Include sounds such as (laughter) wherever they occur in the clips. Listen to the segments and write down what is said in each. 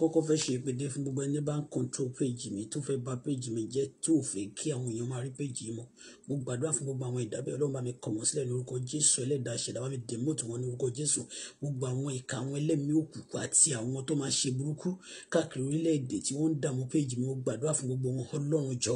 kọ́kọ́ fẹ́ ṣe ìpèdè fún gbogbo ẹni bá ń control page mi tó fẹ́ bà page mi jẹ́ tó fẹ́ kí àwọn èèyàn máa rí page mi mọ́ mo gbàdúrà fún gbogbo àwọn ìdábẹ́ ọlọ́run bá mi kọ̀ wọ́n sílẹ̀ ní orúkọ jésù ẹlẹ́dàá ṣẹ̀dá bá mi demote wọn ní orúkọ jésù gbogbo àwọn ìka àwọn ẹlẹ́mìí òkùnkùn àti àwọn tó máa ṣe burúkú káàkiri orílẹ̀-èdè tí wọ́n ń dààmú page mi mo gbàdúrà fún gbogbo wọn ọlọ́run jọ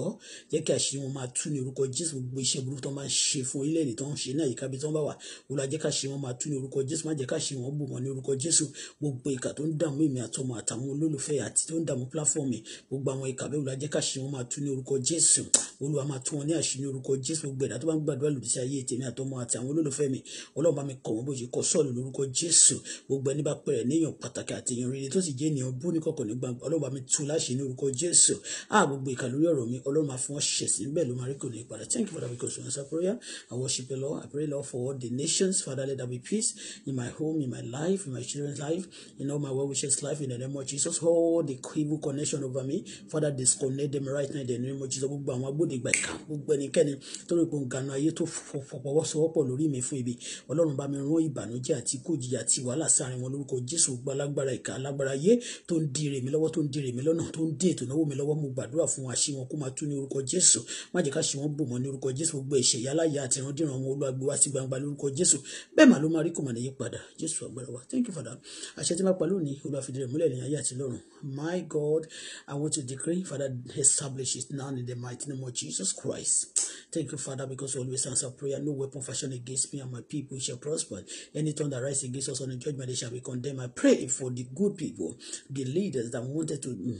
jẹ́ kí àṣírí wọn máa tú ní orúkọ jésù gbogbo iṣẹ́ burúkú tó máa ń ṣe fún orílẹ̀-èdè tó ń ṣe náà yíká bí tó ń bá wà wọ́n jẹ́ káṣírí wọn máa tú ní orúkọ jésù má jẹ́ káṣírí wọn bù wọn ní orúkọ jésù gbogbo ìka tó ń dààmú èmi àtọmọ àtàwọn olólùfẹ́ àti tó ń dààmú pílàfọ́ọ̀mù gbogbo àwọn ìkà bẹ́ẹ̀ olùwàjẹ́ káṣí wọn máa tú ní orúkọ jésù olúwa máa tú wọn ní àṣírí orúkọ jésù gbogbo ẹ̀dá tó bá ń gbàdúrà lòdì sí ayé tèmi àtọmọ àti àwọn olólùfẹ́ mi ọlọ́run bá mi kọ̀ wọ́n bó ṣe kọ́ sọ́ọ̀lù lórúkọ jésù gbogbo ẹni bá pẹ̀rẹ̀ níyàn pàtàkì àti èèyàn rere tó sì jẹ́ ènìyàn bú ní kọ̀kọ̀ ní gbangba ọlọ́run bá mi tú láṣẹ ní orúkọ jésù á gbogbo ìkà lórí ọ̀rọ̀ mi ọlọ́run máa fún wọn sí bẹ́ẹ̀ ló máa rí kò ní thank you for that because you answer prayer I worship you Lord I pray Lord for all the nations Father let there be peace in my home in my life in my children's life in all my well wishes life in the name Jesus hold the evil connection over me Father disconnect them right now in the name of Jesus gbogbo àwọn agbódegbà ìka gbogbo ẹnikẹ́ni tó rí pọn ganu ayé tó fọwọ́sowọ́pọ̀ lórí mi fún ibi Ọlọ́run bá mi rán ìbànújẹ́ àti kòjìyà àti wàhálà sáàrin wọn lórúkọ Jésù gba alágbára ìka alágbára ayé tó ń di èrè mi lọ́wọ́ tó ń di èrè mi lọ́nà tó ń di ètò ìnáwó mi lọ́wọ́ mo gbàdúrà fún wa ṣí wọn kó máa tú ní orúkọ Jésù má jẹ́ ká ṣe wọ́n bò mọ́ ní orúkọ Jésù gbogbo ẹ̀ṣẹ̀ yálàyà àtìrandíran wọn olúwàgbé wá sí gbangba lórúkọ Jésù bẹ́ẹ̀ mà ló máa rí kò mà ní yípadà Jésù agbára wa thank you Father àṣẹ tí má pa lónìí olúwa fìdí rẹ̀ múlẹ̀ ní ayé àti alone. My God, I want to decree, Father, establish it now in the mighty name of Jesus Christ. Thank you, Father, because always answer prayer. No weapon fashioned against me and my people shall prosper. Any tongue that rises against us on the judgment, they shall be condemned. I pray for the good people, the leaders that wanted to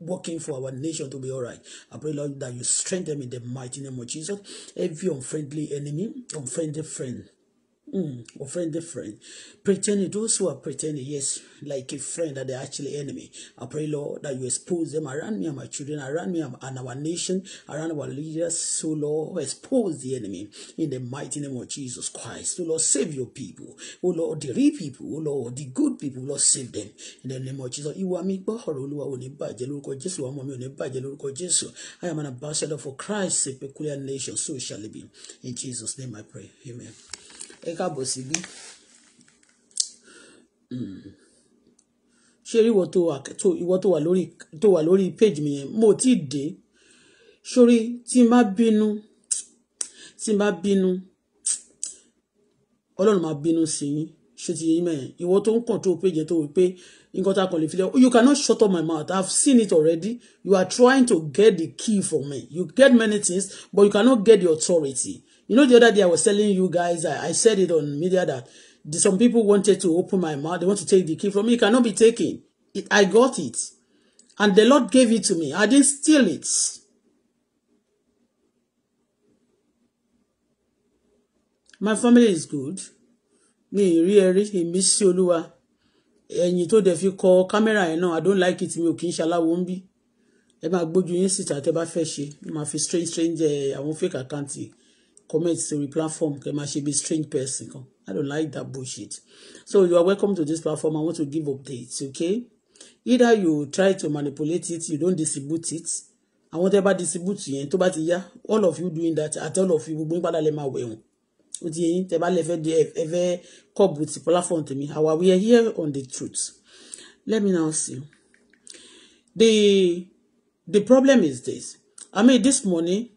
working for our nation to be all right. I pray, Lord, that you strengthen them in the mighty name of Jesus. Every unfriendly enemy, unfriendly friend, Mm, friend the friend. Pretending those who are pretending, yes, like a friend that they're actually enemy. I pray, Lord, that you expose them around me and my children, around me and our nation, around our leaders. So, Lord, expose the enemy in the mighty name of Jesus Christ. So, oh, Lord, save your people. Oh Lord, the real people, oh Lord, the good people, Lord, save them in the name of Jesus. I am an ambassador for Christ, a peculiar nation, so shall it be. In Jesus' name I pray. Amen. ẹ káàbọ̀ síbí hmm. ṣé rí ìwọ tó wà lórí tó wà lórí page mi yẹn mo ti dé sórí tí n bá bínú tí n bá bínú ọlọ́run máa bínú sí yín ṣe ti yín mẹ́yìn ìwọ tó ń control page tó wí pé nǹkan tá a kàn lè fi lẹ́ you cannot shut up my mouth I've seen it already you are trying to get the key for me you get many things but you cannot get the authority You know, the other day I was telling you guys, I, I said it on media that the, some people wanted to open my mouth. They want to take the key from me. It cannot be taken. It, I got it. And the Lord gave it to me. I didn't steal it. My family is good. Mi rí ẹrí èmi sí And you told dẹ̀ fi call camera. I know I don't like it Me okay, Inshallah won't be. ń bí. Ẹ you gbójú yín síta tẹ́ bá fẹ́ ṣe. Máa fi strange strange eh, àwọn fake account yìí comment sórí platform kẹ́ máa ṣe be strange person kan I don't like that bullshit so you are welcome to this platform I want to give updates okay either you try to manipulate it you don't distribute it àwọn tẹ́ bá distribute yẹn tó bá ti yá all of you doing that at all of you gbogbo nípa lálẹ́ máa wẹ̀wọ̀n ó ti yẹn tẹ́ bá lè fẹ́ di ẹ fẹ́ kọ́ọ̀bù ti platform tèmi our we are here on the truth let me now see the the problem is this I mean this morning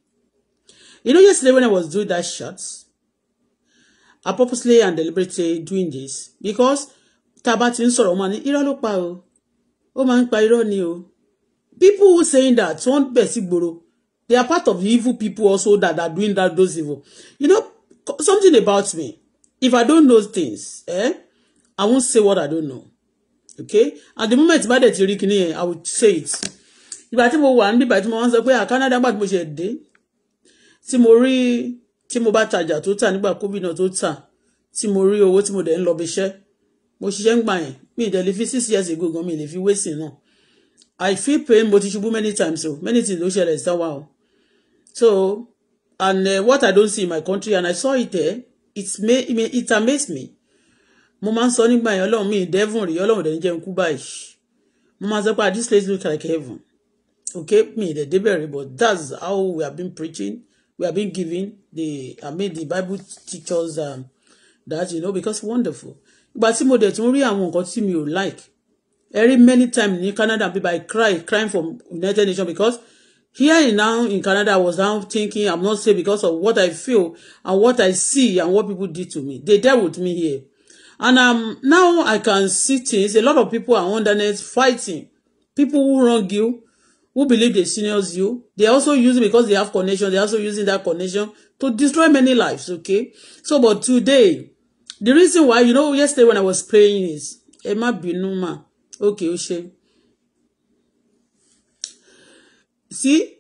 You know, yesterday when I was doing that shot, I purposely and deliberately doing this because tá a bá ti ń sọ̀rọ̀ ọmọ ní pa o ó máa ni o people who saying that won't be sick gbòòrò they are part of the evil people also that are doing that those evil you know something about me if I don't know things eh, I won't say what I don't know okay at the moment bá dẹ̀ ti rí kinní I would say it If I think wà níbi ìgbà tí mo wá ń to pé à Canada gbà tí mo ah, ṣe dé tí mo rí tí mo bá tajà tó tà nígbà covid náà tó tà tí mo rí owó tí mo dẹ̀ ń lọ bí iṣẹ́ mo ṣiṣẹ́ ń gbà yẹn mi ìdẹ̀ lè fi six years ago gan mi lè fi wéṣìn náà i feel pain mo ti ṣubú many times o many things ló ṣẹlẹ̀ sáwà o so and uh, what i don't see in my country and i saw it there eh, it may it, may, it amaze me mo máa ń sọ nígbà yẹn ọlọ́run mi ìdẹ́vùn rí ọlọ́run dẹ̀ ń jẹun kú báyìí mo máa sọ pé ah, this place looks like heaven okay mi ìdẹ̀ débẹ̀ rí but that's how we have been preaching we have been giving the I mean the Bible teachers um, that you know because wonderful ìgbà tí mo dẹ̀ tún rí àwọn nǹkan tí mi ò like every many times ní Canada people I cry crying from United Nations because here in now in Canada I was now thinking I'm not safe because of what I feel and what I see and what people did to me they dealt with me here and um, now I can see things a lot of people are underneath fighting people who wrong you who believe the seniors you. They also use it because they have connection. They also using that connection to destroy many lives. Okay. So, but today, the reason why you know yesterday when I was praying is Emma Binuma. Okay, Oshe. See,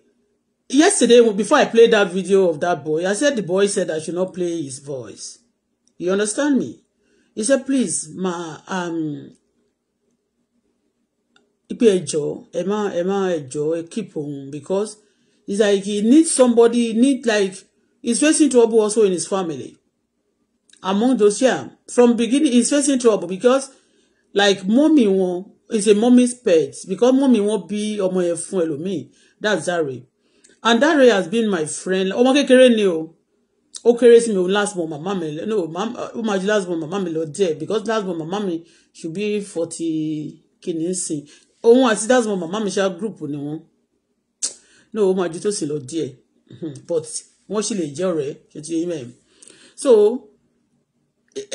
yesterday before I played that video of that boy, I said the boy said I should not play his voice. You understand me? He said, please, ma, um, pé ẹjọ́ ẹ má ẹ má ẹjọ́ ẹ keep òun because it's like he need somebody he need like he's facing trouble also in his family among those yeah from beginning he's facing trouble because like mọ́mì wọn is a mommy's pet because mọ́mì wọn bí ọmọ yẹn fún ẹlòmíì that's Dare and Dare has been my friend ọmọ kékeré ni o ó kéré sí mi o last born mama mi no ó máa ju last born mama mi lọ díẹ̀ because last born mama mi should be forty kìíní sìn òun àti that's my mama mi ṣá group ni wọn náà ó máa ju tó sì lọ díẹ̀ hmm, but wọ́n sì lè jẹ́ ọ̀rẹ́ ṣe ti yẹn so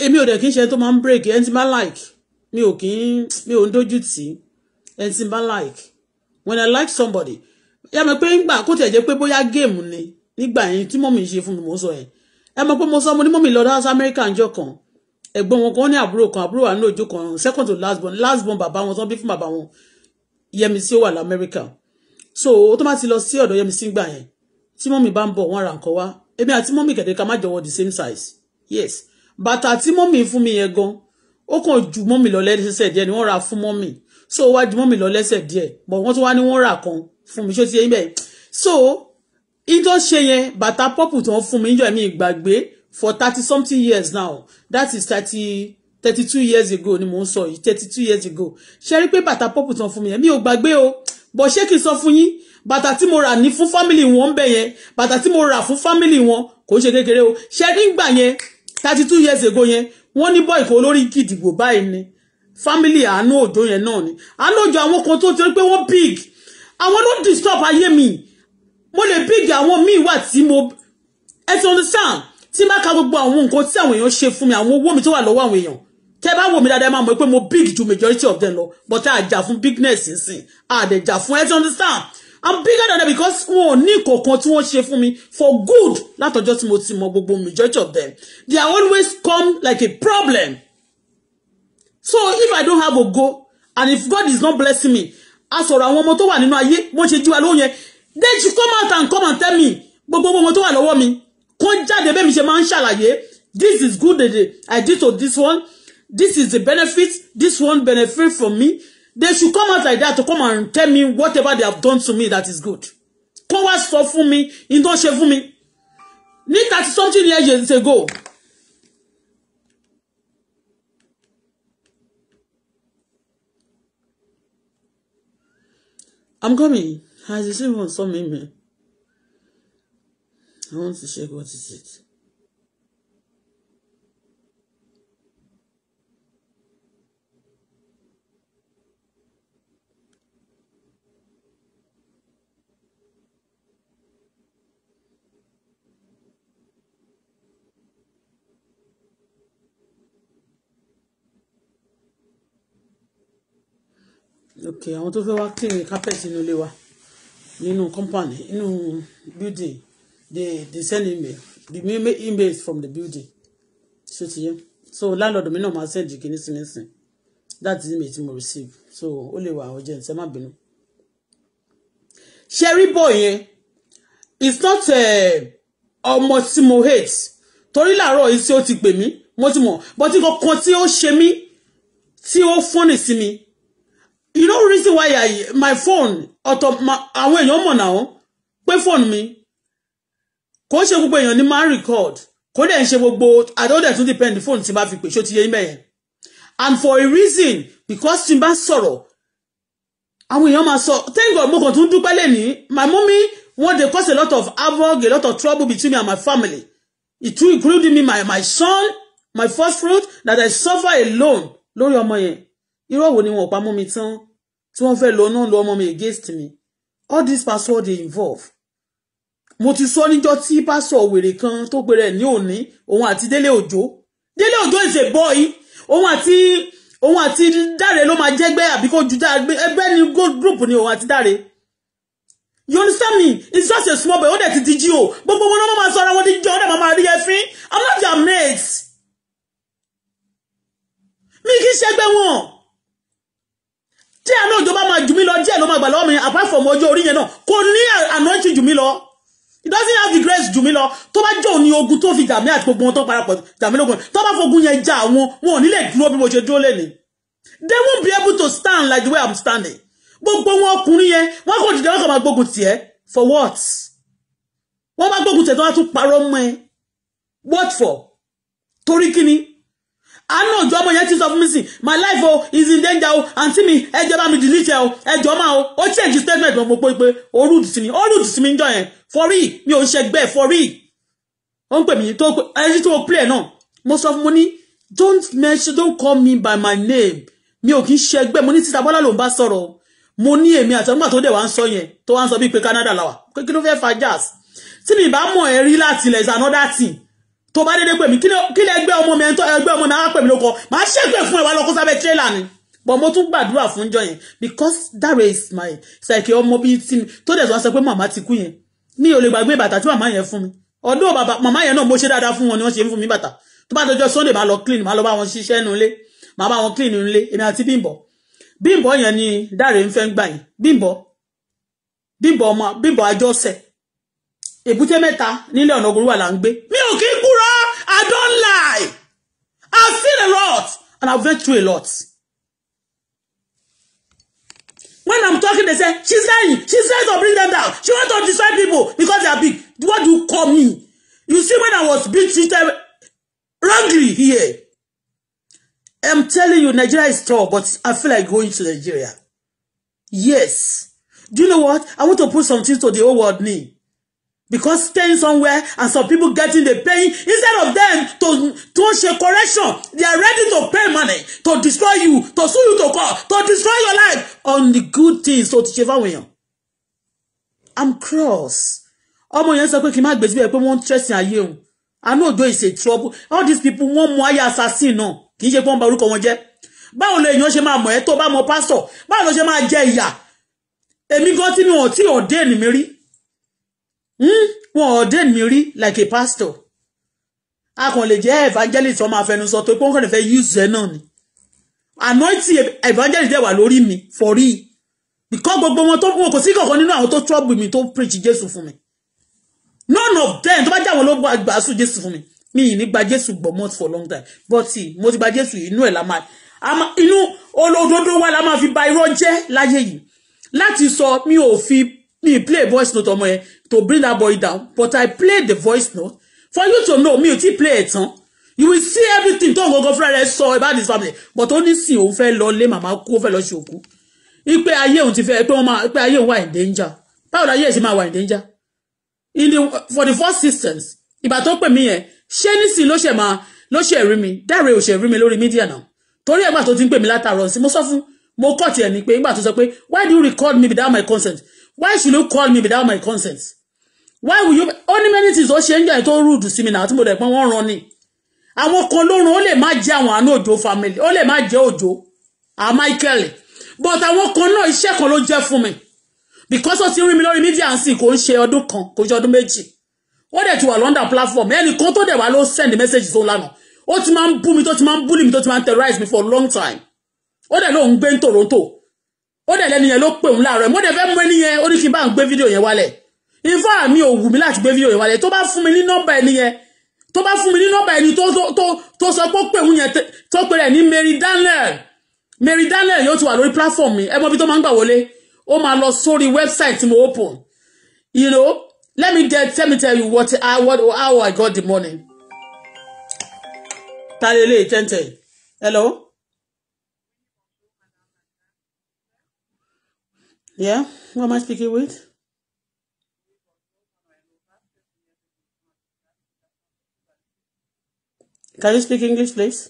èmi ò dẹ̀ kí n ṣe tó máa ń break ẹni tí n bá like mi ò kí n mi ò ń dójú tì í ẹni tí n bá like when i like somebody yá mi pé ńgbà kó tiẹ̀ jẹ́ pé bóyá géèmù ni nígbà yẹn tí mọ́mì ṣe fún mi mò sọ yẹn ẹ mọ̀ pé mo sọ mo ní mọ́mì lọ dáhùn amẹ́ríkà ńjọ́ kan ẹ̀gbọ́n wọn kan ní àbúrò kan àbúrò wà ní òjò kan second to last born last born bàbá wọn tán bí fún bàbá wọn Yẹmisí ó wà lamẹ́ríkà so ó tó má ti lọ sí ọ̀dọ̀ Yẹmisí gbà yẹn tí mọ́mì bá ń bọ̀ wọ́n ra nǹkan wá èmi àti mọ́mì kẹ̀dẹ̀ ká má jọwọ́ the same size yes bàtà tí mọ́mì fún mi yẹn gan ó kàn ju mọ́mì lọ lẹ́sẹ̀ díẹ̀ ni wọ́n ra fún mọ́mì so wá ju mọ́mì lọ lẹ́sẹ̀ díẹ̀ but wọ́n tún wá ní wọ́n rà kan fún mi ṣó ti yẹn bẹ́ẹ̀ so ìjọ ṣe yẹn bàtà pọ́pù tí wọ́n fún mi ìjọ mi ìgbàgbé for thirty something years now that is thirty thirty two years ago ni mò ń sọ yìí thirty two years ago ṣe rí pé bàtà pọ́pù tán fún mi yẹn mi ò gbàgbé o bọ̀ ṣé kí n sọ fún yín bàtà tí mo rà ní fún fámìlì wọn ń bẹ̀ yẹn bàtà mo rà fún fámìlì wọn kò ṣe kékeré o ṣe rí gbà yẹn thirty two years ago yẹn wọ́n boy bọ́ìkì olórí gìdìgbò báyìí ni Family anu òjò yẹn náà ni anu òjò àwọn kan tó ti rí pé big àwọn ló disturb ayé mi mo le big àwọn míì wà tí mo ẹ ti understand tí má ka gbogbo àwọn nǹkan tí àwọn èèyàn ṣe fún mi àwọn owó mi tó wà lọ́wọ́ àwọn èèyàn tẹ bá wò mí dáadáa máa mọ̀ pé mo big ju majority of them lọ but a jà fún bigness nsìn a dẹ̀ jà fún ẹ ti understand i'm bigger than them because wọn ò ní kọ̀ọ̀kan tí wọ́n ṣe fún mi for good látọjọ́ tí mo ti mọ gbogbo majority of them they are always come like a problem so if i don't have a ogo and if god is not blessing me asọ̀rọ̀ àwọn ọmọ tó wà nínú ayé wọ́n ṣe jí lóyún yẹn then she come out and come and tell me gbogbo ọmọ tó wà lọ́wọ́ mi kó jáde bẹ́ẹ̀ mi ṣe máa ń ṣàlàyé this is good i did to this one this is the benefit this one benefit from me they should come out like that to come and tell me whatever they have done to me that is good kó wá sọ fún mi n tó ṣe fún mi ní thirty something years ago I'm coming Has you see one saw me man I want to check what is it. ok àwọn tó fẹ́ wá clean carpet inú ilé wa nínú company inú building they they send email the email is from the building so ti yẹ so landlord mi náà máa send kìíní sí mi sìn that is email tí mo receive so ó lè wà urgent ẹ má bínú. ṣeré bọ̀ yẹn it's not eh, ọmọ tí mo hate torí làárọ̀ yìí tí ó ti pè mí mo ti mọ̀ but nǹkan kan tí ó ṣe mí tí ó fọ́nì sí mi you know reason why I, my phone auto àwọn èèyàn mọ̀ náà pé phone mi kò ṣe gbogbo èèyàn ni máa ń record kò dẹ̀ ń ṣe gbogbo àdóòdẹ̀ tún depend phone tí n bá fi pè ṣó ti yé yín bẹ́yẹn and for a reason because tí n bá sọ̀rọ̀ àwọn èèyàn máa sọ thank God mo kàn tún dúpẹ́ lẹ́ni my mommy wọ́n dey cause a lot of havoc a lot of trouble between me and my family it too including me my my son my first fruit that I suffer alone lórí ọmọ yẹn irọ́ wo ni wọn ò pa mú mi tán tí wọ́n fẹ́ lọ náà lọ ọmọ mi against me all this password dey involve mo ti sọ níjọ́ tí pásọ wèrè kan tó pe rẹ̀ ní òní òun àti délé òjò délé òjò is a boy òun àti òun àti dáre ló máa jẹ́gbẹ́ àbí kó ju dáre ẹgbẹ́ ni group ni òun àti dáre you understand me it's just a small boy ó dẹ̀ ti di jí o gbogbo wọn náà máa sọ ara wọn di jí ọ dẹ̀ máa rí ẹfín i'm not your mate mi kì í ṣẹgbẹ́ wọn tí àánú òjò bá máa jù mí lọ díẹ̀ ló máa gbà lọ́wọ́ mi apart from ọjọ́ orí yẹn náà kò ní ànáǹtì jù mí lọ it doesn't have the grace jù mí lọ tó bá jẹ́ òní ogun tó fi jàmí àti gbogbo wọn tó parapọ̀ jàmí lógun tó bá fogun yẹn ja àwọn wọn ò ní dúró bí mo ṣe dúró lẹ́ni they won't be able to stand like the way i'm standing gbogbo wọn ọkùnrin yẹn wọn kò dìde wọn kò máa gbógun tiẹ̀ for what wọn bá gbógun tiẹ̀ tó wá tún parọ́ mọ́ ẹ what for torí kíni àánú òjò ọmọ yẹn ti sọ fún mi sí my life o oh, is in danger o àǹtí mi ẹjọ́ bá mi delete ẹ o oh. ẹjọ́ máa o oh. ó change statement wọn gbogbo pé ó rude sí mi ó rude sí mi ń jọ yẹn for real mi ò ń ṣẹgbẹ́ for real ó ń pè mí tó ẹni tí mo play náà mo sọ fún mo ní don't mention don't call me by my name mi ò kì í ṣẹgbẹ́ mo ní títa bọ́lá ló ń bá sọ̀rọ̀ mo ní èmi àti ọgbà tó dẹ̀ wá ń sọ yẹn tó wá ń sọ bíi pé Canada làwà pé kí ló fẹ́ fa jazz tí mi bá mọ̀ ẹ́ rí láti ilẹ̀ is another thing tó bá dédé pè mí kí lè ẹgbẹ́ ọmọ mi ẹgbẹ́ ọmọ náà pè mí lóko màá ṣẹ́gbẹ́ fún ẹ wá lọ́kọ́ sábẹ́ tírélà ni but mo tún gbàdúrà fún jọ yẹn because that is my psyche ọmọ bíi tí mi tó dẹ̀ sọ pé màmá ti kú yẹn mi ò lè gbàgbé bàtà tí màmá yẹn fún mi ọdún bàbá màmá yẹn náà mo ṣe dáadáa fún wọn ni wọ́n ṣe ń fún mi bàtà tó bá dọjọ́ sunday màá lọ clean màá lọ bá wọn ṣiṣẹ́ nulẹ̀ màá bá wọn clean nulẹ̀ èmi àti bímbọ bímbọ yẹn ni dáre ń fẹ́ ń gbà yẹn bímbọ bímbọ ọmọ bímbọ àjọṣẹ èbúté mẹ́ta nílẹ̀ ọ̀nà ògùn wà là ń gbé mi ò kí I've seen a lot and I've been through a lot. When I'm talking, they say, she's lying. She says to bring them down. She wants to destroy people because they are big. What do you call me? You see, when I was being treated wrongly here, I'm telling you, Nigeria is tough, but I feel like going to Nigeria. Yes. Do you know what? I want to put something to the whole world name because staying somewhere and some people getting the pain instead of them to to ṣe correction they are ready to pay money to destroy you to sue you to call to destroy your life on the good things so ti ṣe fáwọn èèyàn i'm cross ọmọ yẹn sọ pé kí n má gbé síbẹ̀ pé wọ́n ń tẹ̀sìn ayé òun àánú òjò is trouble all these people wọ́n mọ ayé assassin náà kì í ṣe pé wọ́n bà orúkọ wọn jẹ́ báwo lè èèyàn ṣe máa mọ̀ ẹ́ tó bá mọ pásọ̀ báwo ló ṣe máa jẹ ìyà èmi gan tí mi ò tí ò dé ènìmí rí Hmm? wọn ordain mi rí like a pastor a kàn lè jẹ́ evangelist ọmọ afẹnusọ tó pé wọ́n kàn fẹ́ use ẹ náà ni anointing evangelist dẹ̀ wà lórí mi for real because gbogbo wọn tó wọn kò sí kankan nínú àwọn tó trouble mi tó preach Jésù fún mi none of them tó bá jẹ́ àwọn ló gbàásù Jésù fún mi mi ì ní gba Jésù gbọ́ mọ́ for long time but mo ti gba Jésù inú ẹ̀ la máa inú olódodo wa la máa fi ba irọ́ jẹ́ láyé yìí láti sọ mi ò fi Me play a voice note ọmọ yẹn to bring that boy down but I play the voice note for you to know me. You ti play it, tán you will see everything tó go go fúnra rẹ̀ sọ about this family but only see sìn òun fẹ́ lọ lé màmá kú ó fẹ́ lọ ṣe òkú ipe ayé òun ti fẹ́ pé wọ́n máa pé ayé òun in danger báwo la ayé ẹ̀ sì máa in danger in the for the first instance ìgbà tó pè mí yẹn ṣé nísìnyí ló ṣe máa ló ṣe rí mi dáre ò ṣe rí mi lórí mídíà náà torí ẹgbà tó ti ń pè mí látàárọ̀ sí mo sọ fún mo kọ̀ tiẹ̀ ni pé ìgbà tó sọ pé why do you record me without my consent why should you call me without my consent why will you only many things ó ṣe ń jẹ́ tó rúdù sí mi náà tí mo lè pọ́n wọ́n ran ni àwọn kan ló ran ó lè má jẹ́ àwọn àánú family ó lè má jẹ́ òjò à Michael but àwọn kan náà iṣẹ́ kan ló jẹ́ fún mi because ó ti rí mi lórí media ń sìn kò ń ṣe ọdún kan kò ń ṣe ọdún méjì ó dẹ̀ ti wà London platform ẹnìkan tó dẹ̀ wá ló send message tó lánàá ó ti máa ń bú mi tó ti máa ń búlì mi tó ti máa ń terrorize mi for a long time ó dẹ̀ lóun gbé ní Toronto ó dẹ̀ lẹ́nu yẹn ló pè òun láàárọ̀ mo dẹ̀ fẹ́ mú ẹni yẹn ó ní kí n bá ń gbé fídíò yẹn wálẹ̀ ifá mi ò wù mí láti gbé fídíò yẹn wálẹ̀ tó bá fún mi ní nọ́mbà ẹni yẹn tó bá fún mi ní nọ́mbà ẹni tó sọ pé ó pè òun yẹn tó pè rẹ̀ ní Mary Daniel Mary Daniel yóò ti wà lórí platform mi ẹ mọ ibi tó máa ń gbà wọlé ó máa lọ sórí website tí mo open you know let me get tell me tell you what I uh, what how I got the money. ta lè lè tẹ́ntẹ́ hello. Yeah, who am I speaking with? Can you speak English, please?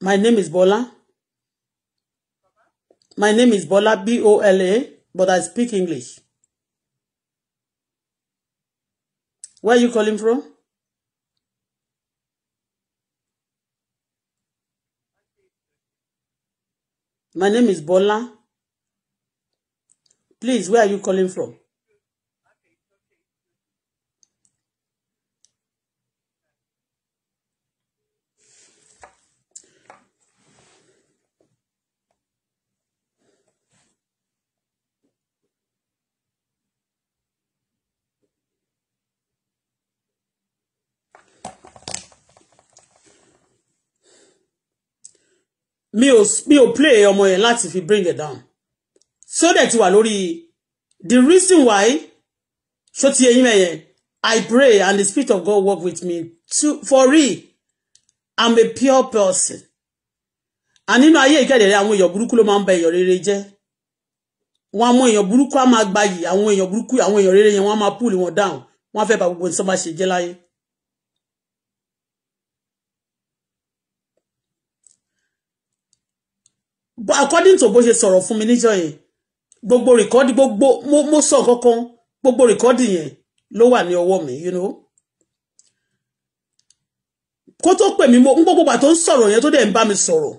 My name is Bola. My name is Bola, B-O-L-A, but I speak English. Where are you calling from? My name is Bola. Please, where are you calling from? mi ò mi ò play ọmọ yẹn láti fi bring it down so that ti wà lórí the reason why so ti eyín mẹ́yẹn I pray and the spirit of God work with me to for real I'm a pure person and nínú ayé ìkẹ́dẹ̀rẹ́ àwọn èèyàn burúkú ló máa ń ba èèyàn rere jẹ́ wọn àwọn èèyàn burúkú á máa gbayì àwọn èèyàn burúkú àwọn èèyàn rere yẹn wọn á máa pull wọn down wọn á fẹ́ ba gbogbo nǹkan ṣe jẹ́ láyé according to bó ṣe sọ̀rọ̀ fún mi níjọ́ yẹn gbogbo rìkọ́dì gbogbo mo mo sọ kankan gbogbo rìkọ́dì yẹn ló wà ní ọwọ́ mi you know kó tó pè mí mo ń gbogbo gbà tó ń sọ̀rọ̀ yẹn tó dẹ̀ ń bá mi sọ̀rọ̀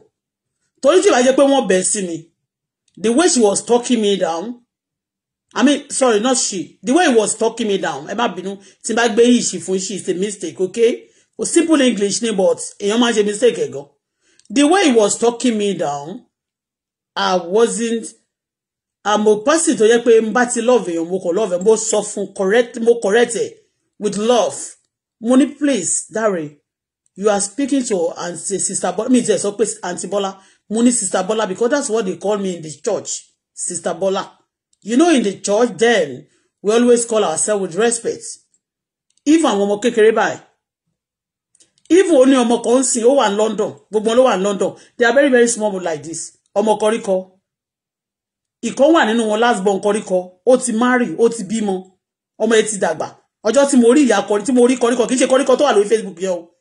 torí tí ìbàjẹ́ pé wọ́n bẹ̀ sí mi the way she was talking me down I mean sorry not she the way he was talking me down ẹ má bínú tí n bá gbé yìí ṣì fún she is a mistake okay o simple English ni but èèyàn máa ṣe mistake ẹ̀ gan the way he was talking me down I wasn't I'm a person tó yẹ pé ti love èèyàn mo kò love mo sọ fún correct mo correct with love Money, please Dare you are speaking to aunty sister Bola me just, sọ pé aunty Bola Money, sister Bola because that's what they call me in the church sister Bola you know in the church then we always call ourselves with respect even àwọn ọmọ kékeré by, even ó ní ọmọ kan ń sìn ó London gbogbo ló wà London they are very very small like this ọmọ kọríkọ ìkan wà nínú wọn last born kọríkọ ó ti marry ó ti bímọ ọmọ ẹ̀ ti dàgbà ọjọ́ tí mo rí ìyá kọrí tí mo rí kọríkọ kì í ṣe kọríkọ tó wà lórí Facebook yẹn o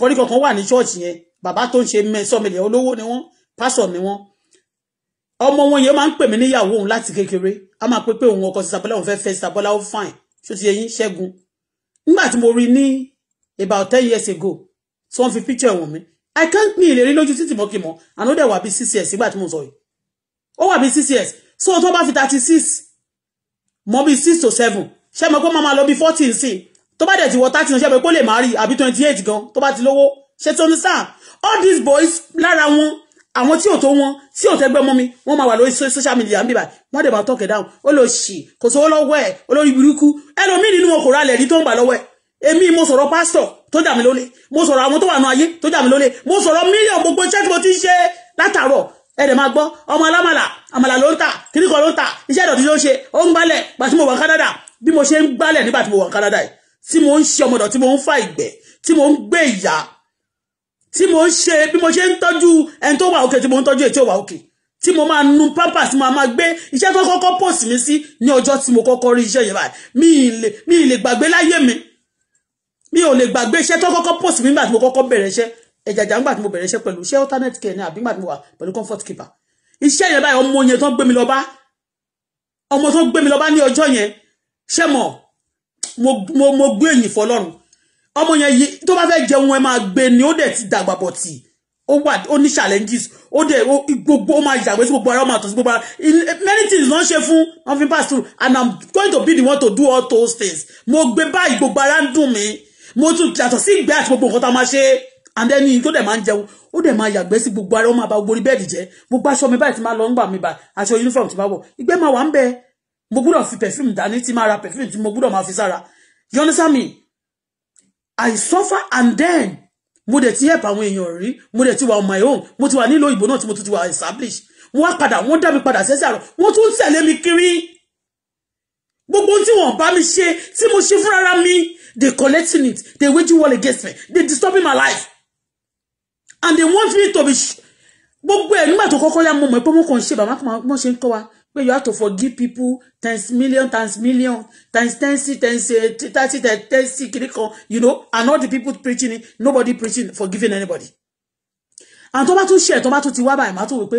kọríkọ kan wà ní ṣọ́ọ̀ṣì yẹn bàbá tó ń ṣe sọmọlẹ olówó ni wọ́n pásọ ni wọ́n ọmọ wọn yẹn máa ń pè mí níyàwó òun láti kékeré a máa pé pé òun ọkọ sísàbọlá òun fẹ́ fẹ́ sísàbọlá ó fine tó ti yẹyìn ṣẹ́gun nígbà tí mo rí ní about ten years ago tí wọ́n fi picture ẹ̀wọ̀n mi I can't mi ìlérí lójú títì mọ́ mo. I know there will be six years nígbà tí mo sọ yìí ó wà bí six years so tó bá fi thirty six mọ́ bí six to seven She mo pé mama. máa lọ bí fourteen sí tó bá dẹ̀ ti wọ thirty ṣé mo pé ó lè má rí twenty eight gan tó bá ti lówó ṣé tó ní sáà all these boys lára wọn àwọn tí ò tó wọn tí ò tẹgbẹ́ mọ́ mi wọ́n máa wà lórí social media ń bíbà wọ́n dẹ̀ máa tọ́kẹ̀ dáhùn ó lọ ṣì kò sówó lọ́wọ́ ẹ̀ olórí burúkú ẹlòmíì nínú wọn kò rálẹ̀ rí tó ń bà lọ́wọ́ ẹ̀ èmi mo soro pastor tó jà mí lólè mo sọ̀rọ̀ àwọn tó wà nù ayé tó jà mí lólè mo sọ̀rọ̀ mílíọ̀n gbogbo iṣẹ́ tí mo ti ń ṣe látàárọ̀ ẹ̀rẹ̀ máa gbọ́ ọmọ alámàlà àmàlà ló ń tà kíríkọ̀ ló ń tà iṣẹ́ ìdọ̀tí ló ń ṣe ó ń gbálẹ̀ gbà tí mo wà Canada bí mo ṣe ń gbálẹ̀ nígbà tí mo wà Canada yìí tí mo ń ṣe ọmọdọ̀ tí mo ń fa ìgbẹ́ tí mo ń gbé ìyá tí mo ń ṣe bí mo ṣe ń tọ́jú ẹni tó wà òkè tí mo ń tọ́jú èyí wà òkè tí mo máa nu pampers tí mo máa gbé iṣẹ́ tó kọ́kọ́ post mi sí ní ọjọ́ tí mo kọ́kọ́ rí iṣẹ́ yẹn báyìí mi ì lè gbàgbé láyé mi mi ò lè gbàgbé iṣẹ́ tó kọ́kọ́ post mi nígbà tí mo kọ́kọ́ bẹ̀rẹ̀ iṣẹ́ ẹ̀jàjà nígbà tí mo bẹ̀rẹ̀ iṣẹ́ pẹ̀lú iṣẹ́ alternate care ní àbí nígbà tí mo wà pẹ̀lú comfort keeper iṣẹ́ yẹn báyìí ọmọ yẹn tó gbé mi lọ bá ọmọ tó gbé mi lọ bá ní ọjọ́ yẹn ṣé mọ̀ mo mo gbé èyìn fọlọ́run ọmọ yẹn yìí tó bá fẹ́ jẹun ẹ máa gbé ni ó dẹ̀ ti dàgbà bọ̀ tì ó wà ó ní challenges ó dẹ̀ gbogbo ó máa yàgbé sí gbogbo ara ó máa tọ̀ sí gbogbo ara many things ló ń ṣe fún wọn fi pass through and i'm going to be the one to do all those things mo gbé báyìí gbogbo ara ń dùn mí mo tún yàtọ̀ sí ìgbẹ́ àti gbogbo nǹkan tá a máa ṣe and then ní tó dẹ̀ máa ń jẹun ó dẹ̀ máa yàgbẹ́ sí gbogbo ara ó máa ba gbogbo orí bẹ́ẹ̀dì jẹ́ gbogbo aṣọ mi báyìí ti máa lọ ń gbà mí báyìí aṣọ uniform ti máa wọ̀ ìgbẹ́ máa wà ń bẹ mo gbúdọ̀ fi perfume dání tí máa ra perfume tí mo gbúdọ̀ máa fi sára you understand me I suffer and then mo dẹ̀ ti help àwọn èèyàn rí mo dẹ̀ ti wà on my own mo ti wà nílò ìbò náà tí mo ti wà establish wọ́n á padà wọ́n dá mi padà sẹ́sẹ́ àrò wọ́n tún tẹ̀lé mi kiri gbogbo tí wọ́n bá mi ṣe tí mo ṣe fúnra mi They're collecting it. They're waging war against me. They're disturbing my life. And they want me to be. Gbogbo ẹ̀ nígbà tó kọ́kọ́ yá mo mọ̀ pé mo kàn ṣe bàbá kan mo ṣe ń you have to forgive people times million times million times ten si times thirty times ten you know and all the people preaching it nobody preaching forgiving anybody. And tó bá tún ṣe ẹ̀ tó bá tún ti wá báyìí má tún wò pé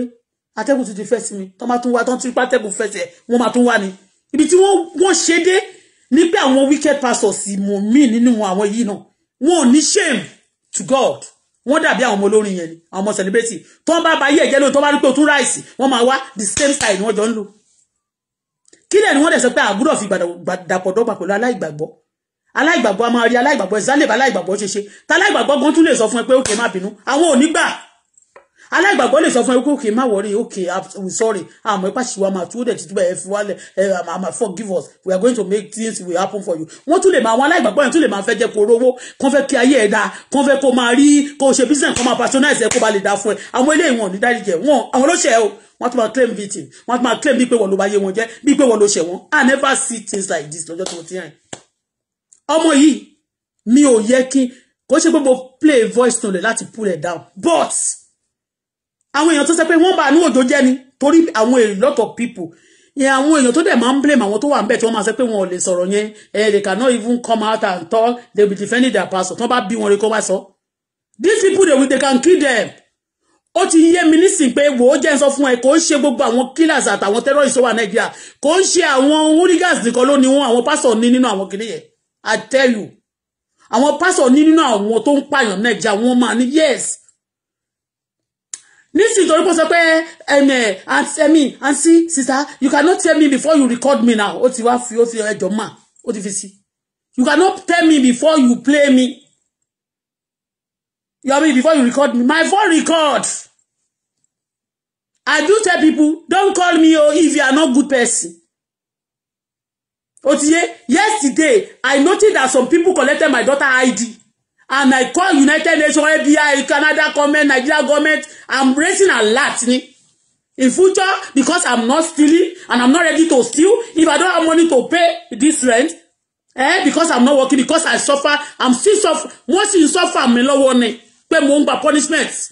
atẹ́gùn tún ti fẹ́ sí mi you, bá tún wá tó ń tún ipá atẹ́gùn fẹ́ sí ẹ̀ ibi tí wọ́n ṣe dé ní pé àwọn wicked pastors mò mí nínú àwọn yìí náà wọn ò ní shame to God wọ́n dàbí àwọn ọmọ olórin yẹn ni àwọn ọmọ celebrity tó ń bá ba yé ẹ̀jẹ̀ lóhun tó bá rí pé o tún ráìsì wọ́n máa wá the same style ni wọ́n jọ ń lò kí lẹ́nu wọ́n dẹ̀ sọ pé àgúrò fi dàpọ̀ dọ́gba pẹ̀lú aláìgbàgbọ́ aláìgbàgbọ́ a máa rí aláìgbàgbọ́ ìsálẹ̀ aláìgbàgbọ́ ṣe ṣe ta aláìgbàgbọ́ gan tún lè sọ fún ẹ pé ó kè má bínú àwọn ò ní gbà alágbàgbọ́ lè sọ fún ẹkú kì í má wọrí okay i'm sorry àmọ́ ipá ṣìwà máa tú ó dẹ̀ títí bẹ́ẹ̀ fi wálẹ̀ àmà forgive us we are going to make things will happen for you wọ́n tún lè máa àwọn alágbàgbọ́ yẹn tún lè máa fẹ́ jẹ́ kó rówó kán fẹ́ kí ayé ẹ̀ dáa kán fẹ́ kó máa rí kó ṣe business kán máa patronize ẹ̀ kó ba lè dáa fún ẹ àwọn eléyìí wọn ò ní dárí jẹ wọn àwọn ló ṣe o wọ́n tún máa claim victim wọ́n tún máa claim bí pé wọ́n ló bá yé wọn jẹ́ bí pé wọ́n ló ṣe wọn i never see things like this lọ́jọ́ tó ti rìn ọmọ yìí mi ò yẹ kí kó ṣe pé mo play voice tone láti pull it down but àwọn èèyàn tó sẹ pé wọ́n bá àánú òjò jẹ́ ni torí àwọn a lot of people yẹn àwọn èèyàn tó dẹ̀ máa ń blame àwọn tó wà níbẹ̀ tí wọ́n máa sẹ pé wọn ò lè sọ̀rọ̀ yẹn ẹ̀ eh, they cannot even come out and talk they will defend their pastor tí wọ́n bá bí wọn rí kó wá sọ these people they will they can kill them ó ti yé mi nísìn pé wò ó jẹ́ ń sọ fún ẹ kò ń ṣe gbogbo àwọn killers àtàwọn terrorists wà nàìjíríà kò ń ṣe àwọn hooligans nìkan ló ní wọn àwọn pásọ̀ ní nínú àwọn kìnìyẹn i tell you àwọn pásọ̀ ní nínú àwọn tó ń pààyàn nàìjíríà wọ́n máa ní yes nísìnyí torí pé sọ pé ẹmẹ ẹmí àǹtí sister you cannot tell me before you record me now ó ti wá fi ó ti ẹjọ mà ó ti fi sí you cannot tell me before you play me you me before you record me my phone record i do tell people don call me o oh, if you are not good person ó yesterday i noticed that some people collected my daughter id and I call United Nations FBI Canada government Nigeria government I'm raising alert ni in future because I'm not stealing and I'm not ready to steal if I don't have money to pay this rent eh because I'm not working because I suffer I'm still suffer Once you ń suffer mi lọ́wọ́ ni pé mò ń gba punishment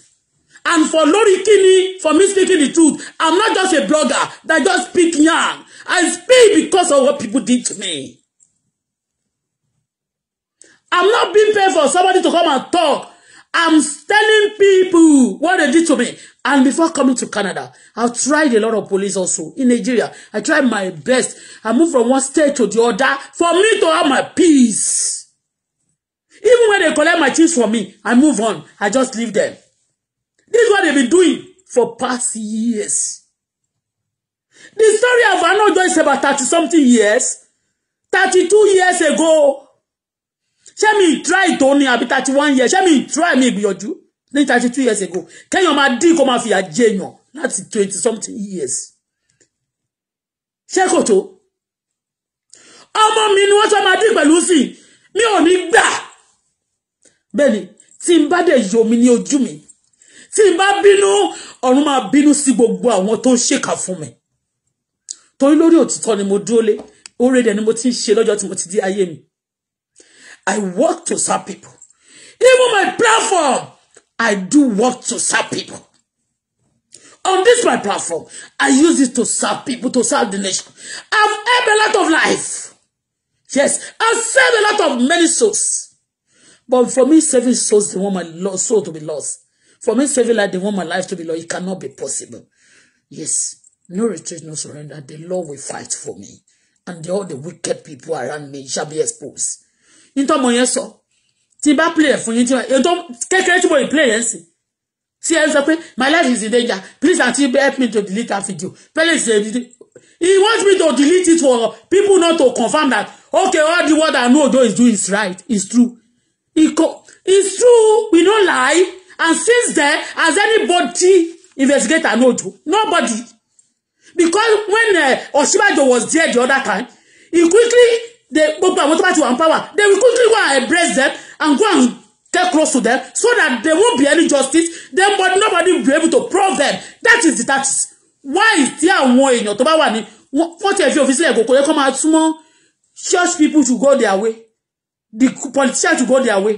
and for lori kini for me speaking the truth I'm not just a blogger that just speak yarn I speak because of what people did to me. I'm not being paid for somebody to come and talk. I'm telling people what they did to me. And before coming to Canada, I tried a lot of police also in Nigeria. I tried my best. I moved from one state to the other for me to have my peace. Even when they collect my things from me, I move on. I just leave them. This is what they've been doing for past years. The story of Anojo is about 30 something years. 32 years ago, ṣé mi try tó ní àbí thirty one years ṣé mi try mi ìgbìyànjú ní thirty two years ago kéèyàn máa dín kó máa fìyà jẹ èèyàn láti twenty something years ṣé kò tó ọmọ mi ni wọ́n tún máa dín pẹ̀lú sí mi ò ní gbà bẹ́ẹ̀ ni tí n bá dẹ̀ yọ mi ní ojú mi tí n bá bínú ọ̀run máa bínú sí gbogbo àwọn tó ń ṣèkà fún mi torí lórí òtítọ́ ni mo dúró lé oore dẹ̀ ni mo ti ń ṣe lọ́jọ́ tí mo ti di ayé mi I work to serve people. Even my platform, I do work to serve people. On this my platform, I use it to serve people, to serve the nation. I've helped a lot of life. Yes, I've saved a lot of many souls. But for me, saving souls, they want my soul to be lost. For me, saving life, they want my life to be lost. It cannot be possible. Yes, no retreat, no surrender. The Lord will fight for me. And all the wicked people around me shall be exposed ní tọ́mọ yẹn sọ tí bá play fún yín tí wọ́n tó kékeré tí mo ì play yẹn sí tí ẹ sọ pé my life is in danger please aunty help me to delete that video parents dey he want me to delete it for people not to confirm that okay all the word I know Ojo is doing is right is true e co it's true we no lie and since then has anybody investigate know Ojo nobody because when uh, Oshibajo was there the other time he quickly they gbogbo àwọn tó bá ti wà ní power they will quickly go and embrace them and go and get close to them so that there won't be any justice then but nobody will be able to prove them that is the tax why tí àwọn èèyàn tó bá wà ní wọ́n ti ẹ̀ fi òfin sílẹ̀ kò kò yẹ kó máa túmọ̀ church people to go their way the politicians to go their way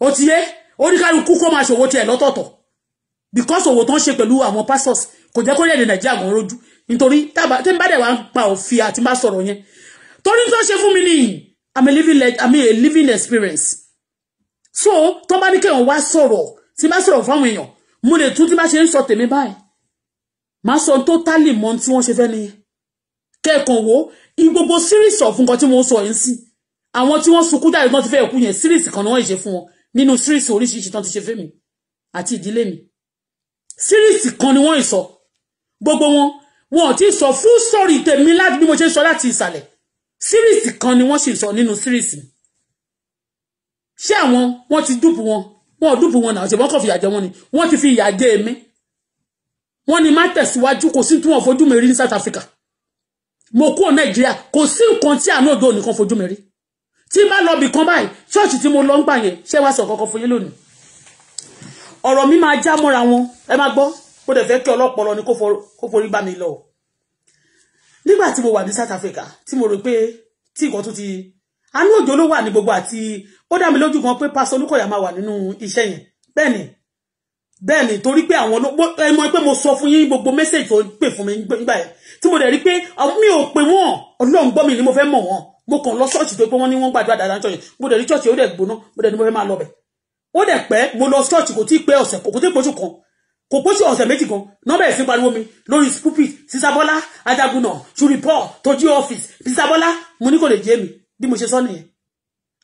ó ti yé oníkálukú kó máa ṣòwò tiẹ̀ lọ́tọ̀ọ̀tọ̀ because òwò tó ń ṣe pẹ̀lú àwọn pastors kò jẹ́ kó lè ní nàìjíríà gan rojú nítorí tí n bá dẹ̀ wá ń pa òfin àti má sọ̀rọ̀ yẹn torí tó ṣe fún mi ni. i'm a living like i'm a living experience so tó bá ní kéèyàn wá sọ̀rọ̀ tí bá sọ̀rọ̀ fáwọn èèyàn mo lè tún tí bá ṣe ń sọ tèmi báyìí máa sọ tó tálì mọ tí wọ́n ṣe fẹ́ nìyẹn kẹ́ẹ̀kan wo gbogbo series of nǹkan tí mo so yìí sí àwọn tí wọ́n sunkún jáde tán ti fẹ́ kú yẹn series kan ni wọ́n ṣe fún wọn nínú series oríṣiríṣi tán ti ṣe mi. Ati ìdílé mi series kan ni wọ́n sọ gbogbo wọn wọn ò tí full story tèmi láti bí mo ṣe sọ láti ìsàlẹ̀ síríìsì kan ni wọ́n sì sọ nínú síríìsì ṣé àwọn wọ́n ti dúpù wọn wọn ò dúpù wọn náà ṣe wọ́n kàn fi ìyà jẹ wọn ni wọ́n ti fi ìyà jẹ èmi wọ́n ní má tẹ̀síwájú kò sí tí wọ́n fojú mi rí ní South Africa mo kúrò Nàìjíríà kò sí nǹkan tí àánú òdo nìkan fojú mi rí tí bá lọ bì kan báyìí ṣọ́ọ̀ṣì tí mo lọ ń gbà yẹn ṣé wàá sọ kankan fún yín lónìí ọ̀rọ̀ mi máa já mọ́ra wọn ẹ má gbọ́ ó dẹ̀ fẹ́ kí ọlọ́pọ̀lọ́ ni kó forí bá mi lọ o nígbà tí mo wà ní South Africa tí mo rò pé tí nǹkan tún ti àánú òjò ló wà ní gbogbo àti ó dá mi lójú kan pé pásítọ̀ Olúkọ̀yà máa wà nínú iṣẹ́ yẹn bẹ́ẹ̀ ni bẹ́ẹ̀ ni torí pé àwọn ẹ mọ̀ pé mo sọ fún yín gbogbo mẹ́sẹ̀jì tó pè fún mi nígbà yẹn tí mo dẹ̀ rí pé mi ò pè wọ́n Ọlọ́run gbọ́ mi ni mo fẹ́ mọ̀ wọ́n mo kàn lọ ṣọ́ọ̀ṣì tó pé wọ́n ní wọ́n gbàdúrà dáadáa ṣọ́ọ̀ṣì mo dẹ̀ rí ṣọ́ọ̀ṣì ó dẹ̀ gbóná mo dẹ̀ ní mo fẹ́ máa lọ bẹ̀ ó dẹ̀ pẹ́ mo lọ ṣọ́ọ̀ṣì kò tí ì pẹ́ ọ̀sẹ̀ kò tí ì pẹ́ kan kò pósí ọ̀sẹ̀ méjì kan nọ́bẹ̀ sí pariwo mi lórí pulpit sísábọ́lá ajagunà ṣùrìpọ̀ tójú ọ́fíìsì sísábọ́lá mo ní kò lè jẹ́ mi bí mo ṣe sọ nìyẹn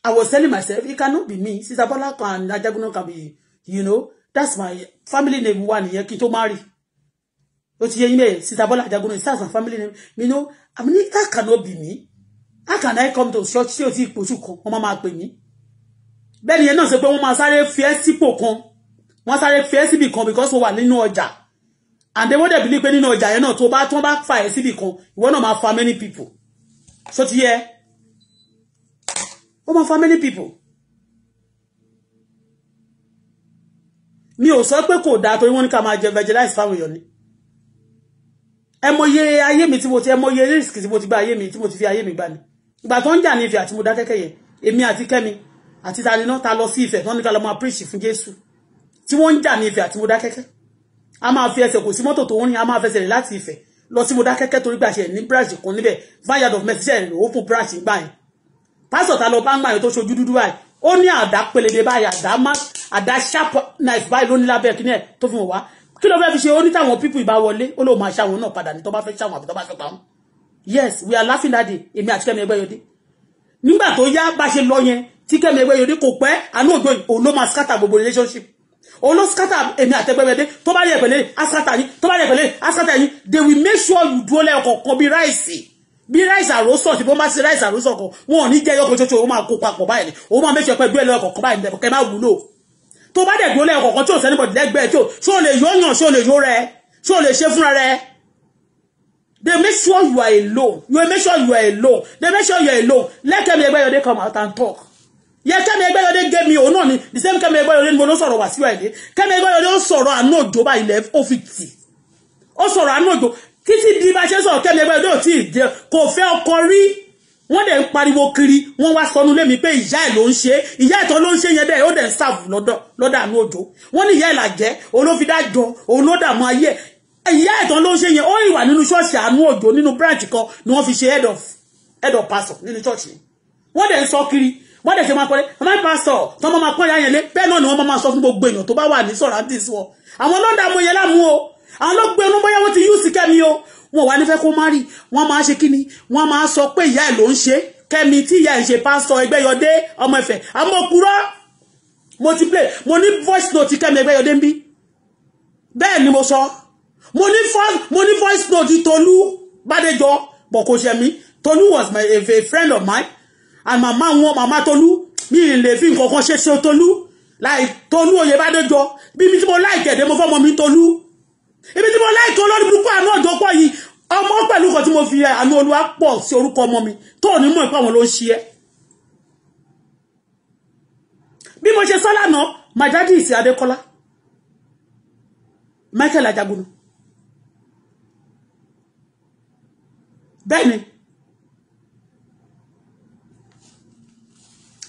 I was telling myself it cannot be me Sisabola, kan and ajagunà kan be you know that's my family name wa nìyẹn kí n tó má rí o ti yẹ yín bẹ́ẹ̀ sísábọ́lá ajagunà that's my family name you know I mean that cannot be me how can I come to church tí o ti pòṣù kan wọ́n máa pè mí bẹ́ẹ̀ ni yẹn náà sọ pé wọ́n máa sáré fi ẹ́ sípò kan wọ́n sáré fi ẹ́ síbì kan because ó wà nínú ọjà and then wọ́n dẹ̀ believe pé nínú ọjà yẹn náà tó bá tán bá fà ẹ́ síbì kan ìwọ náà máa fa many people so ti yẹ ó máa fa many people. mi ò sọ pé kò dáa torí wọ́n ní ká máa jẹ vegelize fáwọn èèyàn ni ẹ mọye ayé mi tí mo ti ẹ mọye risk tí mo ti gba ayé mi tí mo ti fi ayé mi gbà ni ìgbà tó ń jà ní Ifẹ̀ àti mo dá kẹ́kẹ́ yẹn èmi àti Kẹ́mi àti ta ni náà ta lọ sí Ifẹ̀ tó ń ní ká lọ máa preach fún Jésù tí wọ́n ń jà ní Ifẹ̀ àti Modákẹ́kẹ́ a máa fi ẹsẹ̀ kò sí mọ́tò tó ń rìn a máa fẹsẹ̀ rìn láti Ifẹ̀ lọ sí Modákẹ́kẹ́ torí gbà ṣe ní branch kan níbẹ̀ vineyard of mercy ṣe ń open branch gbà yẹn pásọ̀ ta lọ bá ń gbà yẹn tó ṣojú dúdú báyìí ó ní àdá pẹlẹbẹ báyìí àdá má àdá sharp knife báyìí ló ní lábẹ́ kí ni ẹ̀ tó fi wọ́n wá kí ló fẹ́ fi ṣe ó ní táwọn pípù ìbá wọlé ó lóun máa ṣàwọn náà padà ní tó bá fẹ́ ṣàwọn àbí tó bá fẹ́ pa yes we are laughing that day èmi àti Kẹ́mi Ẹgbẹ́yọdé nígbà tó yá bá ṣe lọ yẹn tí Kẹ́mi Ẹgbẹ́yọdé kò pẹ́ àánú òjò òun ló máa òun ló skata èmi àtẹgbẹmẹdé tó bá rí ẹ̀pẹ̀lẹ́ askata yín tó bá rí ẹ̀pẹ̀lẹ́ askata yín they will make sure you dúró lẹ́ọ̀kọ̀ọ̀kan bí ráìsì bí ráìsì àròsọ tí bó bá sí ráìsì àròsọ kan wọn ò ní jẹ́ yọkọ̀ ṣoṣo ó máa kó papọ̀ báyìí ni ó máa mẹ́sọ̀ pẹ́ dúró lẹ́ọ̀kọ̀ọ̀kan báyìí ni kẹ́ máa wúlò tó bá dẹ̀ dúró lẹ́ọ̀kọ̀ọ̀kan tí ò sẹ́ni bọ̀dì lẹ́gbẹ̀ẹ́ tí ò ṣó lè yó yàn ṣó lè yó rẹ ṣó lè ṣe fúnra rẹ they make sure you are alone you make sure you are alone they make sure you are alone let them ẹgbẹ́ yọdé come out and talk yes Kẹ́mi Ẹgbẹ́yọdé gave me òun náà ni the same Kẹ́mi Ẹgbẹ́yọdé ni mo ló sọ̀rọ̀ wá sí wáyé Kẹ́mi Ẹgbẹ́yọdé ó sọ̀rọ̀ àánú òjò bá ilẹ̀ ó fi tì ó sọ̀rọ̀ àánú òjò títí di bá ṣe sọ̀rọ̀ Kẹ́mi Ẹgbẹ́yọdé ò tí ì jẹ kò fẹ́ ọkọ rí wọ́n dẹ̀ ń pariwo kiri wọ́n wá sọnù lémi pé ìyá ẹ̀ ló ń ṣe ìyá ẹ̀tọ́ ló ń ṣe yẹn bẹ́ẹ̀ ó dẹ̀ ń sàbù lọ́dà àánú òjò wọ́n ní ìyá ẹ̀ làjẹ́ òun ló fi dájọ́ òun ló dààmú ayé ẹ̀ ìyá ẹ̀tọ́ ló ń ṣe yẹn ó ìwà nínú ṣọ́ọ̀ṣì àánú òjò nínú branch kan ni wọ́n fi ṣe head of head of pastor nínú ṣọ́ọ̀ṣì wọ́n dẹ̀ ń sọ kiri wọ́n dẹ̀ ṣe máa kọ́lé ọmọ pásítọ̀ tó máa máa pọ́nra yẹn lé bẹ́ẹ̀ náà ni wọ́n máa sọ fún gbogbo èèyàn tó bá wà ní sọ̀rọ̀ àdìs wọ àwọn lọ́dà mú yẹn láàmú o àwọn ló gbé onúbọ́yá wọ́n ti yú sí kẹ́mi o wọn wà nífẹ̀ẹ́ kó má rí wọ́n máa ṣe kíni wọ́n máa sọ pé ìyá ẹ̀ ló ń ṣe kẹ́mi tí ìyá ẹ̀ ń ṣe pásítọ̀ Ẹgbẹ́yọdé ọmọ Ifẹ̀ àmọ́ kúrọ́ mo voice note kẹ́mi Ẹgbẹ́yọdé ń bí bẹ́ẹ̀ ni mo sọ mo ní voice note Tolú Bádéjọ bọ̀ kò ṣe mí Tolú was my, a, a friend of mine and m'ama wọn m'ama tolú mi ì lè fi nǹkan kan ṣe ṣe tolú láì tolú oyè bá dé jọ bí mi tí mo láì kẹ̀dẹ́ mo fọ́mọ mi tolú ibi tí mo láì kan lórí burúkú àánú ọ̀jọ́ pọ̀ yìí ọmọ pẹ̀lú kan tí mo fi àánú olúwa pọ̀ sí orúkọ ọmọ mi tó ní mọ̀ pé àwọn ló ń ṣe ẹ́ bí mo ṣe sọ́lànà màjádì ìsì adékọ́lá michael ajagun bẹ́ẹ̀ ni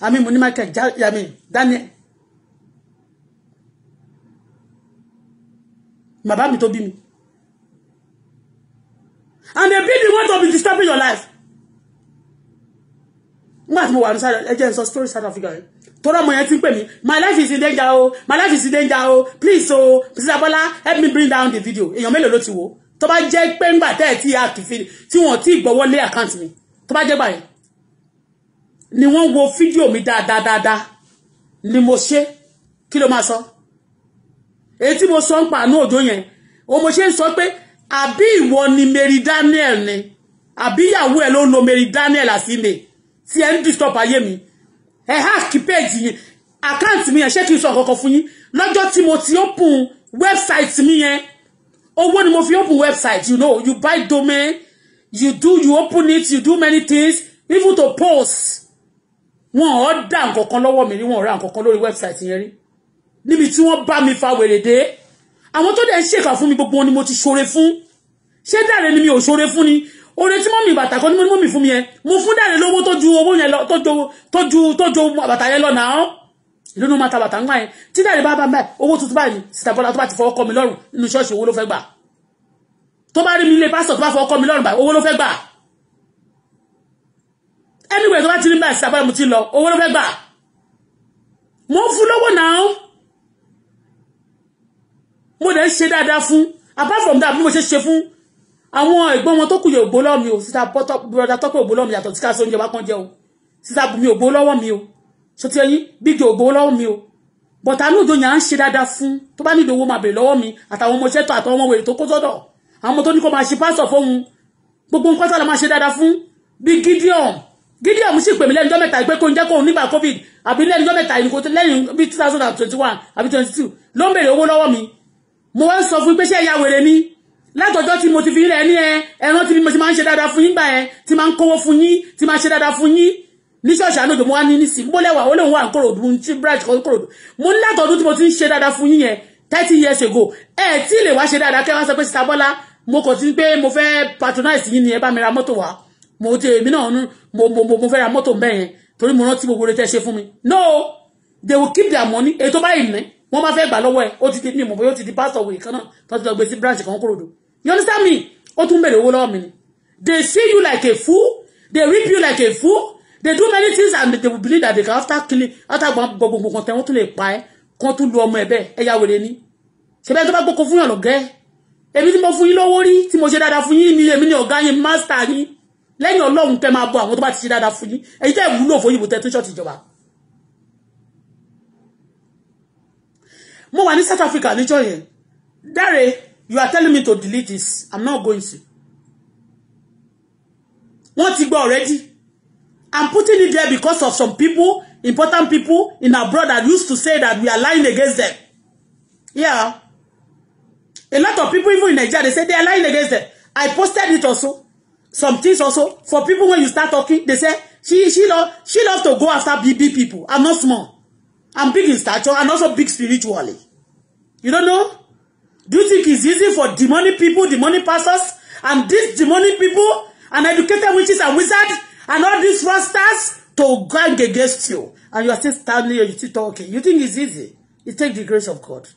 I mean, Money Michael, I mean, Daniel. Bàbá mi tó bí mi. And the baby want to be disturbing your life. Nígbà tí mo wà ní South Africa, ẹ sọ story South Africa yìí. Tọ́lá ọmọ yẹn ti ń pè mí, my life is in danger o, my life is in danger o, please o, Mrs. Abola help me bring down the video. Èèyàn mélòó ló ti wò? Tó bá jẹ́ pé ńgbà tẹ́ ẹ̀ tí a kì í fi tí wọ́n ti gbọ́wọ́ lé àkáǹtì mi. Tó bá jẹ́ gbà ni wọ́n wo fídíò mi dáadáa dáadáa ni mo ṣe kí ló máa sọ èyí tí mo sọ ń pa àánú òjò yẹn o mo ṣe ń sọ pé àbí ìwọ ni Mary Daniel ni àbí ìyàwó ẹ ló ń lo Mary Daniel àsìmè tí ẹ ń disturb ayé mi ẹ hack page yẹn àkáǹtì mi yẹn ṣé kí n sọ kankan fún yín lọ́jọ́ tí mo ti open website mi yẹn owó ni mo fi open website you know you buy domain you do you open it you do many things even to post wọn ò dá nǹkan kan lọ́wọ́ mi rí wọn ò ra nǹkan kan lórí website yẹn rí níbi tí wọ́n bá mi fa wèrè dé àwọn tó dẹ̀ ń ṣèkà fún mi gbogbo wọn ni mo ti ṣoore fún ṣé dáre ni mi ò ṣoore fún ni oore tí mọ́mì bàtà kan ní mo ní mọ́mì fún mi yẹn mo fún dáre lówó tó ju owó yẹn lọ tó ju tó ju tó ju bàtà yẹn lọ nà án ìlú ní mo máa ta bàtà ńgbà yẹn tí dáre bá bá báyìí owó tuntun báyìí sìtà bọ́lá tó bá ti fọwọ́ kọ́ mi lọ́rùn nínú ṣọ́ọ̀ṣì owó ló fẹ́ gbà tó bá rí mi ilé pásítọ̀ tó bá fọwọ́ kọ́ mi lọ́rùn báyìí owó ló fẹ́ gbà anyway tó bá ti rí bá ìsàbá mu ti lọ owó ló fẹ́ gbà mo ń fún lọ́wọ́ apart from that bí mo ṣe ṣe fún àwọn ẹ̀gbọ́n wọn tó kù yẹ ògbó lọ́wọ́ mi o sísá bọ́dà tọ́pẹ́ ògbó lọ́wọ́ mi yàtọ̀ tí ká sóúnjẹ wá kán jẹ o sísá mi ògbó lọ́wọ́ mi o sọtí ẹyin bíjọ ògbó lọ́wọ́ mi o bọ̀tà lóòjọ yàn á ń ṣe dáadáa fún tó bá nílò owó máa bèrè lọ́wọ́ mi àtàwọn ọmọ iṣẹ́ tó àtàwọn ọmọ wèrè tó kó sọ́dọ̀ àwọn ọmọ tó ní kó máa ṣe pásọ̀ fóun Gideon Gideon sì pè mí lẹ́nu ọjọ́ mẹ́ta pé kó ń jẹ́ kó ń nígbà covid àbí lẹ́nu ọjọ́ mẹ́ta ìnìkó lẹ́yìn bí two thousand and twenty one àbí twenty two ló ń béèrè owó lọ́wọ́ mi mo wá ń sọ fún pé ṣé ẹ̀yà wèrè ni látọjọ́ tí mo ti fi ń rẹ̀ ní ẹ ẹran tí mo ti máa ń ṣe dáadáa fún yín gbà ẹ tí máa ń kówó fún yín tí máa ṣe dáadáa fún yín ní ṣọ́ọ̀ṣì ànàjò mo wá ní nísì mo lẹ́wà ó lóun wà ń kòròdú ń tí bright mo ní látọdún tí mo ti ń ṣe dáadáa fún yín yẹn thirty years ago ẹ tí lè wá ṣe dáadáa kẹ́ wá sọ pé sísá bọ́lá mo kàn sí pé mo fẹ́ patronize yín ni ẹ bá mi ra mọ́tò wá mo ti èmi náà mo mo mo fẹ́ ra mọ́tò bẹ́ẹ̀ yẹn torí mo rántí gbogbo rẹ tẹ́ ṣe fún mi no they will keep their money ètò báyìí ní wọ́n máa fẹ́ gbà lọ́wọ́ ẹ̀ ó ti di mi mọ̀ bóyá ó ti di pastor we kan náà tó ti lọ gbé sí branch kan kúrò dò you understand me ó tún bèrè owó lọ́wọ́ mi ni they see you like a fool they rip you like a fool they do many things and they will believe that they can after killing after gbogbo kan tẹ wọ́n tún lè pa ẹ́ kan tún lu ọmọ ẹ̀ bẹ́ẹ̀ ẹ̀yà wèrè ni ṣe bẹ́ẹ̀ tó bá gbóko fún yàn lọ́gẹ́ èmi tí mo fún yín lówó rí tí mo ṣe dáadáa fún yín ni èmi ni ọ̀gá yín mástà yín lẹ́yìn ọlọ́run tẹ́ máa bọ àwọn tó bá ti ṣe dáadáa fún yín èyí tẹ́ wúlò fún òyìnbó tẹ́ tó ṣọ́ọ̀tì ìjọba. mo wà ní South Africa níjọ́ yẹn Dare you are telling me to delete this I'm not going to. wọ́n ti gbọ́ already I'm putting it there because of some people important people in abroad that used to say that we are lying against them. Yeah. A lot of people even in Nigeria they say they are lying against them. I posted it also some things also for people when you start talking they say she she love she love to go after big big people i'm not small i'm big in stature and also big spiritually you don't know do you think it's easy for demonic people demonic pastors and these demonic people and educated witches and wizards and all these rastas to gang against you and you are still standing here you still talking you think it's easy it takes the grace of God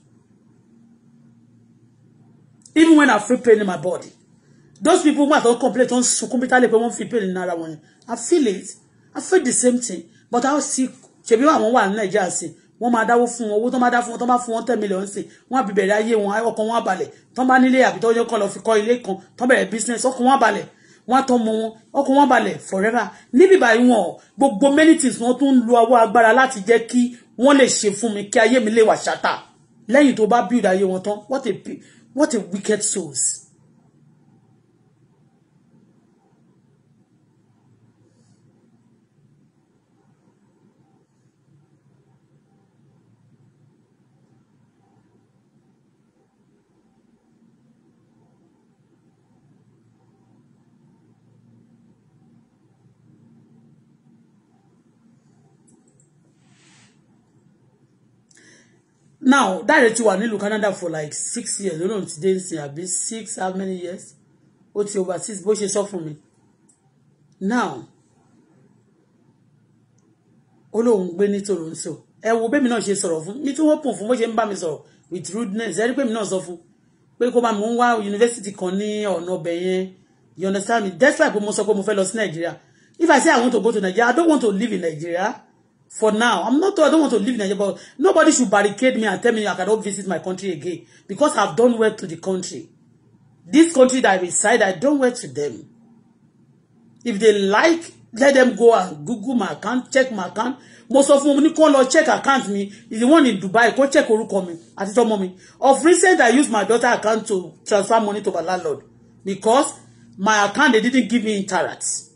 even when I feel pain in my body those people who tó complain tó ń sunkún bí tálẹ̀ pé wọ́n fi pain ní I feel it I feel the same thing but I see ṣèbí àwọn wà Nigeria Nàìjíríà sí wọ́n máa dáwó fún wọn owó tó máa dá fún wọn tó máa fún wọn ten million sí wọ́n á bí bẹ̀rẹ̀ ayé wọn ọkàn wọn á balẹ̀ tó bá nílé àbí tó yẹ kọ́ lọ fi kọ́ ilé kan tó bẹ̀rẹ̀ business ọkàn wọn á balẹ̀ wọn á tọ́ mọ wọn ọkàn wọn á balẹ̀ forever níbi báyìí wọn gbogbo many things wọn tún ń lo ọwọ́ agbára láti jẹ́ kí wọ́n lè ṣe fún mi kí ayé mi lè wà ṣáta lẹ́yìn tó build ayé wọn tán what a what a wicked souls. now that ti wà nílùú Canada for like six years you know ti dé nsìn àbí six how many years ó ti over six bó ṣe sọ fún mi now ó lóun gbé ní Toronto ẹ wo bẹ́ẹ̀ mi náà ṣe sọ̀rọ̀ fún mi tí wọ́n pò fún bó ṣe ń bá mi sọ̀rọ̀ with rudeness ẹ rí pé mi náà sọ fún pé kó máa mò ń wá yunifásitì kan ní ọ̀nà ọbẹ̀ yẹn you understand me that's why pé mo sọ pé mo fẹ́ lọ sí Nàìjíríà if I say I want to go to Nigeria I don't want to live in Nigeria for now i'm not i don't want to live in Nigeria but nobody should barricade me and tell me i cannot visit my country again because i've done well to the country this country that i reside i done well to them if they like let them go and google my account check my account Most of fún mi ní kó check account Me is the one in Dubai Go check orúkọ mi àti tọmọ mi of recent i used my daughter account to transfer money to my landlord because my account they didn't give me interest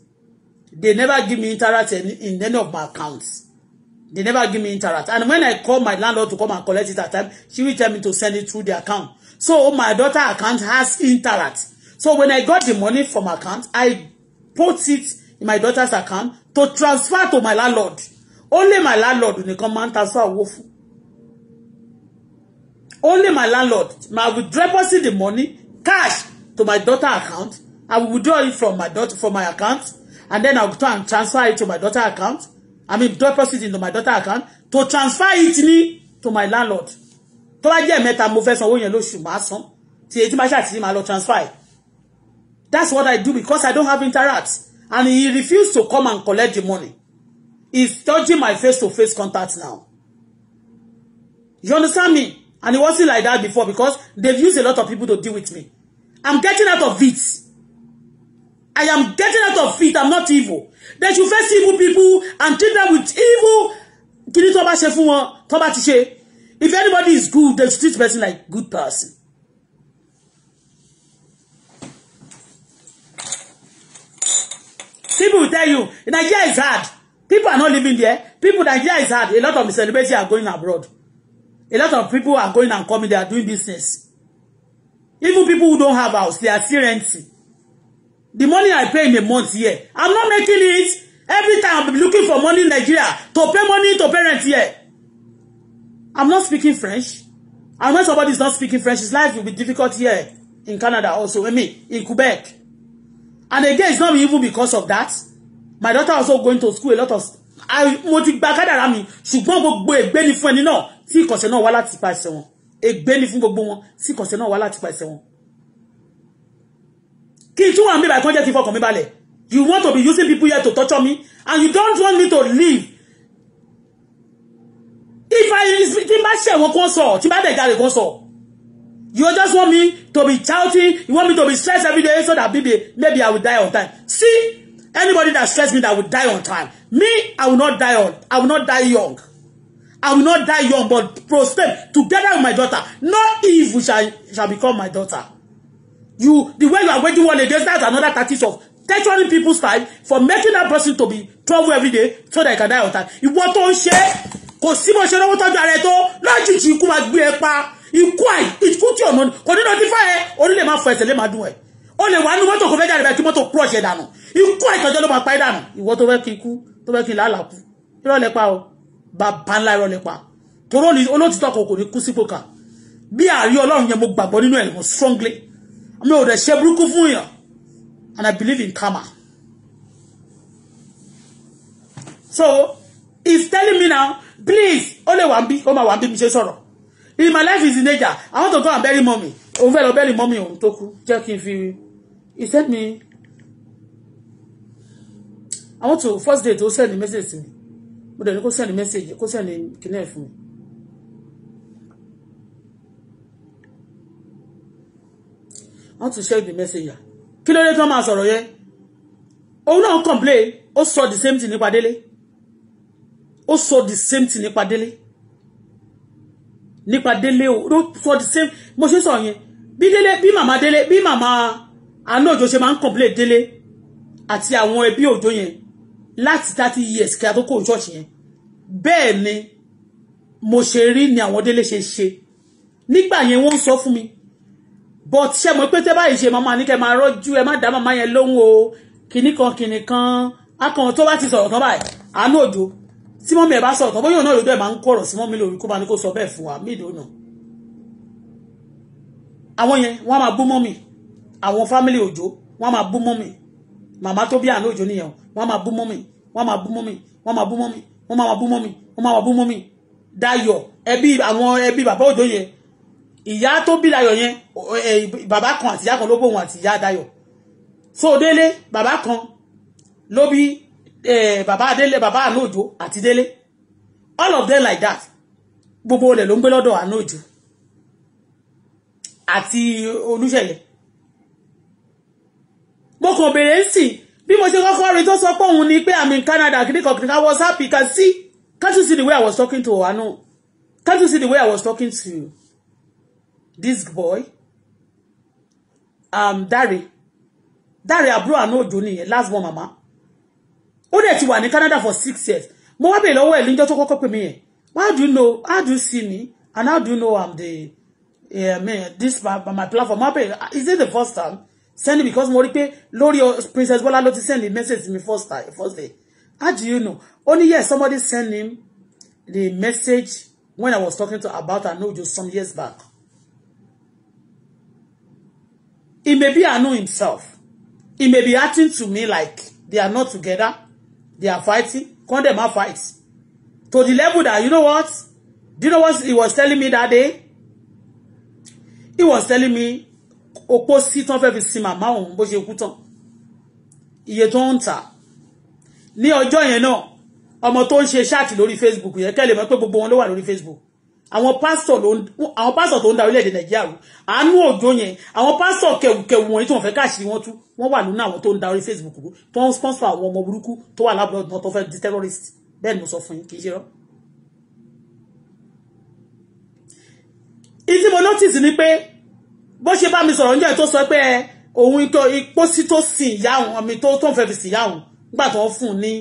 they never give me interest in, in any of my accounts They never give me interest. And when I call my landlord to come and collect it at time, she will tell me to send it through the account. So oh, my daughter account has interest. So when I got the money from account, I put it in my daughter's account to transfer to my landlord. Only my landlord will come and transfer owó Only my landlord, I will deposit the money cash to my daughter account. I will withdraw it from my daughter from my account, and then I will try and transfer it to my daughter account. I mean deposit into my daughter account to transfer it ní to my landlord tó bá jẹ́ mẹ́ta mo fẹ́ san owó yẹn lóṣù máa san tí èyí tí máa ṣàtìsí máa lọ transfer that's what I do because I don't have interact and he refused to come and collect the money he's dodging my face to face contact now you understand me and it wasn't like that before because they've used a lot of people to deal with me I'm getting out of it. I am getting out of it. I'm not evil. They should face evil people and treat them with evil. Kí ni tó bá ṣe fún ti ṣe. If anybody is good, they should treat person like good person. People will tell you, Nigeria is hard. People are not living there. People, Nigeria is hard. A lot of celebrities are going abroad. A lot of people are going and coming. They are doing business. Even people who don't have house, they are still renting the money I pay in a month here I'm not making it every time I'm looking for money in Nigeria to pay money to parents here I'm not speaking French I know somebody is not speaking French his life will be difficult here in Canada also I mean in Quebec and again it's not even because of that my daughter also going to school a lot of mo ti gba kádàrá mi ṣùgbọ́n gbogbo ègbé ni fún ẹni náà tí ìkọ̀sẹ̀ náà wá láti pàṣẹ wọn ègbé ni fún gbogbo wọn tí ìkọ̀sẹ̀ náà wá láti pàṣẹ wọn kí n tún wà ń bíbà ìkànjẹ́ ti fọkàn mi you want to be using people here to torture me and you don't want me to leave if I tí n bá ṣẹ̀wọ̀n kan sọ tí n bá you just want me to be shouting you want me to be stressed every day so that maybe maybe I will die on time see anybody that stress me that will die on time me I will not die on I will not die young I will not die young but prostrate together with my daughter no evil shall shall become my daughter. You, the way you are waging war against, that's another tactics of torturing people's time for making that person to be trouble every day so that he can die on time. Ìwọ tó ń ṣe kò sí bó ṣe lọ́wọ́ tọ́jú ara ẹ tó lójijì ikú máa gbé ẹ pa ikú àì ikú tí ọ̀nà kò ní notify ẹ orí lè máa fọ ẹsẹ̀ lè máa dùn ẹ o lè wà nínú mọ́tò kò fẹ́ jáde bẹ́ẹ̀ kí mọ́tò crush ẹ dànù ikú àì tọ́jọ́ ló máa pa ẹ dànù ìwọ tó fẹ́ kí ikú tó fẹ́ kí làálàá kú irọ́ lẹ pa o bàbá ńlá irọ́ lẹ pa torí olóòtítọ́ kò kò ní kú sípò kà bí àárí ọlọ́run yẹn mo gbàgbọ́ nínú ẹ̀ strongly mi ò dẹ̀ ṣe burúkú fún yàn and I believe in karma so he's telling me now please only lè wà ń bí ó máa wà mi ṣe sọ̀rọ̀ if my life is in danger I want to go and bury mommy òun fẹ́ lọ bury mommy òun tó kú jẹ́ kí n fi he sent me I want to first day to send a message to me mo dẹ̀ ní kó send a message kó send a kìnìún fún mi. want to check the messenger kí ló dé tó máa sọ̀rọ̀ yẹn òun náà complain ó sọ the same thing nípa délé ó sọ the same thing nípa délé nípa délé ó sọ the same mo ṣe sọ yẹn bí délé bí màmá délé bí màmá àánú òjò ṣe máa ń complain délé àti àwọn ẹbí òjò yẹn láti thirty years kí a tó kó ìṣọ́ọ̀ṣì yẹn bẹ́ẹ̀ ni mo ṣe rí ni àwọn délé ṣe ṣe nígbà yẹn wọ́n sọ fún mi but ṣe mọ̀ pé tẹ́ báyìí ṣe màmá ní kẹ́ máa rọ́jú ẹ má dá màmá yẹn lóhùn o kìnnì kan kìnnì kan akàn tó bá ti sọ̀rọ̀ tán báyìí àánú òjò tí mọ́mí ẹ̀ bá sọ̀rọ̀ tán bóyá òun náà lójú ẹ̀ máa ń kọ̀rọ̀ sí mọ́mí lórí kó bá ní kó sọ bẹ́ẹ̀ fún wa mí ìdónà àwọn yẹn wọ́n máa bú mọ́mí àwọn fámìlì òjò wọ́n máa bú mọ́mí màmá tó bí àánú òjò nìyẹn wọ́n máa bú mọ́mí wọ́n máa bú mọ́mí wọ́n máa bú mọ́mí wọ́n máa bú mọ́mí wọ́n máa bú mọ́mí dayọ̀ ẹbí àwọn ẹbí bàbá òjò yẹn ìyá tó bí Dayọ̀ yẹn eh, bàbá kan àti ìyá kan ló bóun àti ìyá Dayọ̀ so délé bàbá kan ló bí eh, bàbá délé bàbá ànóòjò àti délé all of them like that gbogbo olè ló ń gbé lọ́dọ̀ ànóòjò àti olúṣẹ̀yẹ mo kàn bèrè ń sìn bí mo ṣe kọ́kọ́ rí tó sọ pé òun ni pé àmì Canada kìnnìkan kìnnìkan I was happy can see can't you see the way I was talking to her? Anu can't you see the way I was talking to you this boy um, Dari, Dari àbúrò àná òjò nìyẹn last born mama ó dẹ̀ ti wà ní Canada for six years mo wá bèèrè lọ́wọ́ ẹ̀ níjọ́ tó kọ́kọ́ pè mí yẹn how do you know how do you see me and how do you know I'm the yeah, me, this my, my platform mo wá bèèrè is it the first time send me because mo rí pé lórí Princess Bola ló ti send the message to me first time first day how do you know only yes somebody send him the message when I was talking to about Anojo some years back He may be Anu himself. He may be acting to me like they are not together. They are fighting. Call them a fight To the level that, you know what? Do you know what he was telling me that day? He was telling me, Opó si tán fẹ́ fi sin màmá òun bó ṣe kú Iye tó ń tà. Ní ọjọ́ yẹn náà, ọmọ tó ń ṣe ṣáàtì lórí Facebook yẹn kẹ́lẹ̀ mọ́ bo gbogbo wọn ló wà lórí Facebook àwọn pásítọ̀ ló àwọn pásítọ̀ tó ń da orílẹ̀-èdè nàìjíríà rú àánú òjò yẹn àwọn pásítọ̀ kẹwùkẹwù wọn tí wọ́n fẹ́ káàṣì wọn tú wọ́n wà lónà àwọn tó ń da orí facebook rú tó ń sponsor àwọn ọmọ burúkú tó wà lábúrò náà tó fẹ́ di terrorist bẹ́ẹ̀ ni mo sọ fún yín kì í ṣe rọ́. ìdí mo notice ni pé bó ṣe bá mi sọ̀rọ̀ níjẹ́ tó sọ pé òun pósí tó sìn ìyá òun àmì tó tó ń fẹ́ fi sìn ìyá nígbà tó ń fún un ní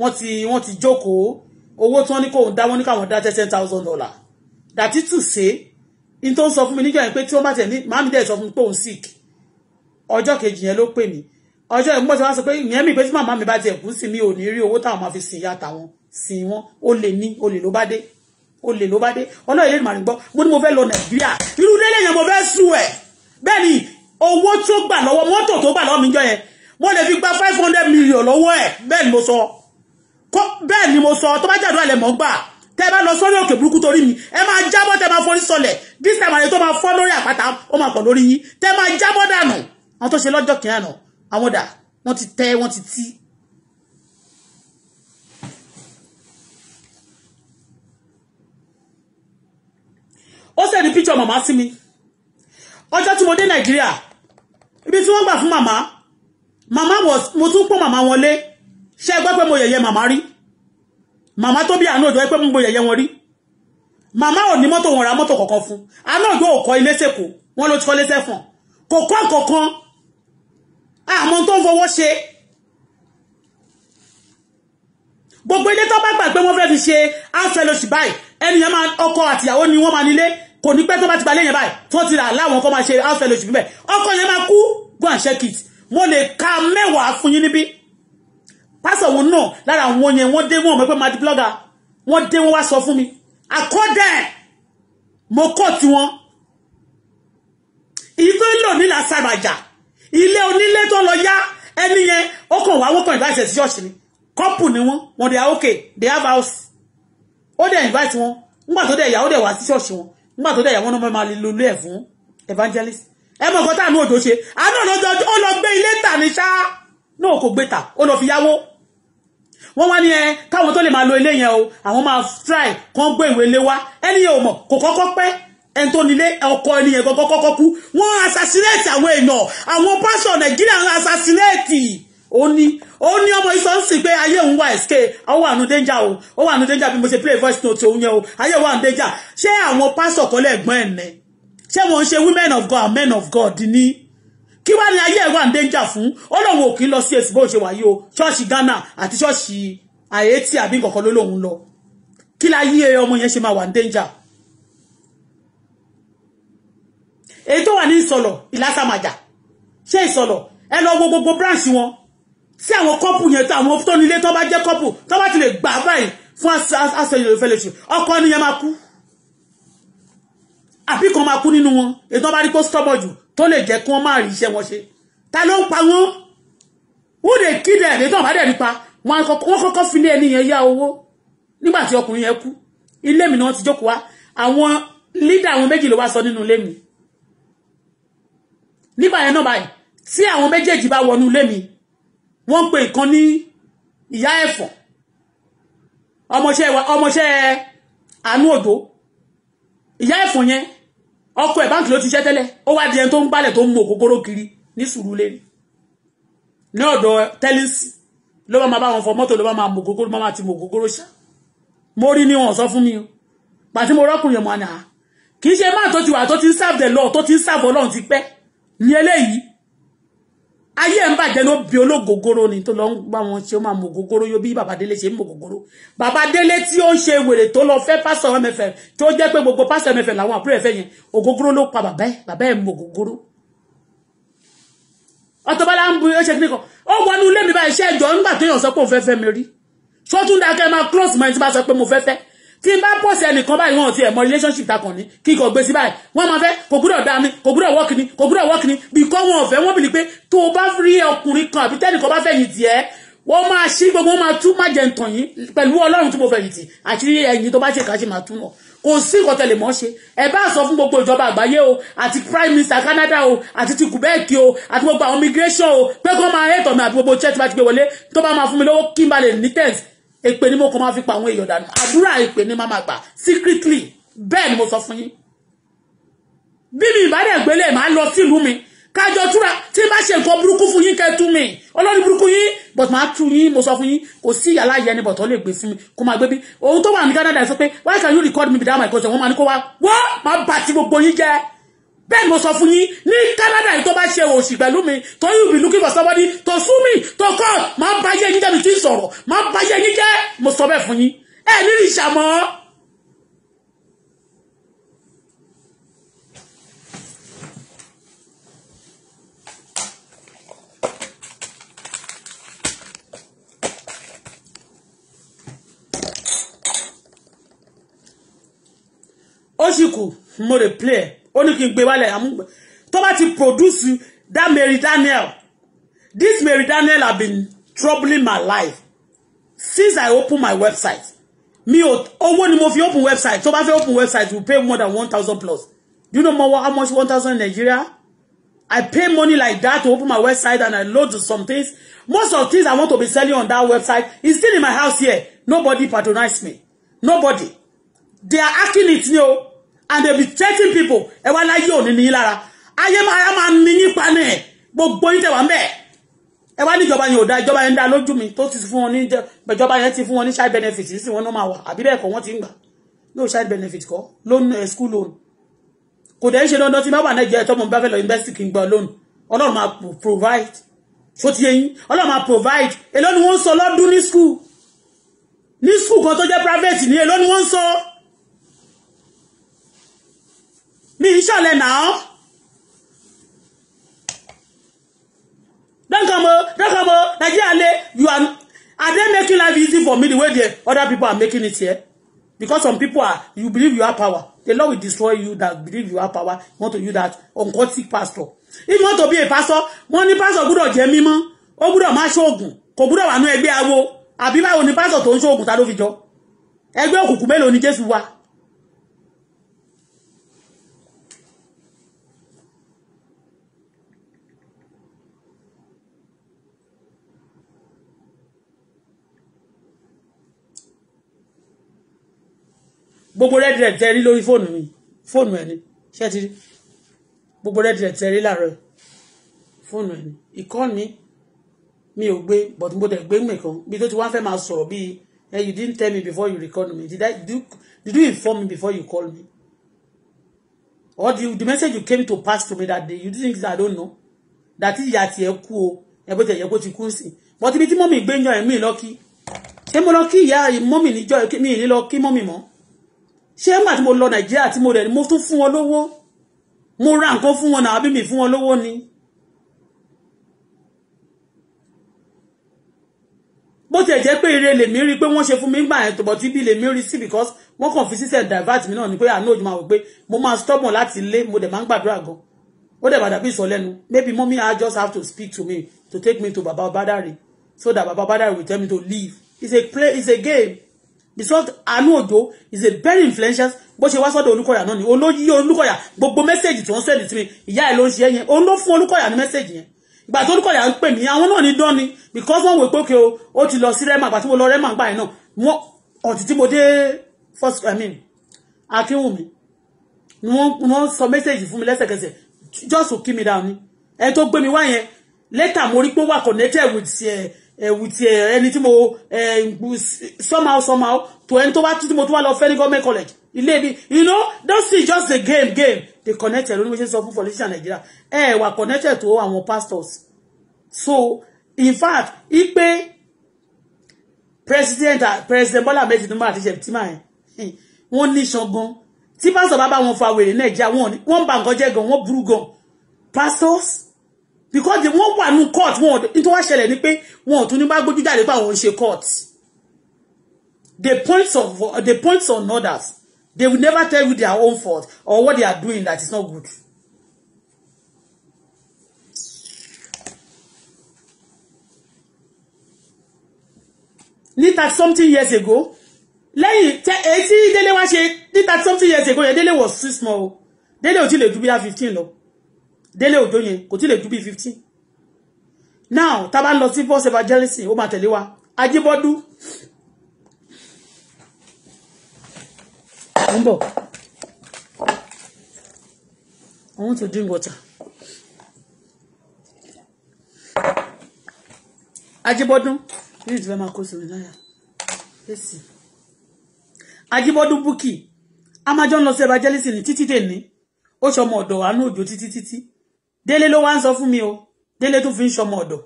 wọ́n ti wọ́n ti jókòó owó tí wọ́n ní kò ń dá wọ́n ní káwọn dá ten thousand dollar dàtí tù sé ní tó ń sọ fún mi níjọ́ yẹn pé tí wọ́n bá tẹ̀ ní màmí dẹ̀ sọ fún mi pé òun sick ọjọ́ kejì yẹn ló pè mí ọjọ́ yẹn mọ̀ tí wọ́n sọ pé ìyẹn mi pé tí màmá mi bá tiẹ̀ kú sí mi ò ní rí owó táwọn máa fi sìn ìyá tàwọn sìn wọn ó lè ní olè ló bá dé olè ló bá dé ọlọ́run ilé ìmọ̀ràn gbọ́ mo ní mo fẹ́ lọ nàìjíríà irú délé yẹn mo fẹ́ sùn ẹ̀ bẹ́ẹ̀ ni owó tó gbà lọ́wọ́ mọ́tò tó gbà lọ́wọ́ mi jọ yẹn mo lè fi gba five hundred million lọ́wọ́ ẹ̀ bẹ́ẹ̀ ni mo sọ. So kó bẹ́ẹ̀ ni mo sọ tó bá jàdúrà lẹ̀ mọ́ gbà tẹ́ bá lọ sórí òkè burúkú torí mi ẹ máa jábọ́ tẹ́ máa forí sọlẹ̀ this time àyè tó máa fọ́ lórí àpáta ó máa pọ̀ lórí yín tẹ́ máa jábọ́ dànù àwọn tó ṣe lọ́jọ́ kìí àná àwọn dà wọ́n ti tẹ́ wọ́n ti tí. ó sẹ́ni píchọ̀ màmá sí mi ọjọ́ tí mo dé nàìjíríà ibi tí wọ́n gbà fún màmá màmá mo tún pọ̀ màmá wọlé ṣé gbọ́ pé mo yẹ̀yẹ́ màmá rí màmá tó bí àánú òjò ẹ pé mo yẹ̀yẹ́ wọn rí màmá ò ní mọ́tò wọn ra mọ́tò kọ̀ọ̀kan fún àánú òjò ò kọ́ ilé sèkó wọn ló ti kọ́ ilé sẹ́fọ̀n kò kọ́ kankan àmọ́ tó ń fọwọ́ ṣe gbogbo ilé tó bá gbà pé wọ́n fẹ́ fi ṣe áfẹ́lọ́sì báyìí ẹnìyàn máa ọkọ àtìyàwó ni wọ́n máa nílé kò ní pẹ́ tó bá ti gbalẹ̀ yẹn báyìí tó ti rà láwọn kan máa ṣe áfẹ́lọ́sì bíbẹ̀ ọkọ yẹn máa kú go and check it mo lè ka mẹ́wàá fún yín níbí pásọ̀ wọn náà lára àwọn yẹn wọ́n dé wọn mọ̀ pé madi blogger wọ́n dé wọn wá sọ fún mi àkọ́dẹ̀ mo kọ́ tiwọn èyí tó ń lò ní làṣàràjà ilé onílé tó lọ yá ẹni yẹn ó kàn wá wọ́n kàn invite ẹ̀ sí ṣọ́ọ̀ṣì ni couple ni wọ́n wọ́n dẹ̀ okay they have house ó dẹ̀ invite wọn ńgbà tó dẹ̀ yà ó dẹ̀ wá sí ṣọ́ọ̀ṣì wọn ńgbà tó dẹ̀ yà wọ́n náà máa lè lulú ẹ̀ fún evangelist ẹ mọ̀ nǹkan táàmú òjò ṣe àánú ọ̀nà ó lọ gbé ilé tà ní ṣáá náà kò gbé tà ó lọ fi yáwó wọ́n wá ní ẹ eh, káwọn tó lè máa lo ilé yẹn o àwọn máa try kán gbé ìwé lé wá ẹni yẹn ò mọ̀ kò kọ́kọ́ pẹ́ ẹni tó nílé ọkọ ẹni yẹn kọ́kọ́ kọ́kọ́ kú wọ́n assassinate àwọn èèyàn àwọn pásítọ̀ nàìjíríà ń assassinate ó ní ó ní ọmọ ìsọ̀nsìn pé ayé òun wà ẹ̀sìkè ó wà nù danger o ó wà nù danger bí mo ṣe play voice note òun yẹn o ayé wà nù danger ṣé àwọn pásítọ̀ kọ́lẹ̀ ẹ̀gbọ́n ẹ̀ ṣé wọ́n ń ṣe women of God and men of God ní kí wá ní ayé ẹ̀wà ń dénjà fún ọlọ́run òkè lọ sí èsì bó ṣe wáyé o ṣọ́ọ̀ṣì Ghana àti ṣọ́ọ̀ṣì àyètí àbí nǹkan kan ló lòun lọ kí láyé ọmọ yẹn ṣe máa wà ń dénjà èyí tó wà ní ìsọ̀lọ̀ ìlàsàmàjà ṣé ìsọ̀lọ̀ ẹ lọ wo gbogbo branch wọn sí àwọn kọ́pù yẹn tó àwọn tó nílé tó bá jẹ́ kọ́pù tó bá ti lè gbà báyìí fún asọ̀yìn fellowship ọkọ ni yẹn máa kú àbí kan máa kú nínú wọn èyí tó bá rí pé stọ́bọ̀ jù tó lè jẹ́ kí wọ́n má rí iṣẹ́ wọn ṣe ta ló ń pa wọ́n wọ́n lè kí dẹ̀ ẹ̀dẹ́ tó bá dẹ̀ nípa wọ́n kọ́kọ́ fi lé ẹni yẹn yá owó nígbà tí ọkùnrin yẹn kú ilé mi ni wọ́n ti jókòó wá àwọn lídà àwọn méjì ló wá sọ nínú ilé mi nígbà yẹn náà báyìí tí àwọn méjèèjì bá wọnú ilé mi wọ́n ń pe ìkan ní ìyá ẹ̀fọ́ ọmọṣẹ́ ọmọṣẹ́ àánú òdó ìyá ẹ̀fọ́ yẹn ọkọ ẹ̀ báńkì ló ti ṣẹ́ tẹ́lẹ̀ ó wá di ẹni tó ń gbálẹ̀ tó ń mú ògógóró kiri ní Surulere ní ọ̀dọ̀ tẹ́lẹ̀sì ló bá máa bá wọn fọ mọ́tò ló bá máa mú ògógóró máa ti mú ògógóró ṣá mo rí ni wọn sọ fún mi o pàtí mo rọ́kùnrin mọ́ àná ah, kì í ṣe máa tó ti wà tó ti ń sáàbù lọ tó ti ń sáàbù ọlọ́run ti pẹ́ ní eléyìí ayé ẹ̀ ń bàjẹ́ ló bí olóògógóró ni tó lọ ń gbà wọn ṣe ó máa mọ ògógóró yóò bí bàbá délé ṣe ń mọ ògógóró bàbá délé tí ó ń ṣe wèrè tó lọ fẹ́ pásọ mẹfẹ tó jẹ́ pé gbogbo pásọ mẹfẹ làwọn àbúrò ẹ̀fẹ́ yẹn ògógóró ló pa bàbá ẹ̀ bàbá ẹ̀ mọ ògógóró. ọtọ́bálá ń bu ẹ̀ṣẹ̀ kíní kan ó wọnú ilé mi báyìí ṣẹ́jọ́ nígbà tó yàn sọ pé òun fẹ́ fẹ́ mi rí ṣọ́tún dákẹ́ máa close mind bá sọ pé mo fẹ́ fẹ́ tí n bá pọ̀sẹ̀ ẹnìkan báyìí wọn ò tiẹ̀ mọ relationship ta kàn ní kí n kò gbé sí báyìí wọ́n máa fẹ́ kò gbúdọ̀ dá mi kò gbúdọ̀ wọ́ọ̀kì ni kò gbúdọ̀ wọ́ọ̀kì ni bìkọ́ wọn ò fẹ́ wọ́n bìlí pé tó o bá rí ọkùnrin kan àbí tẹ́nìkan bá fẹ̀yìn tiẹ̀ wọ́n máa ṣí gbogbo wọn máa tú májẹ̀ntàn yín pẹ̀lú ọlọ́run tí mo fẹ̀yìn tì àti ẹ̀yìn tó bá ṣe kà kò sí nǹkan tẹ̀lé mọ́ ṣe ẹ bá sọ fún gbogbo ìjọba àgbáyé o àti prime minister Canada o àti ti Quebec o àti gbogbo àwọn immigration o pé kí wọ́n máa hẹ́tọ̀ mi àti gbogbo church bá ti gbé wọlé tó bá máa fún mi lówó kí n bá lè ní tẹ̀sí èpè ni mo kàn máa fi pa àwọn èèyàn dànù àdúrà èpè ni máa máa gbà secretly bẹ́ẹ̀ ni mo sọ fún yín bí mi ìbá dẹ̀ gbélé màá lọ sílùú mi kájọ túra tí n bá ṣe nǹkan burúkú fún yín kẹ́ mi ọlọ́ni burúkú yín but màá tú yín mo sọ fún yín kò sí ìyàlá yẹni but ó lè gbé fún mi kó máa gbé bí ohun tó wà ní Canada sọ pé why can you record me without my consent wọ́n máa ní kó wá wọ́n máa bàtí gbogbo yín jẹ́ bẹ́ẹ̀ mo sọ fún yín ní Canada yìí tó bá ṣe òṣì pẹ̀lú mi tó yóò be looking for somebody tó sún mi tó kọ́ máa bá yé yín jẹ́ mi tí ń sọ̀rọ̀ máa bá yé yín jẹ́ mo sọ bẹ́ẹ̀ fún yín ẹ ní ìṣàmọ́. ó kù mo lè play ẹ̀ ó ní kí n gbé wálẹ̀ àmúgbẹ́ tó bá ti produce that Mary Daniel this Mary Daniel have been troubling my life since I open my website mi ò owó ni mo fi open website tó bá fẹ́ open website we pay more than one thousand plus you know more how much one thousand in Nigeria I pay money like that to open my website and I load some things most of things I want to be selling on that website is still in my house here nobody patronize me nobody they are hacking it ni o and they be thirteen people ẹ wá láyé òní ní lára ayé máa máa ní yín paná ẹ gbogbo yín tẹwà mẹ ẹ wá níjọba yẹn ò dá ìjọba yẹn dá lójú mi tó ti fún wọn ní ìjọba yẹn ti fún wọn ní child benefit sí wọn náà máa wà àbí bẹ́ẹ̀ kọ́ wọ́n ti ń gbà no child benefit kọ́ loan uh, school loan kò dẹ̀ ń ṣe dandan tí má wà nàìjíríà tọ́mọ bá fẹ́ lọ university kì í gba loan ọlọ́run máa provide tó ti yẹn ọlọ́run máa provide èló ni wọ́n ń sọ lọ́dún ní school ní school kan tó jẹ́ private ní èló ni wọ́n ń sọ. So mi ìṣọ̀lẹ̀ náà don't come o oh, don't come o oh, Nigeria le you are are they making life easy for me the way the other people are making it here because some people are you believe you have power the Lord will destroy you that believe you have power you want to use that uncultic pastor if you want to be a pastor money ní pastor gbọ́dọ̀ jẹ́ mímọ́ ó gbọ́dọ̀ má ṣoògùn kò gbọ́dọ̀ wà ní ẹgbẹ́ awo àbí báwo ni pastor tó ń ṣoògùn ta ló fi jọ ẹgbẹ́ òkùnkùn mélòó ni Jésù wà gbogbo red red tẹ rí lórí fóònù mi fóònù ẹ ni ṣé ti rí gbogbo red red tẹ rí láàárọ̀ fóònù ẹ ni ìkọ́ni mi ò gbé but mo tẹ̀ gbé mi kan bí tó ti wá fẹ́ máa sọ̀rọ̀ bíi eh, you didn't tell me before you record me did I do did you inform me before you call me or the the message you came to pass to me that day you think I don't know that ìyá tiẹ̀ kú o ẹ̀ bó tẹ̀ yẹ kó ti kú sí but ibi tí mọ́mì gbé yan ẹ̀mí lọ́kì ṣé mo lọ kí ìyá mọ́mì níjọ́ mi ní lọ kí mọ́mì mọ́ ṣé nígbà tí mo lọ nàìjíríà tí mo rẹ̀ ni mo tún fún wọn lówó mo ra nǹkan fún wọn náà àbí mi fún wọn lówó ni. bó tiẹ̀ jẹ́ pé ire lèmi rí pé wọ́n ṣe fún mi gbà yẹn tòbọ̀ tí bí lèmi rí sí because wọ́n kàn fi sísẹ̀ divert mi náà ni pé àánú òjò máa wò pé mo máa stubborn láti lé mo dẹ̀ máa ń gbàdúrà gan ó dẹ̀ bàdàbí ìsọ̀lẹ́nu maybe mommy I just have to speak to me to take me to baba obadari so that baba obadari will tell me to leave it's a play it's a game because àánú òjò is a very influential bó ṣe wá sọ́dọ̀ olúkọ̀yà náà ni olóyí olúkọ̀yà gbogbo mẹ́sẹ̀gì tí wọ́n sẹ́ẹ̀dì sí mi ìyá ẹ̀ ló ń ṣe yẹn òun ló fún olúkọ̀yà ní mẹ́sẹ̀gì yẹn ìgbà tó olúkọ̀yà ń pè mí àwọn náà ní dán ni because wọ́n wò pé òkè o ó ti lọ sí rẹ́mà àgbà tí mo lọ rẹ́mà gbà yẹn náà wọ́n ọ̀tí tí mo dé first i mean akínwùmí ni wọ́n sọ mẹ́sẹ̀gì fún mi lẹ́sẹ̀kẹsẹ̀ just to keep me down ni ẹni tó gbé mi wá yẹn later mo rí pé wà connected with eh, Eh, with eh, ẹni tí mo eh, somehow somehow to ẹni tó wá títí mo tó wá lọ fẹ́ ní government college ilé mi you know don't see just the game game they connected lórí mo ṣe sọ fún politician Nigeria ẹ wà connected to àwọn pastors so in fact ipe president president Bola Ahmed Tinubu àti ṣe tí máa ń wọ́n ní ṣangan tí pásítọ̀ bá bá wọn fa wèrè nàìjíríà wọn ò ní wọ́n bà nǹkan jẹ́ gan wọ́n burú gan pastors because wọ́n wà ní court wọn nítorí wọ́n ṣẹlẹ̀ ni pé wọn ò tún ní bá gbójú jáde pé àwọn ń ṣe court the points of the points on others they will never tell you their own fault or what they are doing that is not good. ní thirty something years ago lẹ́yìn èyí tí délé wá ṣe ní thirty something years ago yẹn délé was too small o délé ò tí lè ju bí fifteen lọ délé òjò yẹn kò tí lè ju bíi fifteen now tá a bá ń lọ sí first evangelism ó máa tẹ̀lé wa ajíbọ́dú ń bọ̀ I want to drink water. Ajibodun, ní ìtura máa kó sórí láyà. Èsì. Ajibodun Bukki, a máa jọ ń lọ sí evangelism ní títí dè ní. Ó ṣe ọmọ ọ̀dọ̀ àánú òjò títí títí délé ló wá ń sọ fún mi o délé tún fi ń ṣọmọ ọ̀dọ̀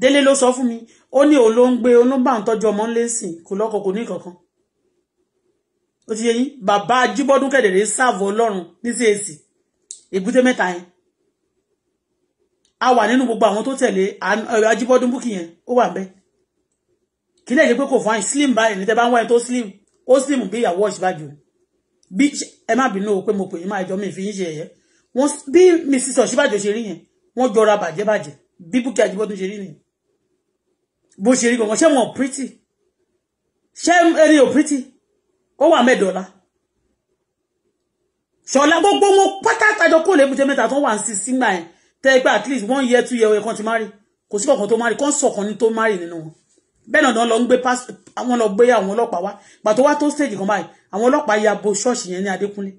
délé ló sọ fún mi ó ní òun ló ń gbé onúbà ń tọ́jú ọmọ ńlẹ́ sìn kò lọ́kọ̀ kò ní kankan ó ti yẹ yín bàbá ajíbọ́dún kẹ̀dẹ̀rẹ́ sáàvù ọlọ́run ní csc èbúté mẹ́ta yẹn a wà nínú gbogbo àwọn tó tẹ̀lé ajíbọ́dún búkì yẹn ó wà bẹ́ẹ̀ kí lè jẹ́ pé kò fáyín slim báyìí níta bá ń wáyé tó slim ó slim bí ìyàwó ọ̀ṣibájú bí ẹ má bínú o pé mo pè yín máa jọ mi fi yín ṣe ẹ̀yẹ́ wọ́n bí Mrs. Ọ̀ṣínbàjò ṣe rí yẹn wọ́n jọra bàjẹ́ bàjẹ́ bí Bùkí Àjíbọ́dún ṣe rí nìyẹn bó ṣe rí gbọ̀ngàn ṣé wọn pretty ṣé ẹni ò pretty ó wà mẹ́dọ̀ọ́lá ṣọlá gbogbo wọn pátá tajọ kó lébùjẹ mẹ́ta tó wà ń sin sígbà yẹn tẹ́ pé at least one year two year ẹ̀ kan ti márì kò sí kọ̀ọ̀kan tó márì kọ́ ń sọ̀kan ní tó márì nínú wọn bẹ́ẹ̀ náà lọ ń gbé àwọn lọ gbé àwọn ọlọ́pàá wá gbà tó wá tó stage kan báyìí àwọn ọlọ́pàá ya bo ṣọ́ọ̀ṣì yẹn ní Adékúnlé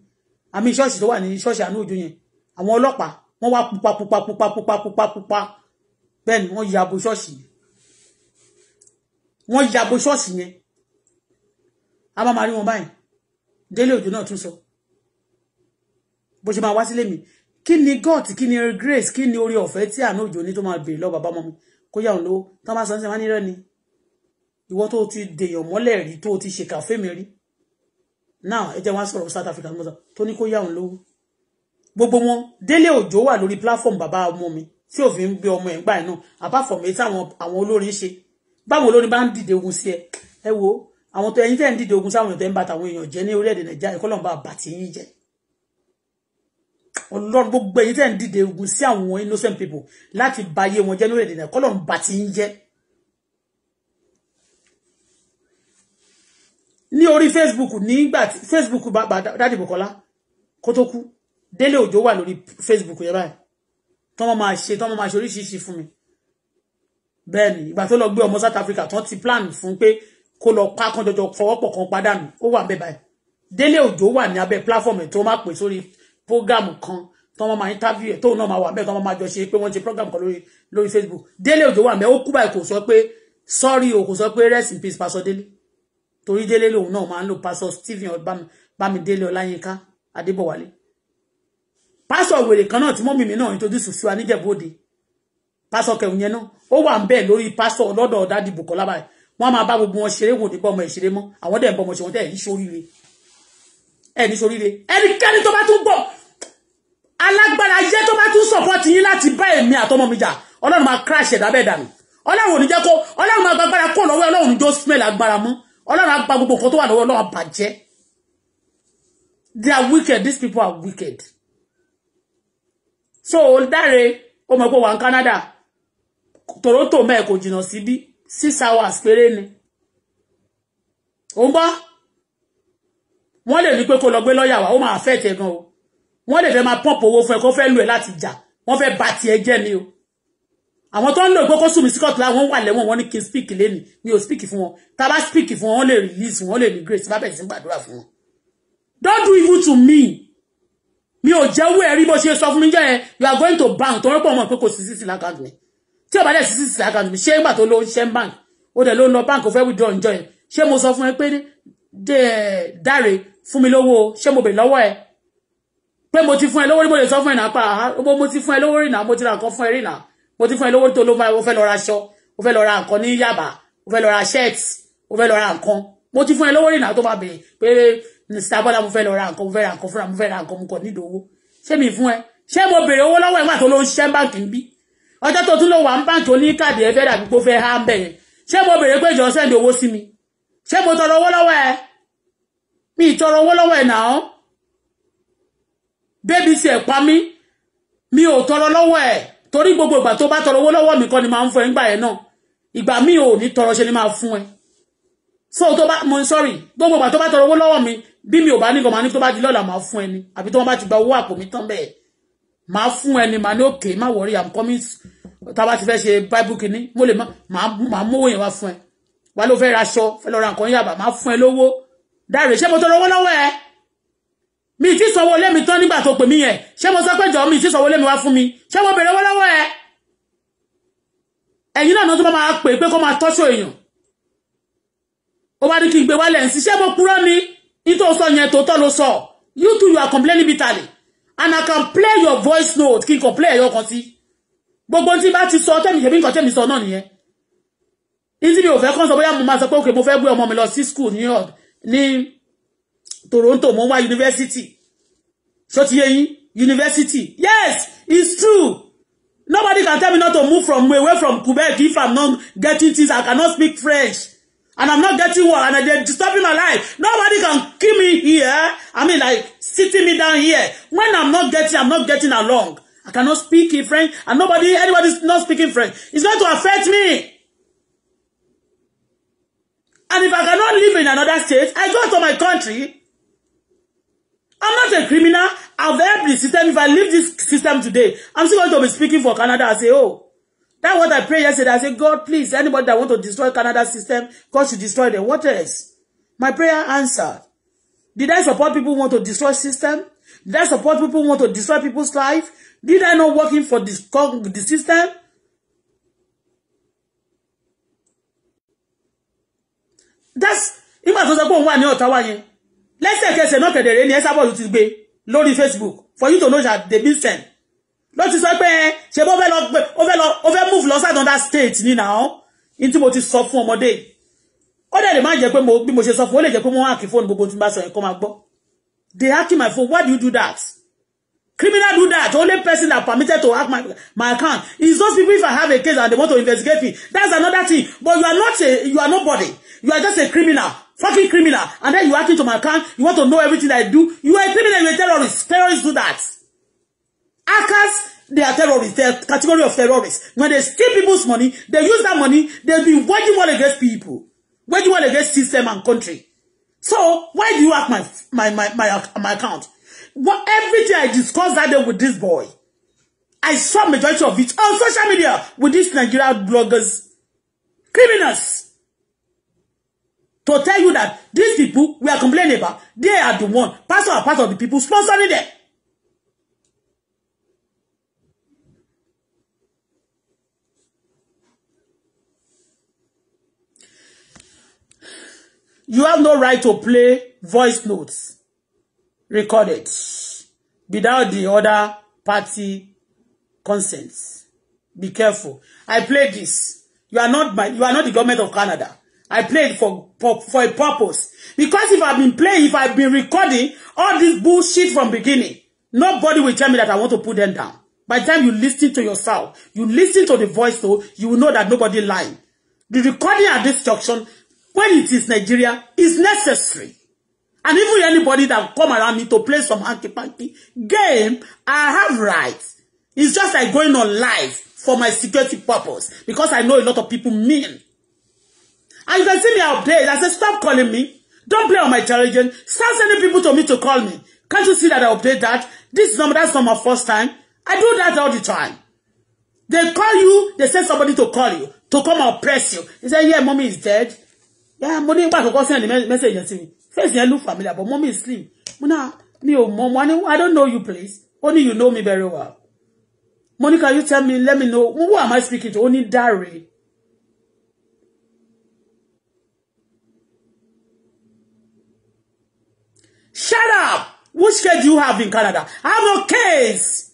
àmì ṣọ́ọ̀ṣì tó wà ní ṣọ́ọ̀ṣì àánú òjò yẹn àwọn ọlọ́pàá wọ́n wá pupa pupa pupa pupa pupa pupa bẹ́ẹ̀ ni wọ́n ya bo ṣọ́ọ̀ṣì yẹn wọ́n ya bo ṣọ́ọ̀ṣì yẹn a máa ma rí wọn báyìí délé òjò náà tún sọ bó ṣe máa wá sílé mi kí ni god kí ni grace kí ni orí ọ̀fẹ́ tí àánú òjò ní tó máa béèrè lọ bàbá ọmọ mi kó yà òun lówó tó máa san ṣe máa nírẹ́ ni ìwọ tó ti dèèyàn mọ́lẹ̀ rí tó ti ṣèkà fẹ́mi rí náà ẹ jẹ́ wá sọ̀rọ̀ south africa tó ní kó yà òun lówó gbogbo wọn délé òjò wà lórí platform bàbá ọmọ mi tí òfin ń gbé ọmọ ẹ̀ ń gbà ẹ̀ náà àbáfọ̀mù etí àwọn olórin ṣe báwo olórin bá ń dìde ogun sí ẹ ẹ wo àwọn tó ẹ̀yin tẹ́ ń dìde ogun sáwọn èèyàn tẹ́ ń bá tàwọn èèyàn jẹ́ ní orílẹ̀-èdè nàìjíríà ẹ̀kọ́ lọ́nà bá bàtì yín jẹ́ ọlọ́run gbogbo ẹ̀yin tẹ́ ń dìde ogun sí àwọn innocent people láti ba ayé wọn jẹ́ ní orílẹ̀-èdè nàìjíríà ẹ̀kọ́ lọ́nà bàtì yín jẹ́ ní orí facebook nígbà tí facebook bá dáàdì bùkọ́lá kó tó kú Délé Òjó wà lórí Facebook yẹn báyìí tí wọ́n máa ṣe tí wọ́n máa ṣe oríṣiríṣi fún mi bẹ́ẹ̀ ni ìgbà tó lọ gbé ọmọ South Africa tán ti plan fún pé kó lọ pa kan jọjọ fọwọ́pọ̀ kan pàdánù ó wà bẹ́ẹ̀ báyìí Délé Òjó wà ní abẹ́ platform tó máa pè sórí program kan tí máa interview ẹ̀ tóun náà máa wà bẹ́ẹ̀ tí wọ́n máa jọ ṣe pé wọ́n ṣe program kan lórí lórí Facebook Délé Òjó wà mẹ́ ó kú báyìí kò sọ pé sorry o kò sọ pé rest in peace Pastor Délé torí Délé lòun náà máa ń lo Pastor Stephen Bámidélé Ọláyínká Adébọ̀wálé Pastor wèrè cannot náà me now mi náà introduce sí wa níjẹ̀bọ́dé body. Pastor, yẹn náà ó wà ń bẹ̀ lórí pásọ̀ lọ́dọ̀ dádì Bùkọ́lá báyìí wọ́n máa bá gbogbo wọn ṣeré wọn ò ní bọ́ ọmọ ẹ̀ ṣeré mọ́ àwọn dẹ̀ ń bọ́ ọmọ ṣòwò tẹ̀ ẹ̀ ní ṣoríire ẹ̀ ní ṣoríire ẹnikẹ́ni tó bá tún bọ̀ alágbára yẹ tó bá tún support yín láti bá èmi àtọmọ mi jà ọlọ́run máa crash ẹ̀dá bẹ́ẹ̀ dànù ọlọ́run ò ní jẹ́ kó ọlọ́run máa gbàgbára kó lọ́wọ́ ọlọ́run jó smell agbára mú ọlọ́run á gba gbogbo nǹkan tó wà lọ́wọ́ ọlọ́run bàjẹ́ they are wicked these people are wicked so dáre ó mọ̀ pé wà ní Canada Toronto mẹ́ẹ̀ kò jìnnà síbí six hours péré ni ó ń bọ́ wọ́n lè ní pé kó lọ gbé lọ́ọ̀yà wá ó máa fẹ́ tẹ̀ gan o wọ́n lè fẹ́ máa pọ́ǹpù owó fún ẹ kó fẹ́ lù ẹ láti jà wọ́n fẹ́ bà tiẹ̀ jẹ́ ni o àwọn tó ń lò pé kó sùn mí sí kọ́tù láwọn wà lẹ́wọ̀n wọn ní kí n speak lẹ́nu mi ò speak fún wọn tá a bá speak fún wọn wọ́n lè release wọn lè ní grace bá bẹ̀rẹ̀ sí gbàdúrà fún wọn don't do evil to me mi ò jẹ́wọ́ ẹ̀rí bó ṣe sọ fún mi jẹ́ you are going to bank tó rọ́pọ̀ mọ̀ pé kò sí sísì lákàtúntì mi tí ọ̀bá dẹ̀ sí sísì lákàtúntì mi ṣé ìgbà tó ló ń bank ó dẹ̀ ló No bank ó fẹ́ withdraw ǹjọ́ yẹn ṣé mo sọ fún ẹ pé dáre fún mi lówó ṣé mo bè lọ́wọ́ ẹ pé mo ti fún ẹ lówó rí mo lè sọ fún ẹ náà pa mo ti fún ẹ lówó rí náà mo ti ra nǹkan fún ẹ rí náà mo ti fún ẹ lówó tó ló máa ó fẹ́ lọ ra aṣọ ó fẹ́ lọ ra nǹkan ní Yaba ó fẹ́ lọ ra ṣẹ́ẹ̀tì ó fẹ́ lọ ra nǹkan mo ti fún ẹ lówó rí náà tó máa bèèrè pé Mr. Bọ́lá mo fẹ́ lọ ra nǹkan mo fẹ́ ra nǹkan fúnra mo fẹ́ ra nǹkan mo kọ̀ nídìí owó ṣé mi fún ẹ ṣé mo béèrè owó lọ́wọ́ ẹ̀gbọ́n àti olóńṣẹ́ báǹkì ń bí ọjọ́ tó tún lọ wà ń báǹkì oníkàdé ẹ̀fẹ́ dàbí pé ó fẹ́ há ń bẹ̀ yẹn ṣé mo béèrè pé ìjọsẹ́ ń di owó sí mi ṣé mo tọrọ owó lọ́wọ́ ẹ mi tọrọ owó lọ́wọ́ ẹ náà bébí tiẹ̀ pa mí mi ò tọrọ lọ́wọ́ ẹ torí gbogbo ìgbà tó bá tọrọ owó lọ́wọ́ mi kọ́ ni máa ń fún ẹ nígbà yẹn náà mi ò ní tọrọ ṣe ni máa fún ẹ so tó bá mo sorry gbogbo ìgbà tó bá tọrọ owó lọ́wọ́ mi bí mi ò bá nìkan máa ní tó bá di lọ́la máa fún ẹni àbí to wọ́n bá ti gba owó àpò mi tán bẹ́ẹ̀ máa fún ẹni máa ní òkè má wọrí i'm coming tá a bá ti fẹ́ ṣe bible kìíní mo lè máa mówó yẹn wá fún ẹ wà ló fẹ́ raṣọ fẹ́ lọ ra nǹkan yàbá máa fún ẹ lówó dáre ṣé mo tọrọ owó lọ́wọ́ ẹ mi ti sanwó ilé mi tán nígbà tó pè mí yẹn ṣé mo sọ pé jọ mi ti sanwó ilé mi wá fún mi ṣé mo bèrè owó lọ́wọ́ ẹ ẹ̀yin náà ni wọ́n tún bá máa pè pé kó máa tọ́ṣọ ó wá ní kí n gbé wálẹ̀ ń ṣiṣẹ́ mo kúrò ní nítorí sọ yẹn tòótọ́ ló you too you are complaining bitterly and I can play your voice note kí n play your kan sí gbogbo tí bá ti sọ tẹ́mi ṣẹ́bí nǹkan tẹ́mi sọ náà nìyẹn ìdí mi ò fẹ́ kàn sọ bóyá mo máa sọ pé òkè mo fẹ́ gbé ọmọ mi lọ sí school ní ní Toronto mo ń University. So ṣó ti yé yín yes it's true nobody can tell me not to move from away from Quebec if I'm not getting things I cannot speak French and I'm not getting work and they're disturbing my life. Nobody can keep me here. I mean, like sitting me down here. When I'm not getting, I'm not getting along. I cannot speak in French, and nobody, anybody's not speaking French. It's going to affect me. And if I cannot live in another state, I go to my country. I'm not a criminal. I've helped the system. If I leave this system today, I'm still going to be speaking for Canada. I say, oh, That what I prayed yesterday. I said, God, please, anybody that want to destroy Canada system, God should destroy them. What else? My prayer answered. Did I support people who want to destroy system? Did I support people who want to destroy people's life? Did I not working for this, the system? That's nígbà tó sọ pé òun wà ní Ottawa yẹn Not náà kẹ̀dẹ̀rẹ́ ni ẹ sábọ̀ ló ti gbé lórí Facebook for you to know that they been sent ló ti sọ pé ṣe bó fẹ́ lọ pé ó fẹ́ lọ ó move lọ south under state ni now in tí mo ti sọ fún ọmọdé ó dẹ̀ lè má jẹ́ pé mo bí mo ṣe sọ fún ó lè jẹ́ pé mo hàn phone. fóònù gbogbo tí mo bá sọ yẹn kó they hack my phone why do you do that criminal do that only person that permitted to hack my my account is those people if I have a case and they want to investigate me that's another thing but you are not a you are nobody you are just a criminal fucking criminal and then you hack into my account you want to know everything I do you are a criminal you are a terrorist terrorists do that. Hackers, they are terrorists. They are category of terrorists. When they steal people's money, they use that money, they've been waging war against people, waging war against system and country. So why do you hack my my my my, my account? What everything I discussed that day with this boy, I saw majority of it on social media with these Nigerian bloggers, criminals. To tell you that these people we are complaining about, they are the one, part of part of the people sponsoring them. You have no right to play voice notes recorded without the other party consent. Be careful. I played this. You are not my, you are not the government of Canada. I played for, for a purpose. Because if I've been playing, if I've been recording all this bullshit from beginning, nobody will tell me that I want to put them down. By the time you listen to yourself, you listen to the voice though, you will know that nobody lying. The recording at destruction when it is Nigeria, it's necessary. And even anybody that come around me to play some hanky-panky game, I have rights. It's just like going on live for my security purpose because I know a lot of people mean. And you can see me update. I say, stop calling me. Don't play on my intelligence. Start sending people to me to call me. Can't you see that I update that? This is not that's not my first time. I do that all the time. They call you, they send somebody to call you, to come and press you. They say, yeah, mommy is dead. Yeah, mo ní nípa àkọ́kọ́ sẹ́ndì mẹ́sẹ̀ yẹn sí mi Face, yẹn look familiar but mommy is slim mo náà ah, mi ò mọ mo i don't know you please Only you know me very well monica you tell me let me know who am i speaking to Only ní shut up which case do you have in Canada i have no case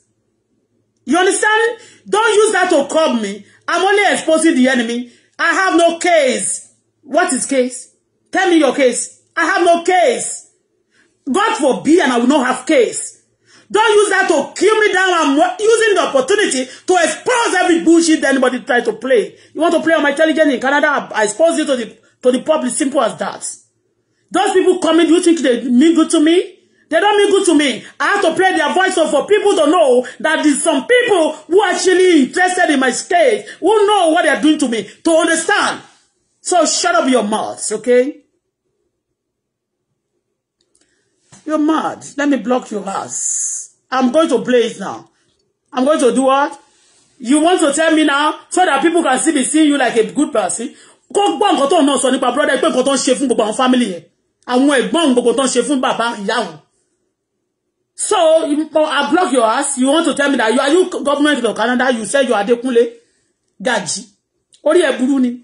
you understand don't use that to curb me i'm only exposing the enemy i have no case What is case? Tell me your case. I have no case. God forbid and I will not have case. Don't use that to kill me down. I'm using the opportunity to expose every bullshit that anybody try to play. You want to play on my intelligence in Canada? I expose you to the to the public. Simple as that. Those people coming, do you think they mean good to me? They don't mean good to me. I have to play their voice so for people to know that there's some people who are actually interested in my stage who know what they are doing to me, to understand. So shut up your mouth, okay? You're mad. Let me block your ass. I'm going to play it now. I'm going to do what? You want to tell me now so that people can see me seeing you like a good person? Kó gbọ́ nǹkan tó ń náà sọ brother pé nǹkan tó ń ṣe fún family yẹn. Àwọn ẹ̀gbọ́n gbogbo tó ń ṣe fún bàbá ìyá So oh, I block your ass. You want to tell me that you are you government of Canada? You say you are the kule Gaji. Orí ẹ̀ burú ni.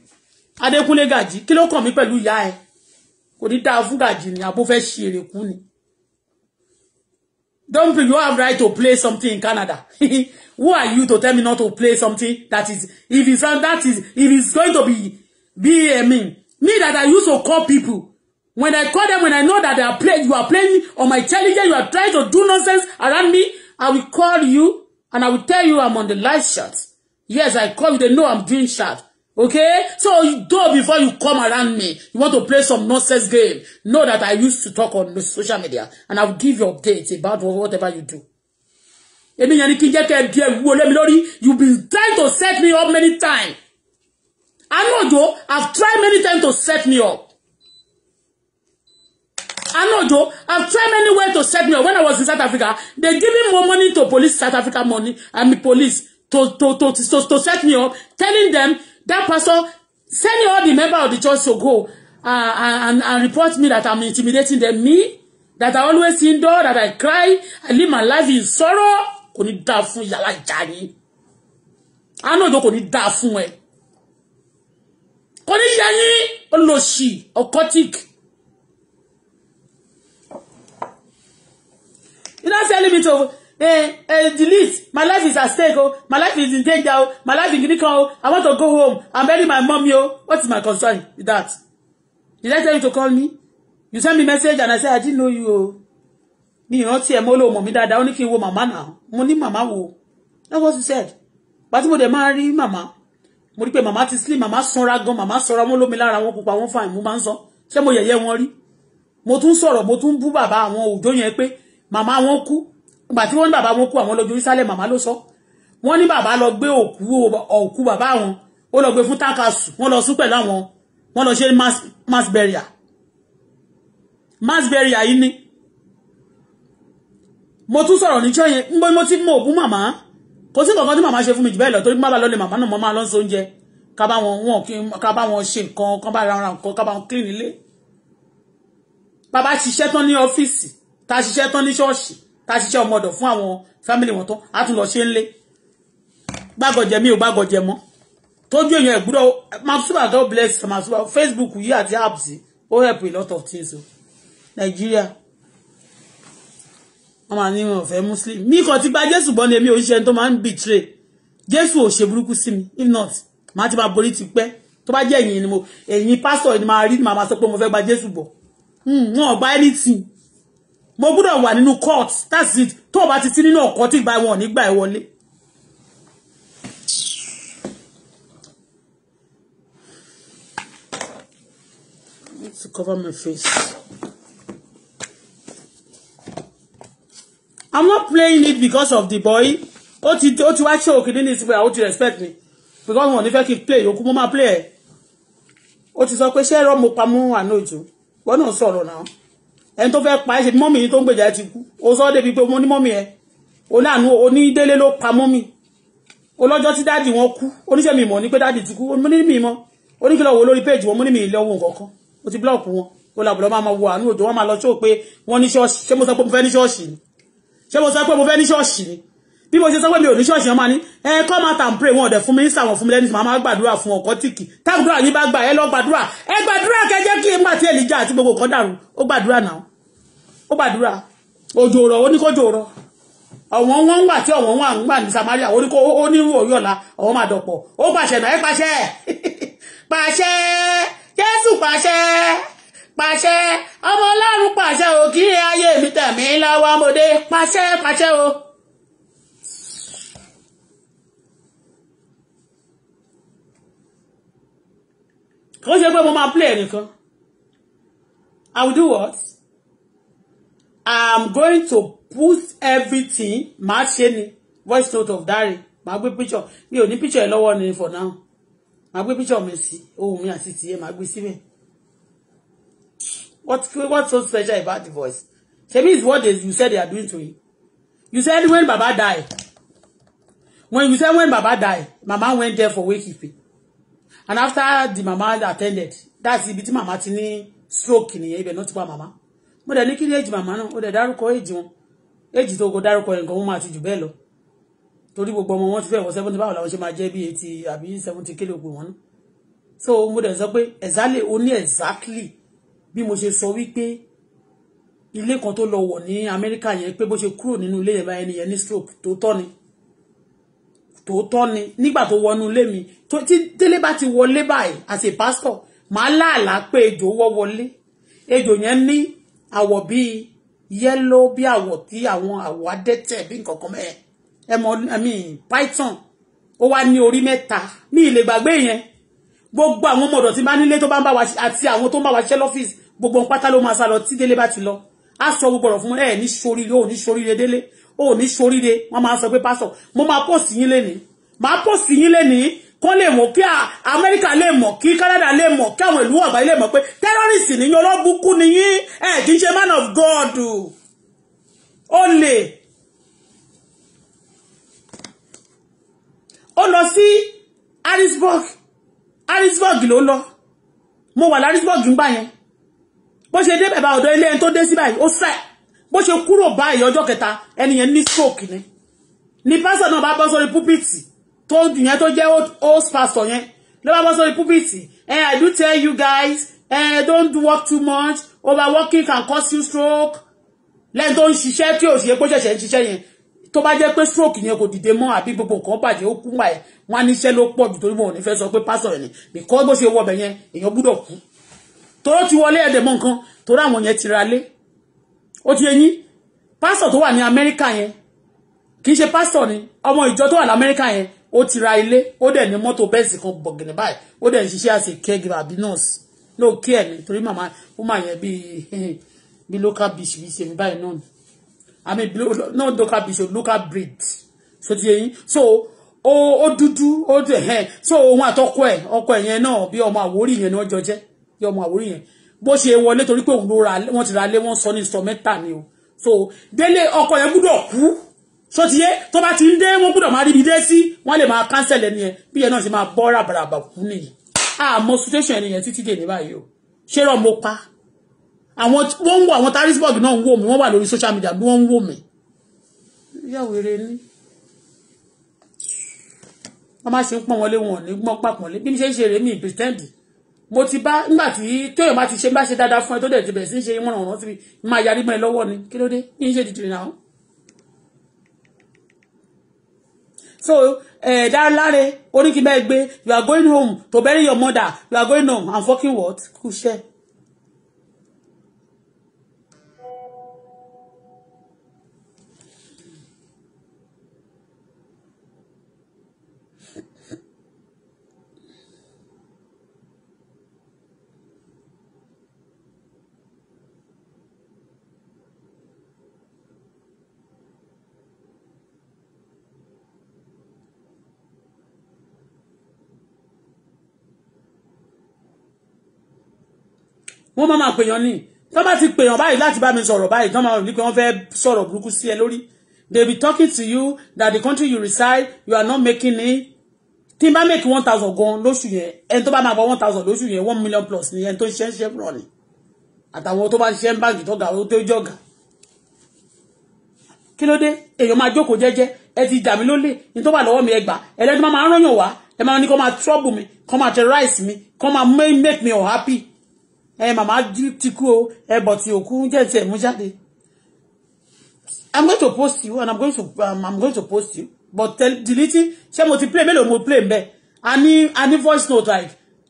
Adékúnlé Gàjí kí ló kàn mí pẹ̀lú ìyá ẹ kò ní dáa fún Gàjí ni àbó fẹ́ ṣe èrè kú ni don't be you have right to play something in Canada (laughs) who are you to tell me not to play something that is if it's that is if it's going to be be a mean me that I used to call people when I call them when I know that they are playing you are playing on my television you are trying to do nonsense around me I will call you and I will tell you I'm on the live shot yes I call you they know I'm doing shot Okay? So you do before you come around me. You want to play some nonsense game. Know that I used to talk on the social media and I'll give you updates about whatever you do. Èmi yẹn ni kí jẹ́ kẹ́ di ẹ̀wú be trying to set me up many times. I know, Anojo, I've tried many times to set me up. I know, Anojo, I've tried many ways to set me up. When I was in South Africa, they give me more money to police South Africa money, I mean police, to, to, to, to, to set me up, telling them That pastor send all the member of the church to go uh, and, and report me that I'm intimidating them. Me, that I always indoor, that I cry, I live my life in sorrow. Kò ní dáa fún yàrá ìjà yín. Àánú òjò kò ní dáa fún ẹ. Kò ní yẹ yín olóṣì occultic. You don't tell me to eh, eh, delete my life is at stake oh. my life is in danger oh. my life is in Oh, i want to go home i'm burying my mommy o oh. what is my concern with that did i tell you to call me you send me message and i say i didn't know you Oh, mi ìrántí ẹ mọ olóòmọ mi dáadáa ó ní kí n wo màmá náà mo ní màmá wo that's what you said pàtí mo dẹ̀ máa rí màmá mo rí pé màmá ti slim màmá sanra gan màmá sanra wọn lómi lára wọn pupa wọn fine mo máa ń sọ ṣé mo yẹ̀yẹ́ wọn rí mo tún sọ̀rọ̀ mo tún bú bàbá àwọn òjò yẹn pé màmá wọn kú ìgbà tí wọ́n ní bàbá wọn kú àwọn lọ Jerusalem màmá ló sọ wọ́n ní bàbá lọ gbé òkú òkú bàbá wọn ó lọ gbé fún tákàsù wọ́n lọ sún pẹ̀lú àwọn wọ́n lọ ṣe mass burial mass burial yìí ni mo tún sọ̀rọ̀ ní chọ́yẹn ń gbé mo ti mọ òkú màmá kò sí nǹkan tí màmá ṣe fún mi jù bẹ́ẹ̀ lọ torí bàbá lọ́lẹ̀ màmá náà mo máa lọ sí oúnjẹ ká bá wọn wọn kí ká bá wọn ṣe nǹkan ká bá ra nǹkan ká bá wọn clean ilé bàbá ṣiṣẹ́ tán ní ọ́fíìsì tá ṣiṣẹ́ tán ní ṣọ́ọ̀ṣì tá a ṣiṣẹ́ ọmọdọ̀ fún àwọn fámìlì wọn tán á tún lọ ṣe ń lé gbàgọ̀jẹ mi ò gbàgọ̀jẹ mọ́ tójú èèyàn ẹ̀gbúdọ̀ masuba god bless masuba facebook yìí àti apps ó help a lot of things o nàìjíríà wọn máa ní wọn ọ̀fẹ́ muslim mi kàn ti gba jésù gbọ́ ni èmi ò ń ṣe ẹni tó máa ń betray jésù ò ṣe burúkú sí mi if not màá ti máa borí ti pẹ́ tó bá jẹ́ ẹ̀yin ni mo ẹ̀yin pásítọ̀ ni màá rí ni màá máa sọ pé mo fẹ́ gba jésù gbọ́ hmm, wọn ò gba anything mo gbọ́dọ̀ wà nínú court that's it tó o bá ti sí nínú ọ̀kọ́ tí ìgbà wọn ò ní need to cover my face. I'm not playing it because of the boy. Ó ti ó ti wá ṣe òkìní ní ìsìnkú àwọn ti respect me because wọn ò ní fẹ́ kí n play yòókù mo máa play ẹ̀. Ó ti sọ pé ṣé ẹ̀rọ mo pa mú àná òjò. Wọ́n náà sọ̀rọ̀ náà ẹni tó fẹ́ pa ẹ́ ṣe mọ́mì yìí tó ń gbèjà ẹ ti kú o sọ débi pé mo ní mọ́mì ẹ onáàánú onídélé ló pa mọ́mì olọ́jọ́ tí dáàdì wọn kú oníṣẹ́ mi mọ̀ ní pé dáàdì ti kú mo ní mi mọ́ oníkìlọ̀ wo lórí péèjì wọn mo ní mi lọ́wọ́ nǹkan mo ti búlọ̀kù wọn ó làbùdọ̀ máa ma wo àánú òjò wọn máa lọ ṣó pé wọ́n ní ṣọ́ọ̀ṣì ṣé mo sọ pé mo fẹ́ ní ṣọ́ọ̀ṣì ni ṣé mo sọ pé mo fẹ́ ní ṣọ́ọ̀ṣì ni bí mo ṣe sọ pé mi ò ní ṣọ́ọ̀ṣì wọn máa ní ẹ kọ́ máa tà ń pray wọn ọ̀dẹ̀ fún mi ń sàwọn fún mi lẹ́nu màmá gbàdúrà fún ọkọ tìkì tágbàdúrà yín bá gbà ẹ lọ gbàdúrà ẹ gbàdúrà kẹjẹ kí ẹ má ti ẹ lè jà àti gbogbo nǹkan dàrú ó gbàdúrà náà ó gbàdúrà òjò rọ̀ ó ní kó jò rọ̀ ọ̀wọ́n wọn wà tí ọ̀wọ́n wà ń gbà ní Samaria ó ní kó ó ní òyọ̀la ọ̀wọ́n máa dọ̀pọ̀ ó pàṣẹ náà ẹ pàṣẹ (laughs) pàṣẹ Jésù pàṣẹ pàṣẹ ọmọ Ọlọ́run pàṣẹ o kí ayé mi tẹ̀mí lọ́wọ́ mọ́dé pàṣẹ pàṣẹ o. ó ṣe pé mo máa play nìkan I will do what? I'm going to post everything màá ṣe ni voice note of diary, màá gbé picture mi ò ní picture ẹ lọ́wọ́ ni for now màá gbé picture mi sí ohùn mi àti tìyẹ màá gbé síbẹ̀ what what's so special about the voice ṣebí is what they, you said they are doing to him you said when baba die when you said when baba die mama went there for wake wakekeeping and after the mama attended that's ibi tí mama ti ní stroke nìyẹn ibẹ̀ náà ti pa mama mo dẹ̀ ní kí ni èjì màmá náà ó dẹ̀ dárúkọ èjì wọn èjì tó kọ dárúkọ yẹn nǹkan wọn máa ti jù bẹ́ẹ̀ lọ torí gbogbo ọmọ wọn ti fẹ́ wọ seventy báwo làwọn ṣe máa jẹ́ bí eighty àbí seventy kílò pé wọ́n ná so mo dẹ̀ sọ pé exactly ó ní exactly bí mo ṣe sọ wípé ilé kan tó lọ wọ̀ ní Amẹ́ríkà yẹn pé bó ṣe kúrò nínú ilé yẹn báyẹn nìyẹn ní stroke tó tọ́ ni tòótọ́ ni nígbà tó wọnú ilé mi tí délé bá ti wọlé báyìí as a pastor màá láàlá pé ejò wọ́ wọlé ejò yẹn ní àwọ̀ bíi yẹ́lò bí àwọ̀ tí àwọn àwọ̀ adẹ́tẹ̀ bí nǹkan kan mẹ́ẹ̀ ẹmọ ẹmí python ó wá ní orí mẹ́ta ní ilé gbàgbé yẹn gbogbo àwọn ọmọ ọ̀dọ̀ tí bá nílé tó bá ń bá wa àti àwọn tó ń bá wa ṣiṣẹ́ lọ́fíìsì gbogbo pátá ló máa sá lọ tí délé bá ti lọ á sọ gbogbo ọ̀rọ̀ fún ẹ ní soríire ò ní soríire délé ò ní soríire wọ́n máa sọ pé pásọ̀ mo máa pọ̀ sí yín lénìí máa pọ̀ sí yín lénìí kó lè mọ̀ kí amẹ́ríkà lè mọ̀ kí canada lè mọ̀ kí àwọn ìlú àgbáyé lè mọ̀ pé terrorist ni yín ọlọ́bùkún ni yín ẹ̀ kì í ṣe man of god ó lè ó lọ sí harrisburg harrisburg ló lọ mo wà harrisburg ń bá yẹn bó ṣe dé bàbá ọ̀dọ̀ ilé ẹni tó dé sí báyìí ó sẹ́ bó ṣe kúrò báyìí ọjọ́ kẹta ẹni yẹn ní stroke ni ni pásọ̀ náà bá bọ́ sórí púpìtì tó yẹn tó jẹ́ old pastor yẹn ló bá bọ́ sórí púpìtì eh i do tell you guys eh don't work too much overworking can cause you stroke lẹ́yìn tó ń ṣiṣẹ́ tí ò ṣe pé ṣẹ̀ṣẹ̀ ń ṣiṣẹ́ yẹn tó bá jẹ́ pé stroke yẹn kò dìde mọ́ àbí gbogbo nǹkan bàjẹ́ ó kú báyìí wọ́n á níṣẹ́ ló pọ̀ jù torí wọn ò ní fẹ́ sọ pé pásọ̀ yẹn because bó ṣe wọ ọbẹ̀ yẹn èèyàn gbúdọ̀ kú toró ti wọlé ẹ̀dẹ̀ mọ́ nǹkan toró àwọn yẹn ti ra lé ó ti yẹn pásọ̀ tó wà ní Amẹ́ríkà yẹn kì í ṣe pásọ̀ ni ọmọ ìjọ tó wà ní Amẹ́ríkà yẹn ó ti ra ilé ó dẹ̀ ní mọ́tò bẹ́ẹ̀sì kan bọ̀gìnì báyìí ó dẹ̀ ń ṣiṣẹ́ àṣẹ caregiver àbí nurse no care ni torí màmá ó mà yẹn (laughs) bí local bitch bí ṣe báyìí náà ni àmì not local bitch local breed so ti yẹn so ó ó dúdú ó dẹ̀ (laughs) ẹ̀ so òun àtọkọ ẹ̀ ọkọ ẹ̀ yẹn náà bí ọmọ àwórì yẹn náà jọ jẹ́ bí ọmọ àwórì yẹn bó ṣe wọlé torí pé òun ló ra wọ́n ti ra lé wọ́n sọ ní sọ mẹ́ta ni o so délé ọkọ yẹn gbúdọ̀ kú so ti yé tó bá ti ń dé wọn ma máa ríbi dé sí wọn ma máa cancel ẹni yẹn bí yẹn náà ṣe máa bọ́ ràbàràbà kú nìyí àmọ́ situation ẹni yẹn títí dè ní báyìí o ṣé rọ mo pa àwọn wọ́n wo àwọn tarisburg náà ń wò mí wọ́n wà lórí social media bí wọ́n ń wò mí yàwó eré ní wọ́n má ṣe ń pọ́n wọlé wọn ò ní gbọ́n pàpọ̀lé bí mi ṣe ń ṣe rèé mi pretend mo ti bá nígbà tí tóyọ̀ bá ti ṣe bá ṣe dáadáa fún ẹ tó dẹ̀ ti bẹ̀rẹ̀ sí ṣe wọ́n ràn wọ́n síbi máa yarí mọ́ ẹ lọ́wọ́ ni kí ló dé kí n ṣe so eh, Dáláre Gbe, you are going home to bury your mother you are going home and fucking what kúṣẹ́. wọ́n máa máa pèèyàn ní tó bá ti pèèyàn báyìí láti bá mi sọ̀rọ̀ báyìí tó máa ní pé wọ́n fẹ́ sọ̀rọ̀ burúkú sí ẹ lórí they be talking to you that the country you reside you are not making it tí n bá make one thousand gan lóṣù yẹn ẹni tó bá máa gba one thousand lóṣù yẹn one million plus ni ẹni tó ń ṣe ń ṣe fúnra ni àtàwọn tó bá ń ṣe ń báǹkì tó ga ó tó jọ̀gà kí ló dé èèyàn máa jókòó jẹ́jẹ́ ẹ ti dà mí lólè ní tó bá lọ́wọ́ mi ẹ gbà ẹlẹ́dùn máa ń rányàn wá ẹ máa ní kó máa trouble mi kó máa terrorize mi kó máa make me unhappy ẹ màmá ti kú o ẹ bọ̀ tí òkú jẹ́ tiẹ̀ mú jáde. I'm going to post you and I'm going to um, I'm going to post you but tell, deleting ṣé mo ti play mélòó mo play mbẹ a ní a ní voice note like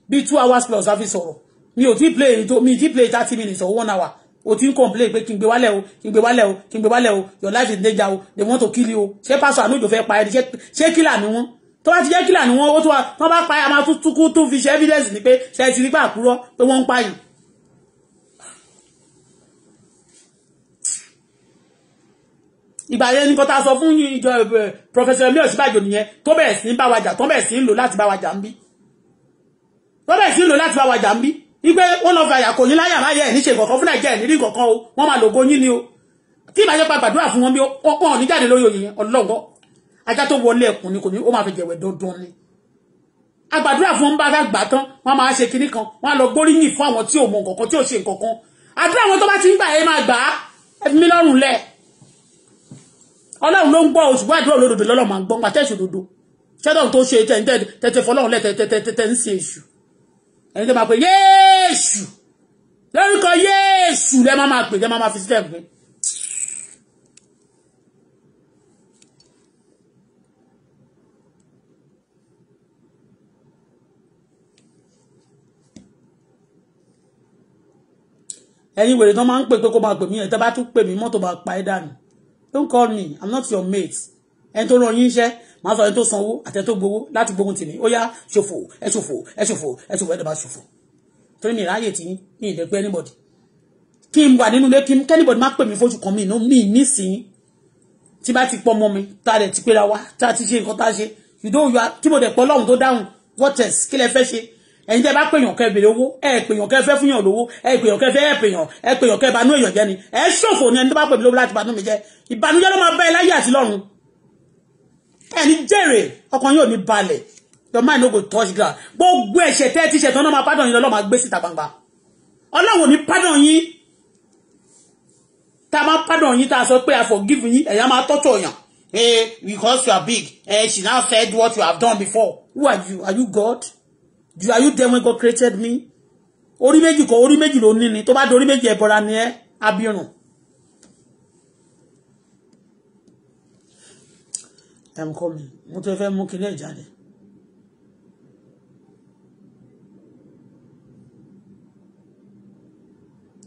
bí two hours plus a fi sọ̀rọ̀ mi ò ti play to mi ti play thirty minutes or one hour o ti ń complain pé kí n gbé wálẹ̀ o kí n gbé wálẹ̀ o kí n gbé wálẹ̀ o your life is danger o they want to kill you o ṣé pásọ àánú òjò fẹ́ pa ẹni ṣé kílà ni wọ́n tó bá ti jẹ́ kílà ni wọ́n ó tó wá tó bá pa ẹ a máa tún tún kú tún fi ṣe evidence ni pé ṣe ti rí pàkúrọ́ pé wọ́n ń pààyàn ìgbà yẹn ní kọ́tà sọ fún ìjọ eh, professor emir Ọ̀ṣínbàjò nìyẹn tó bẹ̀rẹ̀ sí ń bá wàjà tó bẹ̀rẹ̀ sí ń lò láti bá wàjà ń bí tó bẹ̀rẹ̀ sí ń lò láti bá wàjà ń bí wípé wọ́n lọ fàyà kò ní láyà láyà ẹ̀ níṣe kọ̀ọ̀kan fún nàìjíríà ní rí kọ̀ọ̀kan o wọ́n máa lògo yín ni o tí ìbájẹ́ pa gbàdúrà fún wọn bí ọ̀pọ̀ ní jáde lórí òyìn ọlọ́gọ́ ajá tó wọlé ẹ̀kùn ni kò ní ó máa fi jẹ̀wẹ̀ dandan ni agbàdúrà fún wọn bá fẹ́ gbà tán wọ́n máa ṣe kinní kan wọ́n á lọ gbóríyìn fún àwọn tí ò mọ nǹkan tí ò ṣe nǹkan kan àdúrà wọn tó bá ti ń gbà ẹ máa gbà á ẹ fi mí lọ́rùn lẹ̀ ọlọ́run ló ń gbọ́ oṣù wáàdúrà olódodo lọ́lọ́run máa ń gbọ́ ń pàtẹ́sì òdodo ṣẹ́dọ̀ tó ṣe tẹ̀tẹ̀ fọlọ́run lẹ́tẹ̀tẹ̀tẹ̀ ń ṣe èṣù ẹni tẹ́ máa pè yéèṣù lórúkọ yéèṣù lẹ́ máa máa pè lẹ́ máa máa fi sílẹ̀ pé. ẹ̀yin wèrè tán máa ń pè pé kó máa pè mí ẹ̀ tẹ́ bá tún pè mí mọ́tò bá pa ẹ́ dànù don't call me i'm not your mate ẹni tó ràn yín iṣẹ́ màá sọ ẹni tó sanwó àtẹ tó gbowó láti gbógun tì mí ó yá ṣòfò ẹ ṣòfò ẹ ṣòfò ẹ ṣòfò ẹ dàbà ṣòfò torí mi ráàyè tí mi ì dẹgbẹ anybody kí n wà nínú ilé kí n kẹ́nìbọ̀dì má pè mí fojú kan mi inú mi nísìnyí tí bá ti pọ̀ mọ́ mi tá a dẹ̀ ti pera wa tá a ti ṣe nǹkan tá a ṣe you don't you are tí mo dẹ̀ pọ̀ lọ́hùn tó dáhùn what else kí lẹ fẹ́ ṣe ẹ̀yin tẹ́ bá pèèyàn kẹ́ bèrè owó ẹ pèèyàn kẹ́ fẹ́ fúnyàn lówó ẹ pèèyàn kẹ́ fẹ́ ẹ pèèyàn ẹ pèèyàn kẹ́ banú èèyàn jẹ́ ni ẹ ṣòfò ni ẹni tó bá pè mí lówó láti banú mi jẹ́ ìbànújẹ́ ló máa bá ẹ láyé àti lọ́run ẹni jèrè ọkàn yóò ní balẹ̀ your mind no go touch ground gbogbo ẹ̀ṣẹ̀ tẹ́ ti ṣẹ̀tàn náà máa pardon yín lọ́lọ́ máa gbé síta gbangba ọlọ́run ò ní pardon yín tá a máa pardon yín tá a sọ pé i forgive yín ẹ̀yà máa tọ́tọ̀ yàn eh because you are big eh she now said what you have done before who are you are you God you are you there when God created me orí méjì kọ orí méjì ló ní ni tó bá dorí méjì ẹbọra ni ẹ abirùn ẹ ń kọ mi mo tó fẹ́ mú kí ní ẹ jáde.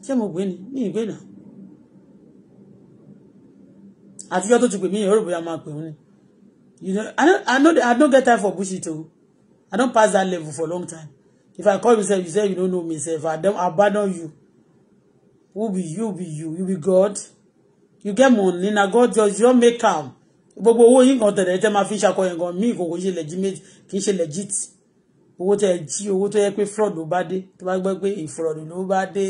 ṣé mo gbé ni ní ìgbé náà àtijọ́ tó ti pè mí ìyẹn rògbòyà máa pè wọ́n ni you know I don't I don't I don't get time for bullshit too. I don't pass that level for a long time. If I call myself, you say you don't know me, If I don't abandon you. Who be you? Be you? You be God. You get money na God just you make am. Gbogbo owó yín kan tẹ̀lé tẹ́ máa fi ṣàkọ yẹn gan míì kò go ṣe legit kì legit. Owó tẹ́ jí owó tó yẹ pé fraud ló bá dé tó bá gbọ́ pé ìfraud ló bá dé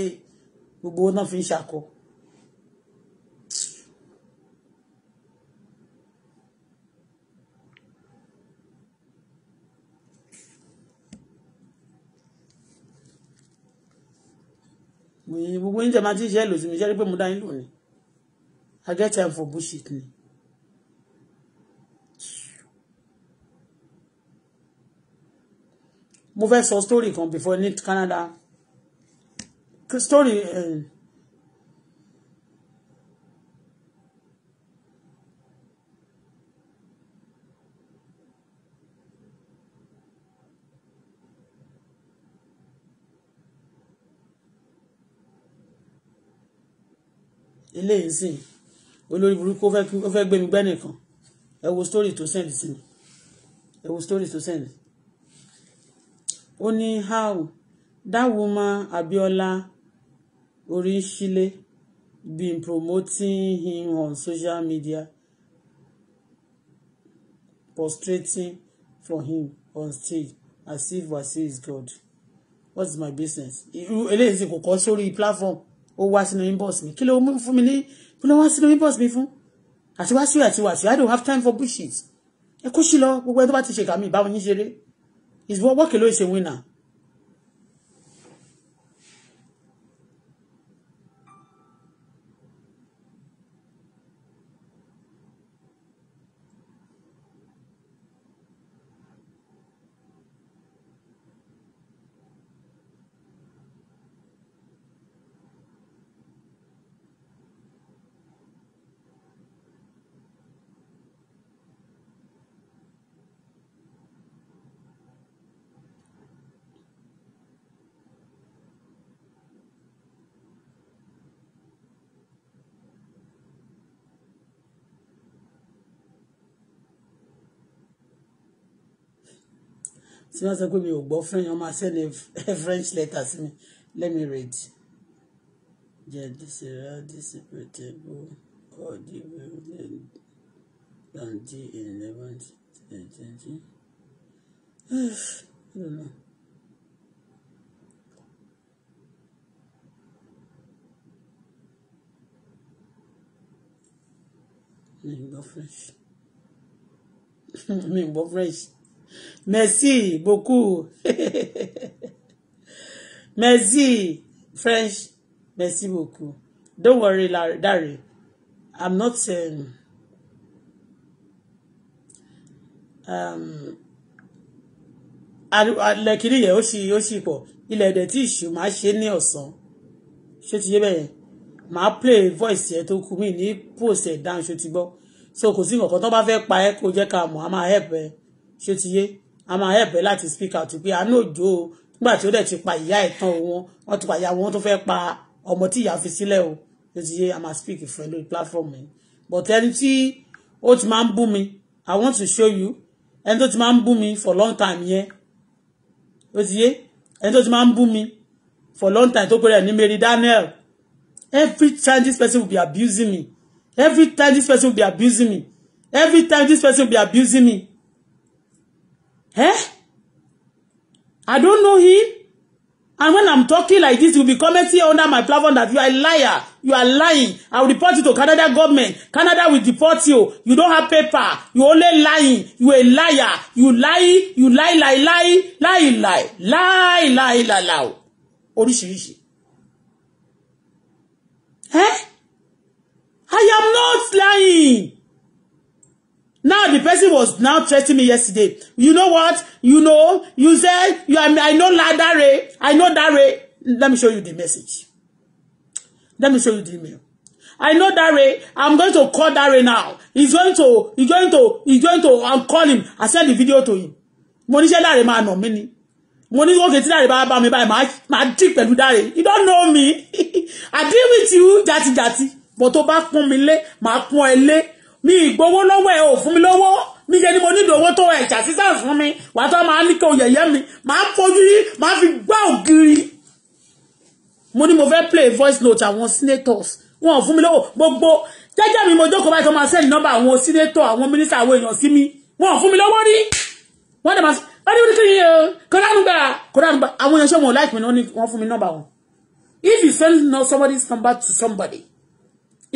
gbogbo owó náà fi gbogbo yín jẹ́ máa ti ṣe sí mi ṣe rí pé mo dá yín lò I get time for bullshit ni. mo fẹ́ sọ story kan before ní Canada story. Uh, eléyìí sìn olórí burúkú ó fẹ́ gbé mi gbẹ́ nìkan ẹ wo story to send sí mi ẹ wo story tó send ó ní how that woman Abiola Orisile been promoting him on social media prostrating for him on stage as if Wasiu is God what's my business irú eléyìí sì kò kọ́ sórí platform ó wá sínú inbox mi kí ló mú fún mi ní kí ló wá sínú inbox mi fún àti wá sí àti wá sí i don't have time for bullshit ẹ kó sí lọ gbogbo ẹ tó bá ti ṣe kàmí ìbáwọn yín ṣeré is what work alone is a winner tí wọ́n sọ pé mi ò gbọ́ fún yẹn máa send (laughs) french letter sí mi let me read jẹ́ disera disipetable all the way than the eleventh twenty. I don't know. (sighs) mi gbọ́ french (laughs) mi gbọ́ french. Merci beaucoup. Merci, French. Merci beaucoup. Don't worry, Larry. Larry. I'm not saying. um, alẹ́kìrì yẹn ó ṣì ó ṣì pọ̀ ilẹ̀ ẹ̀dẹ̀ tí ìṣù máa ṣe ní ọ̀sán ṣé ti yé bẹ́yẹn máa play voice yẹn tó kú mí ní post ẹ̀ down ṣó ti gbọ́ so kò sí nǹkan tó bá fẹ́ pa ẹ́ kó jẹ́ ká mọ̀ á máa help ẹ́ ṣé ti yé a máa help ẹ láti speak out pé àánú òjò o nígbà tí ó dẹ̀ ti pa ìyá ẹ̀ tán wọn wọ́n ti pa ìyá wọn tó fẹ́ pa ọmọ tí ìyá fi sílẹ̀ o ṣé ti yé a máa speak ìfẹ́ lórí platform yẹn but ẹni tí ó ti máa ń bú mi I want to show you ẹni tó ti máa ń bú mi for long time yẹn ó ti yé ẹni tó ti máa ń bú mi for long time tó pẹ́rẹ́ ní Mary Daniel every time this person will be abusing me every time this person will be abusing me every time this person will be abusing me Eh? I don't know him. And when I'm talking like this, you'll be commenting under my platform that you are a liar. You are lying. I will report you to Canada government. Canada will deport you. You don't have paper. You only lying. You a liar. You lie. You lie, lie, lie, lie, lie, lie, lie, lie, lie. Oríṣiríṣi. Eh? I am not lying. Now the person was now threatening me yesterday. You know what? You know, you said, you, I, mean, I know Ladare. I know Dare. Let me show you the message. Let me show you the email. I know Dare. I'm going to call Dare now. He's going to, he's going to, he's going to, I'll call him. I send the video to him. Mo ní ṣé Dare máa nà mí ni. Mo ní okay tí Dare bá bá mi báyìí, màá dì pẹ̀lú Dare. You don't know me. (laughs) I deal with you jàtijàti. But tó bá pọ́n mi lé, mi ìgbowó lọ́wọ́ ẹ̀ ò fún mi lọ́wọ́ mi jẹ́ ni mo nílò owó tó ẹ̀jà sísà fún mi wàá tó máa ní kí o yẹ̀yẹ́ mi máa fojú yí máa fi gbá ògiri mo ní mo fẹ́ play voice note àwọn senators wọn ò fún mi lọ́wọ́ gbogbo jẹ́jẹ́ mi mo jókòó báyìí tó máa send number àwọn senator àwọn minister àwọn èèyàn sí mi wọn ò fún mi lọ́wọ́ rí wọ́n dẹ̀ máa sọ wọ́n ní wọ́n ní kí ni eh, kọ́dánùgbà kọ́dánùgbà àwọn èèyàn ṣé wọn ò láìpẹ́ ni wọ́n fún mi number wọn if you send somebody's number to somebody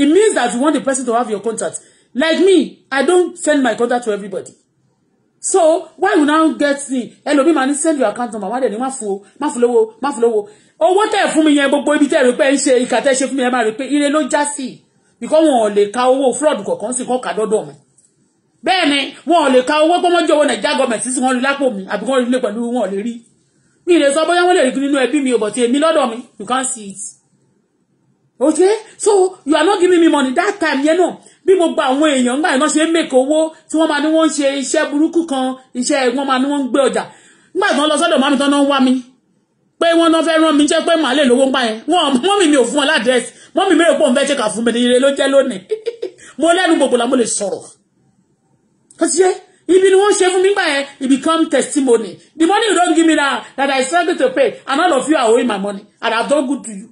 it means that you want the person to have your contact like me i don't send my contract to everybody so why you now get me ẹlòmí ma ní send your account number wá dẹ̀ ní má fún o má fún lówó má fún lówó owó tẹ̀ fún mi yẹn gbogbo ibi tẹ̀ rí pé ń ṣe ìkà tẹ̀ ṣe fún mi yẹn máa rí pé ire ló já sí because wọn ò lè ka owó fraud kọ̀ọ̀kan sí kọ́ ka dọ́dọ̀ mi bẹ́ẹ̀ ni wọn ò lè ka owó gbọ́mọ́jọ́ owó nàìjíríà gọ́ọ̀mẹ̀ sísìn wọn rí lápò mi àbí wọn rí ilé pẹ̀lú wọn ò lè rí mi lè sọ bóyá wọn lè rí nínú ẹbí mi ò bọ̀ tí èmi lọ́dọ̀ mi you can't see it okay so you are not giving me money that time yẹn náà bí gbogbo àwọn èèyàn ńgbà ìmọ̀ ṣe ń mèkó owó tí wọ́n máa ní wọ́n ń ṣe iṣẹ́ burúkú kan iṣẹ́ wọ́n máa ní wọ́n ń gbé ọjà ńgbà tí wọ́n lọ sọ́dọ̀ mami tán náà ń wá mi pé wọ́n náà fẹ́ rán mi jẹ́ pé màá lè lówó ńgbà yẹn wọ́n mọ́mì mi ò fún wọn ládírẹ́sì mọ́mì mi ò pọ̀ nfẹ́ ṣèkà fún mi ire ló jẹ́ lónìí (laughs) mo lẹ́nu gbogbo la mo lè sọ̀rọ̀ kọ́síṣẹ́ ibi ni wọ́n ṣe fún mi gbà yẹn it become testimony the money you don give me now that I struggle to pay and all of you are owing my money and I don good to you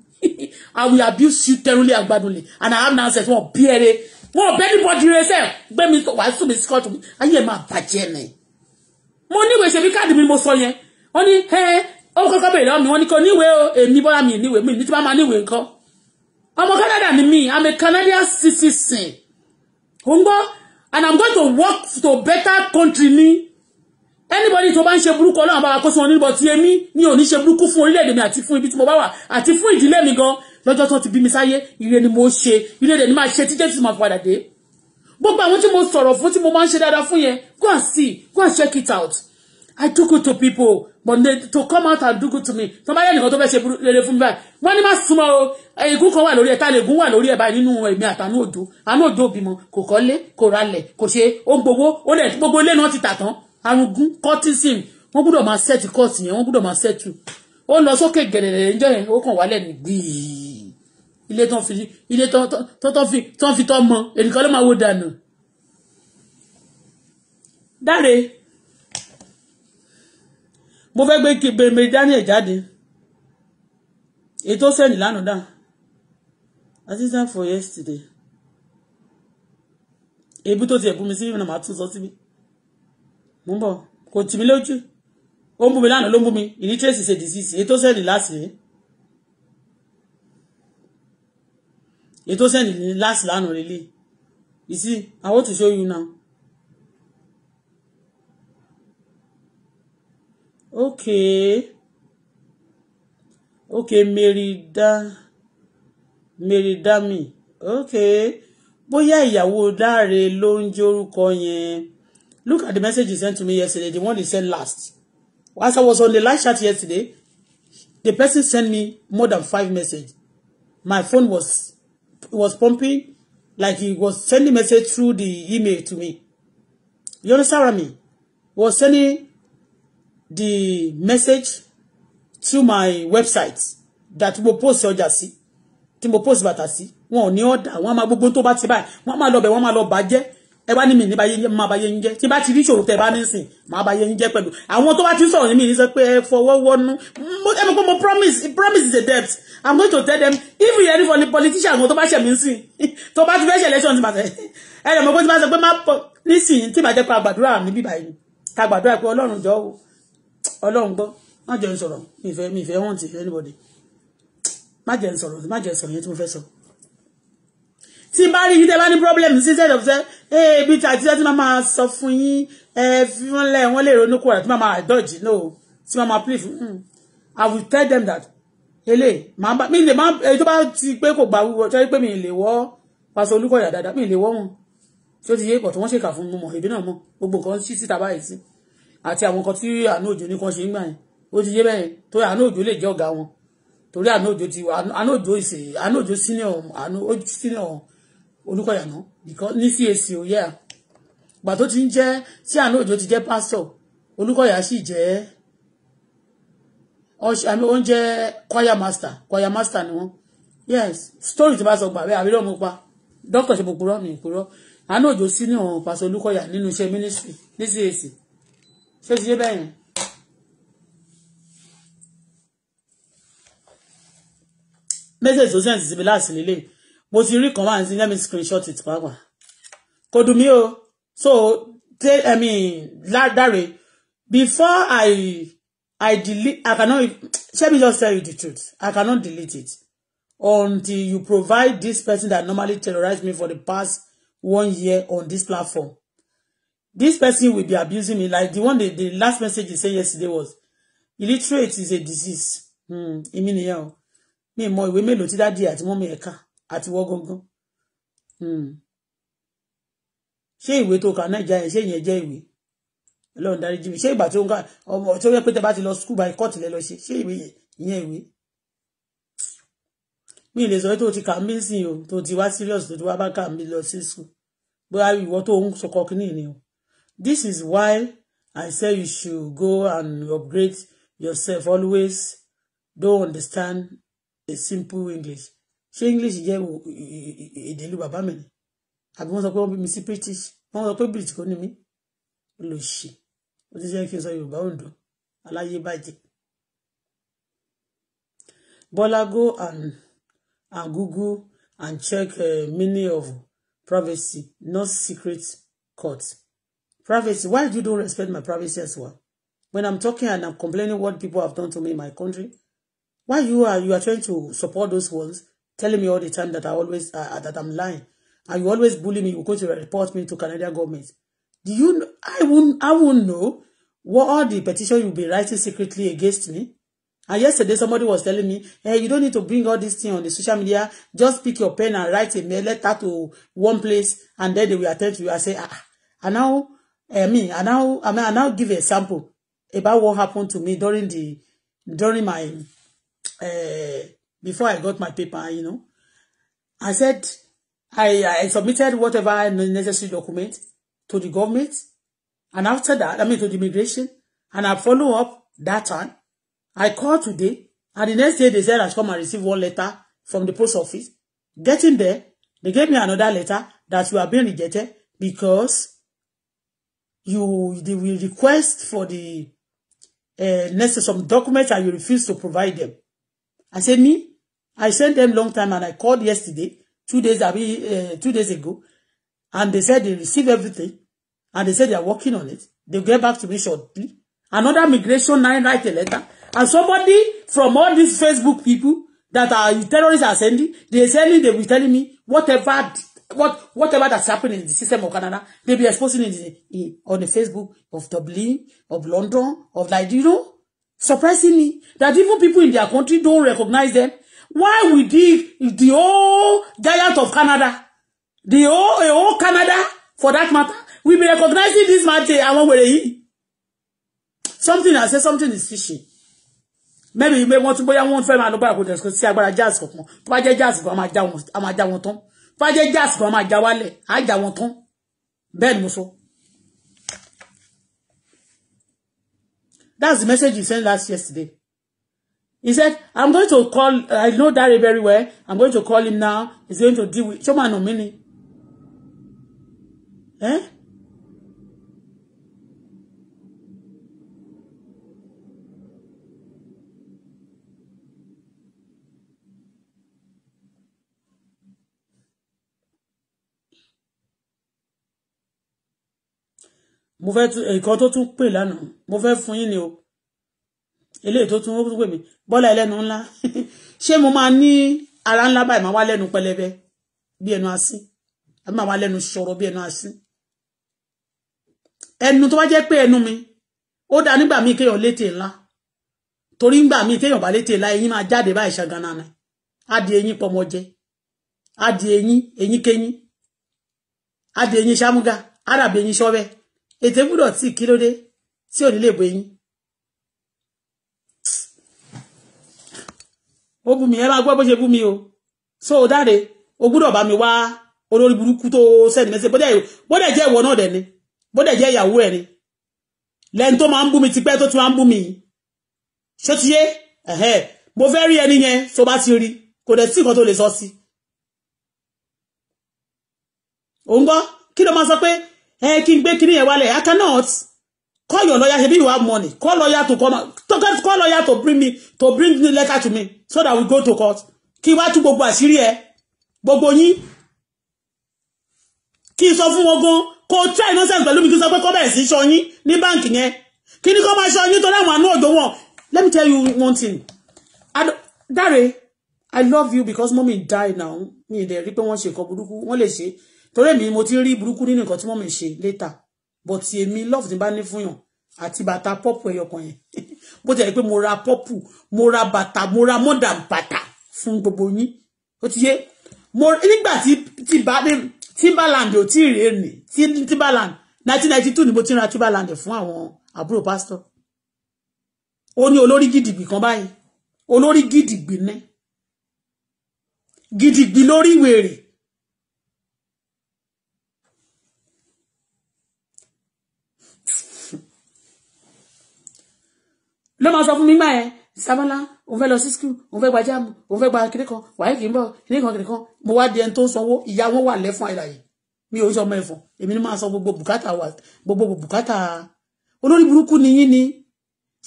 I (laughs) will abuse you terribly and badly and I have now said wọn bí ẹrẹ wọn bẹ anybody rẹ sẹ gbé mi wàásù mi síkọ́ọ̀tù mi ayé ẹ̀ máa bàjẹ́ ni mo níwèé ṣe bí káàdì mi mo sọ yẹn wọ́n ní ẹ ó kọ́kọ́ bèrè lọ́wọ́ mi wọ́n ní kò níwèé o èmi bọ́lá mi níwèé mi ní tí bá máa níwèé nǹkan ọmọ Canada ni mi I'm a Canadian citizen ò gbọ́ and I'm going to work to better country ni anybody tó bá ń ṣe burúkú ọlọ́run bá wa kó sí wọn níbo tí èmi ni ò ní ṣe burúkú fún orílẹ̀-èdè mi àti fún ibi tí mo bá wà àti fún ìdílé mi gan-an lọ́jọ́ tó ti bí mi sáyé ire ni mo ṣe ire rẹ̀ ni máa ṣe tí jésù máa padà dé gbogbo àwọn tí mo sọ̀rọ̀ fún tí mo máa ń ṣe dáadáa fún yẹn go and see go and check it out I do good to people but they, to come out and do good to me tó bá yẹ nìkan tó fẹ́ ṣe rere fún mi báyìí wọ́n ní má súnmọ́ o ègún kan wà lórí ẹ̀ tá lègún wà lórí ẹ̀ báyìí nínú èmi àtànú òjò àánú òjò bímọ kò kọ́lé kò ralẹ̀ kò ṣe ó gbowó ó lẹ̀ gbogbo ilé náà ti tà tán arúgún cortisone wọ́n gbọ́dọ̀ máa set court yẹn wọ́n gbọ́dọ̀ máa set you ó lọ sókè gẹ̀rẹ̀rẹ̀ níjọ́ yẹn ó kàn wálẹ̀ ní ilé tán fi ilé tán tán fi tán fi tán mọ ènìkan ló máa wo dànù. dáre mo fẹ́ gbé gbèmè Daniel jáde ètò sẹ́ni lánàá dà assistant for yesterday èébú tó ti ẹ̀bú mi sí ìrìnà màá tún sọ síbi mo ń bọ̀ kò tì mí lójú ó ń bú mi lánàá ló ń bú mi ìní tracy ṣe disease ètò sẹ́ni lásìí. It was send ní last lánàá lélẹ̀ you see I want to show you now okay okay Merida, da Mary dami okay bóyá ìyàwó dáre ló ń jórúkọ yẹn look at the message you sent to me yesterday the one you sent last as I was on the live chat yesterday the person sent me more than five messages my phone was It was pumping, like he was sending message through the email to me. You understand what I mean? He was sending the message to my website that mo post ọjà sí tí mo post bàtà sí wọn ò ní ọ̀dà wọn máa gbogbo tó bá ti báyìí wọn máa lọ bẹ̀ wọn máa lọ bàjẹ́ ẹ wá ní mi ní báyé máa báyé ń jẹ tí bá ti rí ìṣòro tẹ bá ní sìn máa báyé ń jẹ pẹ̀lú àwọn tó bá ti ń ní mi ní sọ pé ẹ fọwọ́ wọnú ẹnu pé mo promise promise is a debt i'm going to tell them if you any funny politician àwọn tó bá ṣẹ̀ mí ń sìn tó bá ti fẹ́ ṣe election ti bàtẹ ẹ lè mọ pé tí bá sọ pé má pọ nísìnyí tí bàjẹ́ pa àgbàdúrà níbí báyìí ta àgbàdúrà pé ọlọ́run jọ ọlọ́run gbọ́ má jẹun sọ̀rọ̀ mi ìfẹ́ mi ìfẹ́ wọ́n ti anybody má jẹun sọ̀rọ̀ má jẹun sọ̀rọ̀ yẹn tí mo fẹ́ sọ̀rọ̀ tí n bá rí yín tẹ́ bá ní problem instead of say ee eh, ibi tí àti tí máa máa sọ fún yín ẹ eh, fi wọn lẹ wọn lè ronú kó rẹ tí máa máa dọ́jì no tí máa máa play fún un hmm. I will tell them that ele màá bá mi lè má èyí tó bá ti pé kò gbà wíwọ tó yẹ pé mi lè wọ́ pàṣẹ Olúkọ̀yà dáadáa mi lè wọ́ wọn tí ó ti yé pọ̀ tí wọ́n ṣèkà fún mọ̀ èdè náà mọ̀ gbogbo nǹkan sí síta báyìí sí àti àwọn nǹkan tí àánú òjò ní kan ṣe ń gbà yẹn ó ti yé bẹ́ẹ̀ tó àánú òjò lè jẹ́ ọ̀gá wọn torí àánú òjò ti àánú òjò ìsè àánú òjò senior àánú òjò senior olùkọ́yànà because ní CAC o oh yẹ́ à gbà tó ti ń jẹ́ tí àná òjò ti jẹ́ pásítọ̀ olùkọ́yà sì jẹ́ ó ń jẹ́ choir master choir master ni wọ́n yes story ti bá sọ gbà bẹ́ẹ̀ àbí lọ́mú pa doctor ṣe gbogbo rọ́ọ̀mù ìkúrọ́ àná òjò sí ní ọ̀hún pásítọ̀ olùkọ́yà nínú iṣẹ́ ministry ní CAC ṣé ti ṣe bẹ́ẹ̀ yẹn. message tó sẹ́ǹsì síbi láàsì mo ti rí kan wá ní let me screenshot it pàápàá kò dùn mí o so tell i mean ládàre before i i delete i cannot let me just tell you the truth i cannot delete it until you provide this person that normally terrorize me for the past one year on this platform this person will be abusing me like the one the, the last message he sent yesterday was illiterate is a disease Hmm. èmi nìyẹn o mi mọ ìwé mélòó tí dáàdi àti mọ́mí ẹ̀ka àti wọ́ hmm. ṣé ìwé tó kà náà jáyẹ ṣé ìyẹn jẹ́ ìwé Ọlọ́run dárí jì mí ṣé ìgbà tí ń ká ọmọ tí yẹ pé tẹ́ bá ti lọ skul báyìí kọ́ọ̀tì lẹ lọ ṣe ṣé ìwé ìyẹn ìwé mi lè sọ pé tó ti kà mí sí o tó ti wá serious tó ti wá bá kà mí lọ sí skul bóyá ìwọ tó ń sọkọ kínní ni o this is why I say you should go and upgrade yourself always don't understand a simple English ṣé english jẹ́ èdè ìlú bàbá mi ni àbí wọ́n sọ pé wọ́n bí mi sí british wọ́n sọ pé british kọ́ ni mí lò ṣì ó ti jẹ́ kí n sọ yorùbá òǹdó aláyé bàjẹ́ Bọ́lá go and and google and check uh, meaning of privacy not secret court privacy why you don't respect my privacy as well when I'm talking and I'm complaining what people have done to me in my country why you are you are trying to support those ones telling me all the time that I always uh, uh that I'm lying, and you always bully me. You're going to report me to Canadian government. Do you? I won't. I won't know what all the petition you'll be writing secretly against me. And yesterday somebody was telling me, hey, you don't need to bring all this thing on the social media. Just pick your pen and write a letter to one place, and then they will attend to you. I say, ah, and now, eh, I mean, and now, I mean, I now give an example about what happened to me during the during my uh, before I got my paper, you know. I said, I, I submitted whatever necessary document to the government. And after that, I mean to the immigration. And I follow up that time. I called today. And the next day they said I should come and receive one letter from the post office. Getting there, they gave me another letter that you are being rejected because you they will request for the uh, necessary some documents and you refuse to provide them. I said, me, I sent them long time and I called yesterday, two days uh, two days ago, and they said they received everything, and they said they are working on it. They'll get back to me shortly. Another migration nine write a letter, and somebody from all these Facebook people that are terrorists are sending, they're sending, they will telling me whatever what whatever that's happening in the system of Canada, they be exposing it on the Facebook of Dublin, of London, of Nigeria. surprising me that even people in their country don't recognize them why we did the whole giant of Canada the whole the whole Canada for that matter we be recognizing this matter want wèrè yìí something i say something is fishy maybe you may want to buy a one máa and báyà kó dẹ̀ sí agbára jazz kankan got bá jẹ́ jazz kan a máa já wọn tán tó bá jẹ́ jazz kan a máa já wálẹ̀ á já wọn tán bẹ́ẹ̀ ni Ben sọ. that's the message you sent last yesterday. He said, I'm going to call, I know Dare very well. I'm going to call him now. He's going to deal with, ṣé màá nà Eh? mo fẹ́ nǹkan tó tún pè lánàá mo fẹ́ fún yín ni o eléyìí tó tún ó tún pè mí bọ́lá ẹlẹ́nu ńlá (laughs) ṣé mo máa ní ara ńlá báyìí máa wá lẹ́nu pẹlẹbẹ bí ẹnu asín àbí máa wá lẹ́nu sọ̀rọ̀ bí ẹnu asín ẹnu tó bá jẹ́ pé ẹnu mi ó dá nígbà míì kéèyàn létè ńlá torí ńgbà míì téèyàn bá létè ńlá eyín máa jáde báyìí ṣàgànnà ni á di eyín pọmọ jẹ eyín eyín kéyín á eyín ṣámúgà á eyín ṣọ́bẹ̀ ètè gbúdọ̀ tí kí tí ò ní lè bo eyín ó bú mi ẹ máa gbọ́ bó ṣe bú mi o so dáre o gbúdọ̀ bá mi wá olórí burúkú tó sẹ́ni mẹ́sẹ̀ bódẹ̀ jẹ́ ìwọ náà dẹ̀ ni bódẹ̀ jẹ́ ìyàwó ẹ̀ ni lẹ́ni tó máa ń bú mi tipẹ́ tó ti máa ń bú mi ṣé ti mo fẹ́ rí ẹni yẹn tó bá ti rí kò dẹ̀ sí nǹkan tó lè sọ sí òun gbọ́ kí ló máa sọ pé ẹ kí n gbé kinní yẹn wálẹ̀ I cannot Call your lawyer. Maybe you have money. Call lawyer to come out. Call lawyer to bring me to bring the letter to me so that we go to court. Kí wá tú gbogbo àṣírí ẹ. Gbogbo yín. Kí sọ fún wọn gan kó try nonsense pẹ̀lú mi kí sọ pé kó bẹ̀rẹ̀ sí ṣọ́ yín ní báǹkì yẹn. Kí ni kó máa ṣọ́ yín torí àwọn àánú òjò Let me tell you one thing. And Dare, I love you because mommy die now. Mi ì dẹ̀ rí pé wọ́n ṣe nǹkan burúkú. Wọ́n lè ṣe. Torí mo ti rí burúkú nínú nǹkan tí mommy ṣe later but èmi love tí n bá ní fún yàn àti bàtà pọ́pù ẹyọkan yẹn (laughs) bó ti yẹ pé mo ra pọ́pù mo ra bàtà mo ra mọ́dà bàtà fún gbogbo yín ó ti yé mo nígbà tí tí bá Timberland ò tí ti rèé nì Timberland nineteen ninety two ni mo ti ra Timberland fun àwọn àbúrò pastor. Oni olori olórí gidigbi kan báyìí olórí gidigbi ní gidigbi lórí wèrè ló máa sọ fún mi máa ẹ sábàlá òun fẹ́ lọ sí skul òun fẹ́ gba jáàmù òun fẹ́ gba kiri kan wàyí kì í bọ̀ kiri kan kiri kan mo wá di ẹni tó ń sanwó ìyá wọn wà lẹ́fọn àìláyè mi ò ń sọmọ ẹ̀fọn èmi ni máa sọ gbogbo bùkátà wa gbogbo bùkátà olórí burúkú ni yín ni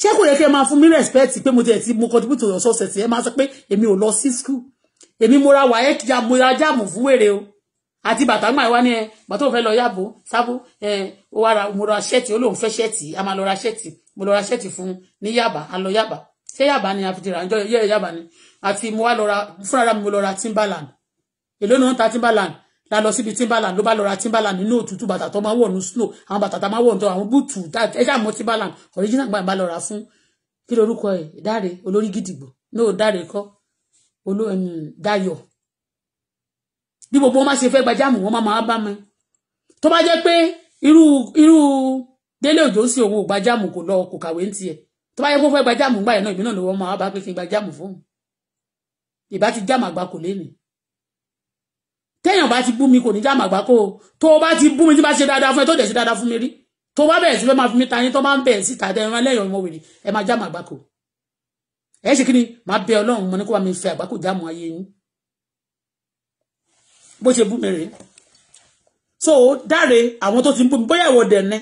ṣé kò yẹ kí ẹ máa mi respect pé mo tiẹ̀ ti mo contribute to your success ẹ máa sọ pé èmi ò lọ sí skul èmi mo ra wàyí mo ra jáàmù fún wèrè o àti bàtà máa wá ní ẹ bàtà òun fẹ́ lọ yàbò sábò ẹ ó wá ra mo ra ṣẹ́ẹ̀tì ó lóun fẹ́ ṣẹ́ẹ̀tì a máa lọ ra ṣẹ́ẹ̀tì mo lọ ra ṣẹ́ẹ̀tì fún ní yàbá a yàbá ṣé yàbá ni a fi ti rà ǹjọ́ yàbá ni àti mo wá lọ ra fúnra mi mo lọ ra timberland èló ni wọ́n ta timberland la lọ síbi timberland ló bá lọ ra timberland nínú òtútù bàtà tó máa wọ̀ ní snow àwọn bàtà tá máa wọ̀ ní tó àwọn búùtù ẹ ṣáà mọ timberland original gbàgbà lọ ra fún kí lorúkọ ẹ dáre olórí gidigbo ní ò dáre kọ Dayọ̀ bí gbogbo wọn bá ṣe fẹ́ gbajáàmù wọn máa bá mi tó bá jẹ́ pé irú irú délé òjò sí òun ò gba jáàmù kò lọ kò kàwé ń tiẹ̀ tó bá yẹ kó fẹ́ gba jáàmù gbà yẹn náà ìbí náà ló wọ́n máa bá pé kí n gba jáàmù fóun ìbá ti jáàmù àgbà kò lémi téèyàn bá ti bú mi kò ní jáàmù àgbà kò tó bá ti bú mi tí bá ṣe dáadáa fún ẹ tó dẹ̀ ṣe dáadáa fún mi rí tó bá bẹ̀rẹ̀ sí fẹ́ máa fi mi ta yín tó máa ń bẹ̀rẹ̀ sí tàdé ẹran lẹ́yìn ọmọ wèrè ẹ máa jáàmù àgbà kò ẹ ṣe kí máa bẹ ọlọ́run mo ní kó bá mi fẹ́ àgbà kò jáàmù ayé yín bó ṣe bú mi rèé so dáre àwọn tó ti ń bú mi bóyá ìwọ dẹ̀ ní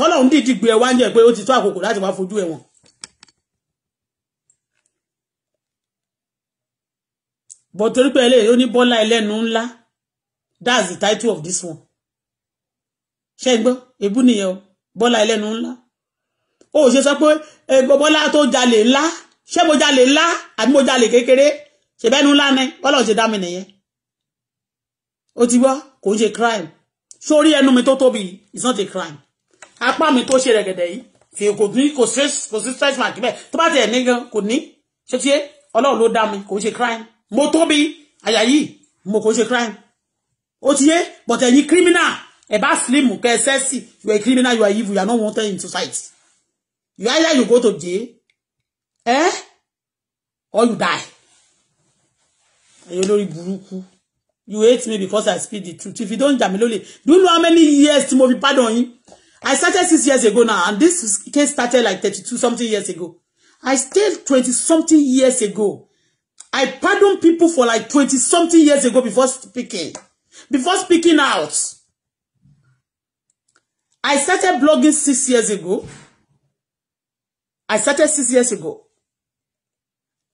tọ́lọ̀ ń dìdí gbé ẹwà ń jẹ́ pé ó ti tó àkókò láti wá fojú ẹ̀wọ̀n bọ̀ torí pé eléyìí ó ní bọ́lá ẹlẹ́nu ńlá that's the title of this one ṣé gbọ́ ebú nìyẹn o bọ́lá ẹlẹ́nu ńlá ó ṣe sọ pé ẹgbọ́ bọ́lá tó jalè ńlá ṣé mo jalè ńlá àbí mo jalè kékeré ṣe bẹ́nu ńlá ni bọ́lá ò ṣe dá mi nìyẹn ó ti gbọ́ kò ń ṣe crime sórí ẹnu mi tó tóbi it's not a crime apá mi tó ṣe rẹ̀gẹ̀dẹ̀ yìí fi kò ní kò sí kò sí stress mark bẹ́ẹ̀ tó bá tiẹ̀ ní gan kò ní ṣé tiẹ̀ ọlọ́run ló dá mi kò ṣe crime mo tóbi àyà yìí mo kò ṣe crime ó ti yé but ẹ̀yin criminal ẹ̀ bá slim kẹ́ ẹ sẹ́sì you are criminal you are evil you are not wanted in society you either you go to jail eh? or you die ẹ̀yin olórí burúkú you hate me because I speak the truth if you don jà do you know how many years tí mo fi pardon yín I started six years ago now, and this case started like 32 something years ago. I stayed 20 something years ago. I pardon people for like 20 something years ago before speaking, before speaking out. I started blogging six years ago. I started six years ago.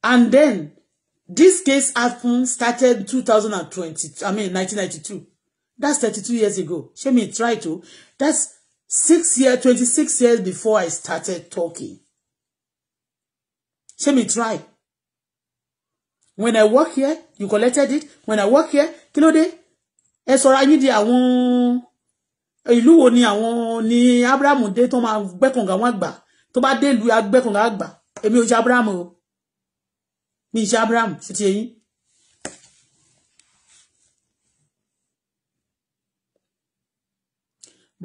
And then this case happened, started 2020, I mean 1992. That's 32 years ago. Show me try to. That's six years, 26 years before I started talking. Ṣé me try. When I work here, you collected it. When I work here, kí ló dé? Ẹ sọ̀rọ̀ ayé di àwọn ìlú wo ni àwọn ni Abraham dé tó máa gbẹ́kànga wọn àgbà tó bá dé ìlú agbẹ́kànga àgbà. Èmi ò ṣe Abraham o. Mi ṣe Abraham ṣe ti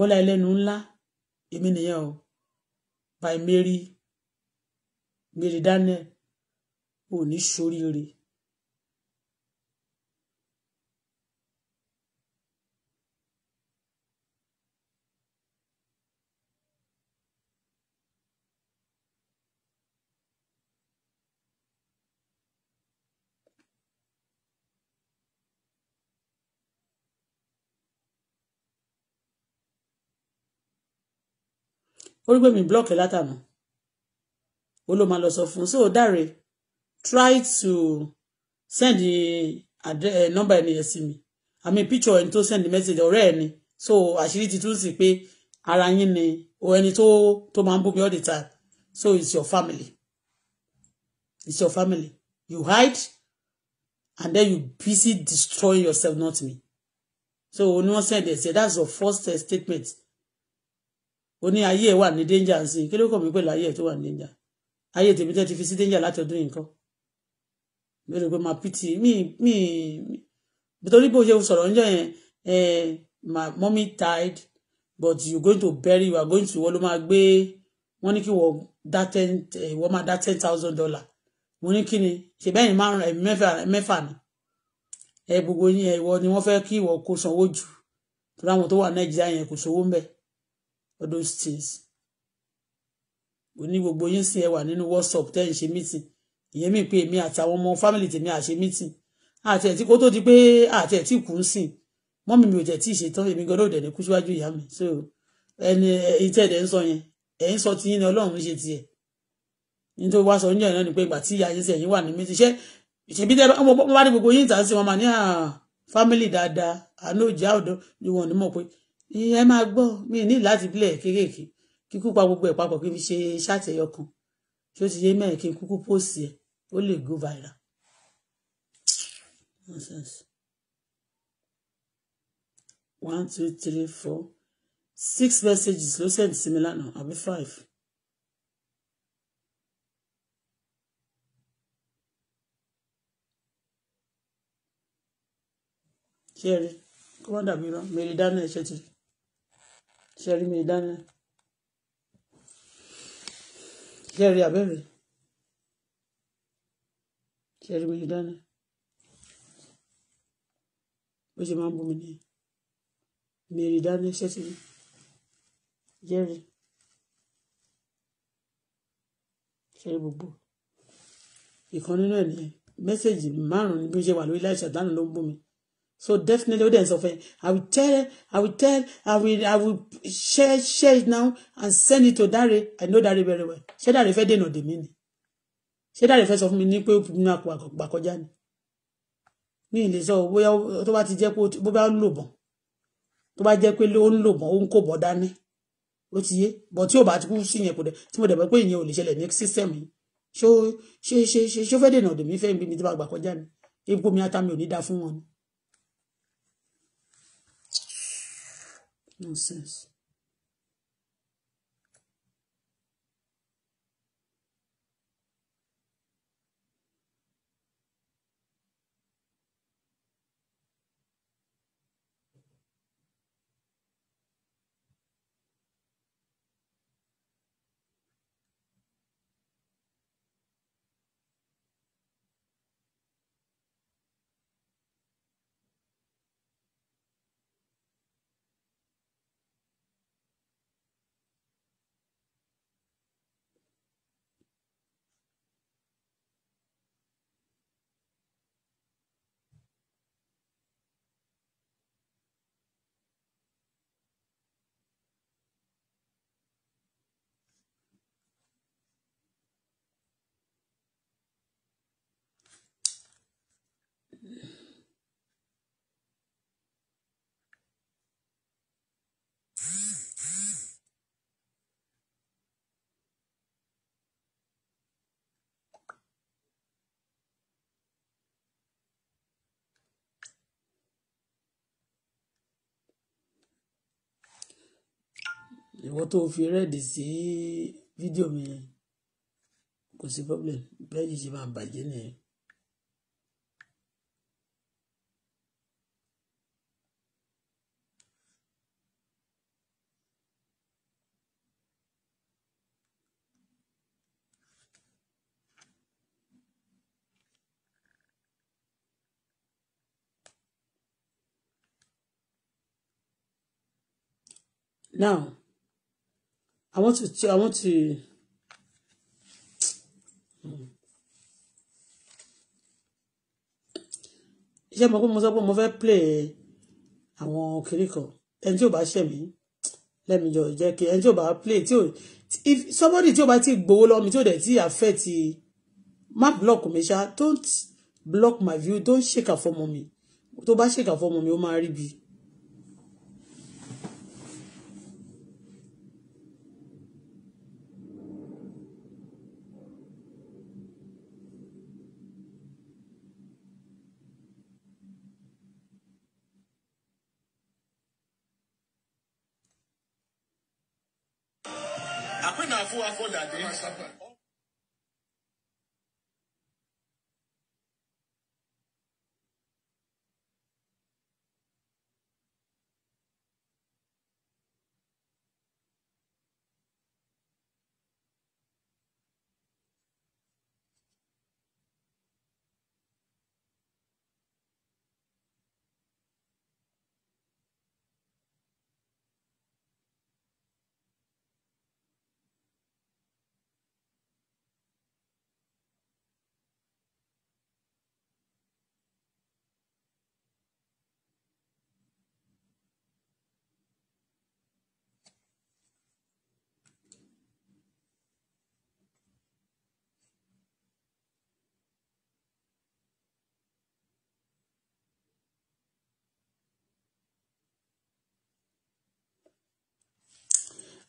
Bọ́lá ẹlẹ́nu ńlá èmi nìyẹn o by Mary Mary Daniel ò ní ṣoríire. ó rí pé mi block ẹ látànà ó ló máa lọ sọ fún un so dáre try to send the address eh, number ẹnìyẹn sí mi àmì picture ẹni tó send message ọ̀rẹ́ ẹni so àṣírí ti tún sí pé ara yín ni o ẹni tó tó máa ń bú mi all the time so it's your family it's your family you hide and then you busy destroying yourself not me so oníwọ̀n send ẹ̀ sẹ́ that's your first eh, statement ó ní ayé ẹ̀ wà ní danger ń sìn kí ló kàn mí pẹ̀lú ayé ẹ̀ tó wà ní danger ayé tèmi tẹ́ ti fi sí danger láti ọdún yìí kan mi rò pé máa pìtì mí mí torí bó ṣe sọ̀rọ̀ níjọ́ yẹn ẹ̀ my mommy died but you going to bury you are going to wọ́n ló máa gbé wọ́n ní kí wọ́n dá ten wọ́n máa dá ten thousand dollar mo ní kí ni ṣe bẹ́ẹ̀ ni márùn ẹ̀ mẹ́fà mẹ́fà ni ẹ gbogbo yín ẹ ìwọ ni wọ́n fẹ́ kí ìwọ kó sanwó jù torí àwọn tó wà nàìjíríà yẹn kò sówó ń bẹ́ẹ̀ all those things òní gbogbo yín sì ẹ wà nínú WhatsApp tẹ́ ń ṣe meeting ìyẹn mi pé èmi àtàwọn ọmọ family tèmi àṣe meeting àti ẹ̀tí kó tó di pé àti ẹ̀tí kù ń sìn mọ́mì mi ò tẹ̀ tí ì ṣetán èmi gan-an òdẹ̀ ní kú síwájú ìyá mi so ẹni ìtẹ̀dẹ̀ ń sọ yẹn ẹ̀ ń sọ tiyín ni ọlọ́run ṣe tiẹ̀ nítorí wá sọ oúnjẹ náà ni pé ìgbà tí ìyá yín sẹ̀yìn wà ní mítí ṣé ìṣèbí tẹ́ wọ́n bá ní gbogbo yín ìtàn sí wọn mà ní ah, family dáadáa àánú ìjà ọ̀dọ́ ni wọ́n ní mọ̀ pé ẹ máa gbọ́ mi ní láti bílẹ̀ kéékèèké kíkú pa gbogbo ẹ̀ papọ̀ kí n ṣe ṣàtẹ̀yọ kan tí ó ti yé mẹ́rin kí n kúkú póòsì ẹ̀ ó lè go viral. one two three four six messages ló send sí mi lánàá àbí five. ṣé ẹ rí kọ́mọ́dà mi rán mẹ́rin dáná ẹ̀ṣẹ́ tuntun ṣe rí mi dáná ṣe rí abẹ́rẹ́ ṣe rí mi dáná bó ṣe máa ń bú mi ní mi rí dáná ṣe ti jẹ́rìí ṣe rí gbogbo ìkan nínú ẹ̀ ní mẹ́sẹ̀gì márùn-ún ni bí ó ṣe wà lórí láìsàdánù ló ń bú mi so definitely ó dẹ̀ ń i will tell i will tell i will i will share share it now and send it to Dare i know Dare very well ṣé Dare fẹ́ dènà dèmí ni ṣé Dare fẹ́ sọ fún mi ní pé mi máa gbà kọjá ni mi ì lè sọ bóyá tó bá ti jẹ́ pé bó bá ń lò bọ̀ tó bá jẹ́ pé ó ń lò bọ̀ ó ń kó bọ̀ dání ó ti yé bọ̀ tí ò bá ti kú sí yẹn kò dẹ̀ tí mo dẹ̀ bọ́ pé ìyẹn ò lè ṣẹlẹ̀ ní system yìí ṣó ṣe ṣe ṣe ṣó fẹ́ dènà dèmí fẹ́ mi ti máa gbà kọjá ni egbò mi ata mi ò ní da fún wọn ni. Nonsense. ìwọ tó fi rẹ́ẹ̀dì sí fídíò mi yẹn kò sí problem bẹ́ẹ̀ni ṣe máa bàjẹ́ nìyẹn. Now, I want to, I want to ṣé mo kó mo sọ pé mo fẹ́ play àwọn kiri kan ẹni tí ò bá ṣẹ̀ mí lẹ́mi jọ jẹ́ kí ẹni tí ò bá play tí ò if somebody tí ò bá ti gbowó lọ́mi tí ò dẹ̀ ti àfẹ́ má block mi ṣá don't block my view don't shake àfọmọ mi tó bá shake àfọmọ mi ó máa rí bi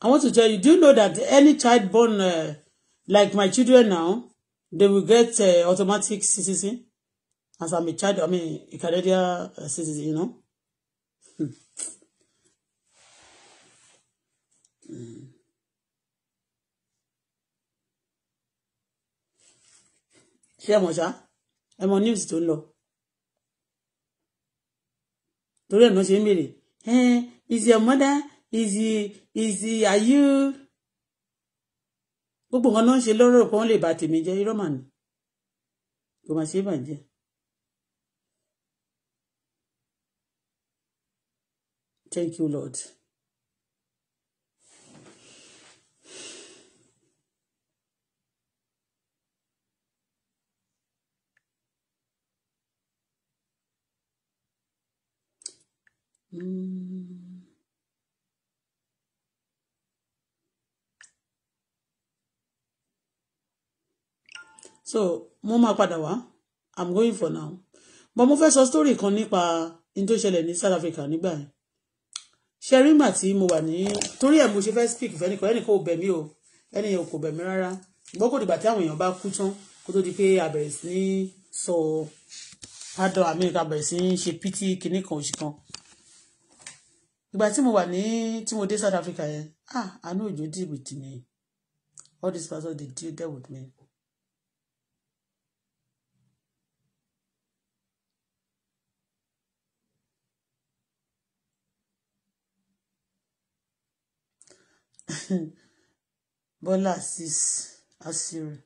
I want to tell you, do you know that any child born uh, like my children now, they will get uh, automatic citizen? As I'm a child, I mean, a Canadian uh, citizen, you know? Hmm. Mm. ṣé mọ̀ news tó ń lọ torí ẹ̀ náà ṣe ń béèrè is your mother is he is he are you gbogbo nǹkan náà ń ṣe lọ́rọ̀ kan lè ba tèmi jẹ́ irọ́ mà ní kò má ṣe é bàjẹ́. Thank you, Lord. Mm. so mo máa padà wá i'm going for now but mo fẹ́ sọ story kan nípa in tó ṣẹlẹ̀ ní South Africa nígbà yẹn ṣẹ́rìmà tí mo wà ní torí ẹ̀ mo ṣe fẹ́ speak fẹ́nìkan ẹnìkan ò bẹ̀ mí o ẹnìyẹn ò kò bẹ̀ mí rárá ṣùgbọ́n kò dìgbà tí àwọn èèyàn bá kú tán kó tó di pé àbẹ̀rẹ̀ sí ní sọ adọ̀ Amẹ́ríkà bẹ̀rẹ̀ sí ní ṣe pítí e kinní kan oṣù kan ìgbà tí mo wà ní tí mo dé South Africa yẹn ah àánú òjò dìbò tì mí all this person dey deal there with me (laughs) Bola sis Asiri.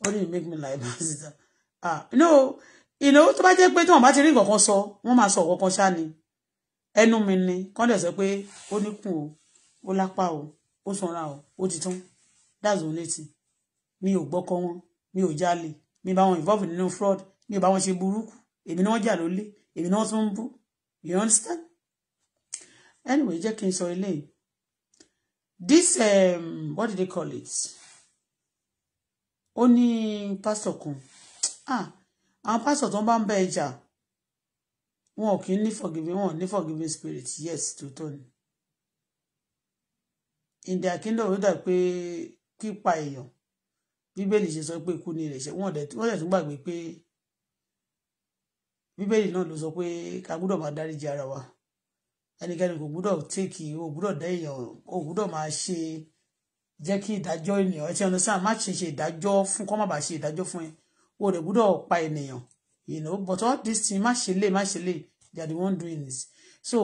What do you make me like Basita? (laughs) Ah, no, you know, tó bá jẹ́ pé tí wọ́n bá ti rí nǹkan sọ, wọ́n máa sọ nǹkan ṣá ni. Ẹnu mi ni, kọ́n dẹ̀ sọ pé ó níkùn o, ó lápá o, ó sanra o, ó ti tán. That's only thing. Mi ò gbọ́kọ́ wọn, mi ò jalè, mi bá wọn involve nínú fraud, mi ò bá wọn ṣe burúkú, èmi ni wọ́n jà lólé, èmi ni You understand? Anyway, jẹ́ kí n sọ this um, what do they call it Only ní pásítọ̀ ah àwọn pásítọ̀ tó ban bá ń bẹ ẹja forgiving wọn ò forgiving spirit yes tòótọ́ tone. in their kingdom we that pé pípa èèyàn bíbélì ṣe sọ pé ikú ni ìrẹsẹ wọn dẹ̀ tún gbàgbé pé bíbélì náà ló sọ pé ká gbọ́dọ̀ máa dáríjì ara wa ẹnikẹ́ni kò gbúdọ̀ tèkì o gbúdọ̀ dá èèyàn o gbúdọ̀ máa ṣe jẹ́ kí ìdájọ́ ènìyàn ẹtí ọ̀nà sáà má ṣe ṣe ìdájọ́ fún kọ́ má bàa ṣe ìdájọ́ fún ẹ o rẹ̀ gbúdọ̀ pa ènìyàn you know but all this thing má ṣe lè má ṣe lè they are the one doing this so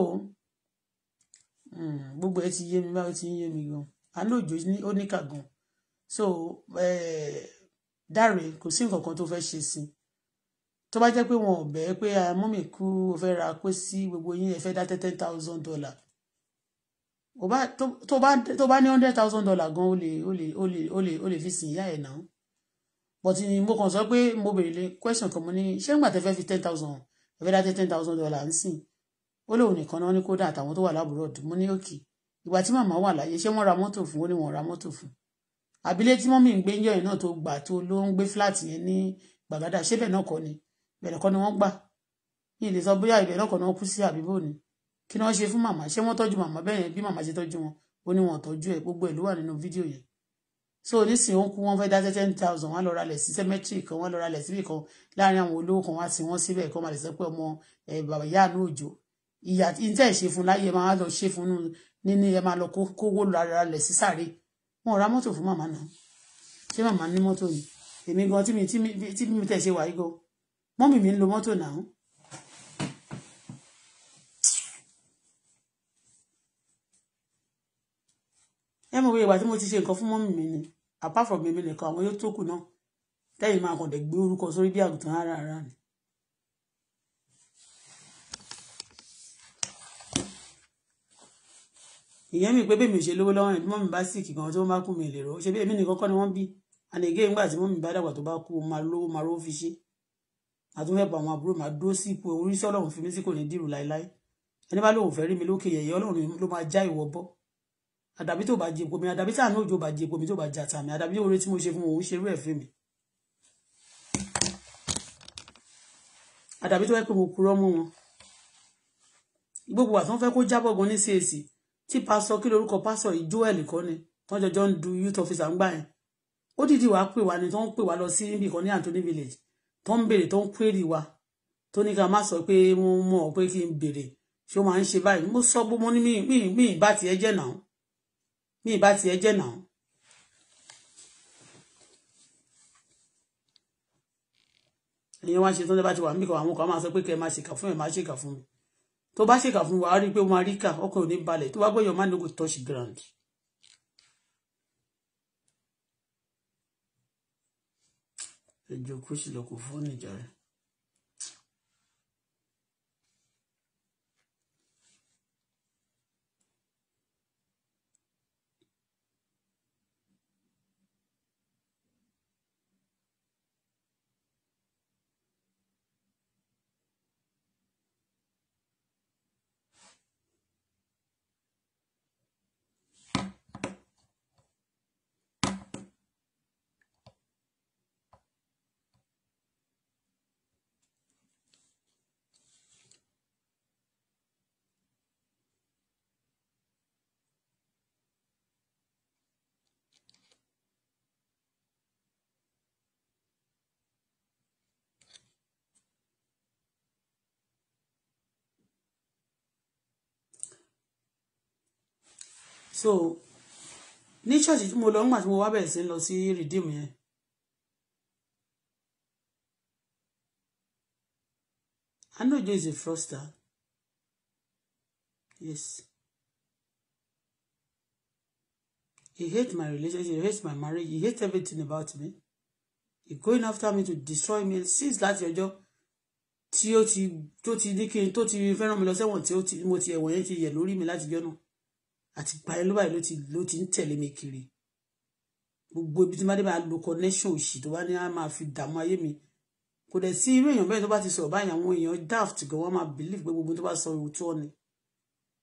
hmm, gbogbo ẹ ti yé mi báwo ti ń yé mi gan àná òjò ó níkà gan so eh, dáre kò sí nǹkan kan tó fẹ́ ṣe sí i tó bá jẹ́ pé wọn ò bẹ́ẹ̀ pé ah, mọ́mì kú o fẹ́ ra pé sí gbogbo yín ẹ fẹ́ dá ten thousand dollar tó bá ní hundred thousand dollar gan o lè o lè o lè o lè o lè fi sìn ìyá ẹ̀ náà but mo kàn sọ pé mo béèrè lé question kan mo ní ṣé ńgbà tẹ́ fẹ́ fi ten thousand ẹ fẹ́ dá ten thousand dollar ń sìn ó lóun nìkan náà ní kódà àtàwọn tó wà lábúròdù mo ní òkè ìgbà tí màmá wà láyé ṣé wọ́n ra mọ́tò fún ó ní wọ́n ra mọ́tò fún àbílẹ̀ tí mọ́mì ń gbé yẹn náà tó gbà tó ló ń gbé fúláàtì yẹn ní gbàgádà ṣébẹ̀ náà kọ́ ni ìbẹ̀rẹ̀ kọ́ ni wọ́n gbà ní ìlè sọ bóyá ìbẹ̀rẹ̀ kọ́ ni wọ́n kú sí àbíbò ni kí ni wọ́n ṣe fún màmá ṣé wọ́n tọ́jú màmá bẹ́ẹ̀ bí màmá ṣe tọ́jú wọn ó ní wọn tọ́jú ẹ̀ gbogbo ẹ̀ ló wà nínú fídíò yẹn so nísìnyí ó ń kú wọn fẹ́ dá ten thousand wọn lọ ra lẹ̀ sí cemetery kan wọn lọ ra lẹ̀ síbì kan láàrin àwọn olówó kan wá sí wọn síbẹ̀ kọ́ máa lè sọ pé ọmọ bàbá ìyá àánú òjò ìyá ìtẹ́ ìṣe fún láyé ẹ máa lọ ṣe fún nínú ẹ máa lọ kówó lára lẹ̀ sí sáré wọn ra mọ́tò fún màmá náà ṣé màmá ní mọ́tò ni èmi gan tí mi tẹ̀ ṣe wàyí gan mọ́mì mi ń lo mọ́tò náà. ẹ mọ̀ pé ìgbà tí mo ti ṣe nǹkan fún mọ́mì mi ni apart from èmi nìkan àwọn yóò tó kù náà tẹ́yìn máa kàn dé gbé orúkọ sórí bí àgùntàn ara ara ni. ìyẹn mi pé bẹ́ẹ̀ mi ò ṣe lówó lọ́wọ́ yẹn bí mọ́mí bá sìkì gan tó bá kú mi lè rọ ṣe bí èmi nìkan kọ́ ni wọ́n bí àlègé ńgbà tí mọ́mí bá dàgbà tó bá kú máa lówó máa rówó fi ṣe àti wẹ́ẹ̀bù àwọn àbúrò máa dúró sí ipò oríṣi ọlọ́run fi mí sí kò ní dìrù láéláé ẹni bá lóun fẹ́ rí mi lókè yẹ̀yẹ́ ọlọ́run ló máa já ìwọ bọ́ àdàbí tó bá jẹ epo mi àdàbí tí àná òjò bá jẹ epo mi tó bá jà tàmí àdàbí oore tí mo ṣe fún òun ṣerú ẹ̀ fún mi àdàbí tó wẹ́ pé mo purọ́ mọ́ wọn gbogbo àtún fẹ́ kó jábọ̀ gan ní CAC tí pásọ kí lórúkọ pásọ yìí Joel kọ́ ni tán jọjọ ń du youth officer ń gbà yẹn ó dìdí wàá pè wá ni tán ń pè wá lọ sí ibì kan ní Anthony Village tó ń béèrè tó ń kwérì wa tó ní ká má sọ pé wọ́n mọ̀ pé kí n béèrè ṣé ó máa ń ṣe báyìí mo sọ gbogbo ní mi mi mi ìbá tiẹ̀ jẹ́ náà mi ìbá tiẹ̀ jẹ́ náà. èèyàn wá ṣe tó ń bá ti wà níbìkan àwọn kan máa sọ pé kẹ́ ẹ máa ṣèkà fún ẹ máa ṣèkà fún mi tó bá ṣèkà fún wa á rí i pé ó máa rí kà ọkàn ò ní balẹ̀ tó bá gbọ́yọ̀ má ní kò touch ground. ẹjọ kó sì lọ kó fóònù so ní ṣọ́ọ̀ṣì tí mo lọ ńgbà tí mo wá bẹ̀rẹ̀ sí lọ sí redeem yẹn I know Joe is a fraudster yes he hate my relationship he hate my marriage he hate everything about me he going after me to destroy me since láti ọjọ́ tí ó ti tó ti ní kí n tó ti fẹ́ràn mi lọ sẹ́wọ̀n tí mo ti ẹ̀wọ̀n yẹn ti yẹ̀ lórí mi láti jọ́ náà àti ìparí ló báyìí ló ti ló ti ń tẹ̀lé mi kiri gbogbo ibi tí má dé bá lo connection òsì tó bá ní á máa fi dààmú ayé mi kò dẹ̀ sí irú èèyàn bẹ́ẹ̀ tó bá ti sọ̀rọ̀ báyìí àwọn èèyàn daft gan wọ́n máa believe pé gbogbo tó bá sọ òótọ́ ni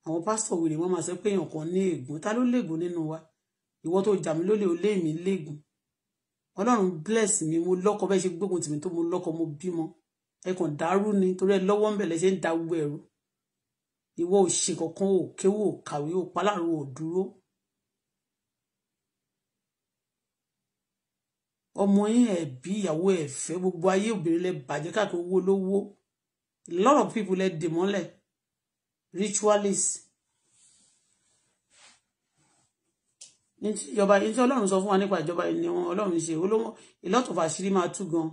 àwọn pásítọ̀ wèrè wọ́n máa sọ pé èèyàn kan ní ègún ta ló léègún nínú wa ìwọ tó jà mí lólè olé mi léègún ọlọ́run bless mi mo lọ́kọ bẹ́ẹ̀ ṣe gbógun tì mí tó mo lọ́kọ mo bímọ ẹ kàn dàrú ni torí ẹ lọ́wọ́ ń bẹ̀lẹ̀ ṣe ń da gbogbo ẹ̀rú ìwọ ò ṣe kankan ò kéwò ò kàwé ò paláàrò ò dúró ọmọ yín ẹ ìyàwó ẹ gbogbo ayé obìnrin lẹ bàjẹ́ káàkiri owó lówó a lot of people lẹ dè mọ́lẹ̀ ritualist ìjọba ìjọ Ọlọ́run sọ fún wa nípa ìjọba ìní wọn ṣe olówó a lot of àṣírí máa tú gan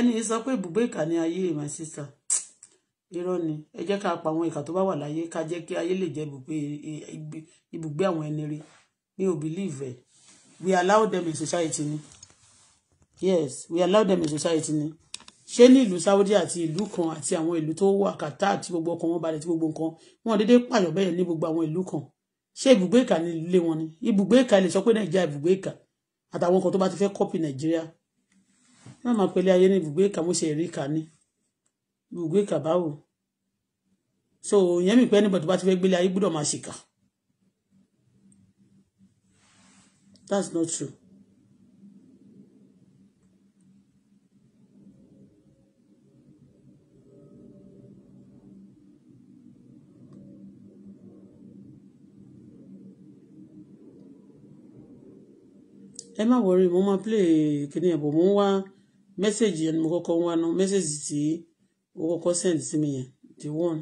ẹni yìí sọ pé ibùgbé ìkà ni ayé my sister (tsk) irọ́ ni ẹ jẹ́ ká pa àwọn ìkà tó bá wà láyé ká jẹ́ kí ayé lè jẹ́ ibùgbé àwọn ẹni rí mi ò believe ẹ̀ we allow them in society ni yes we allow them in society ni ṣé ní ìlú Saudi àti ìlú kan àti àwọn ìlú tó wà kàtà àti gbogbo ọkàn wọn balẹ̀ tí gbogbo nǹkan wọn dédé pààyàn bẹ́ẹ̀ ní gbogbo àwọn ìlú kan ṣé ibùgbé ìkà ni ilé wọn ni ibùgbé ìkà lè sọ pé Nàìjíríà ibùgbé ìkà àtàwọn kan tó bá ti fẹ́ kọ́pì Nàìjíríà má máa pẹ̀lẹ́ ayé ní ibùgbé ìkà mo ṣe rí ìkà ni ibùgbé ìkà báwo so ìyẹn mi pé anybody tó bá ti fẹ́ gbélé ayé gbọ́dọ̀ máa ṣìkà that's not true. ẹ má wọrí mo máa play kíní ẹ̀ bò mo ń wá. Wa mẹ́sẹ̀gì yẹn ni mo kọ́kọ́ wá ná mẹ́sẹ̀gì tí ó kọ́kọ́ send sí mi yẹn the one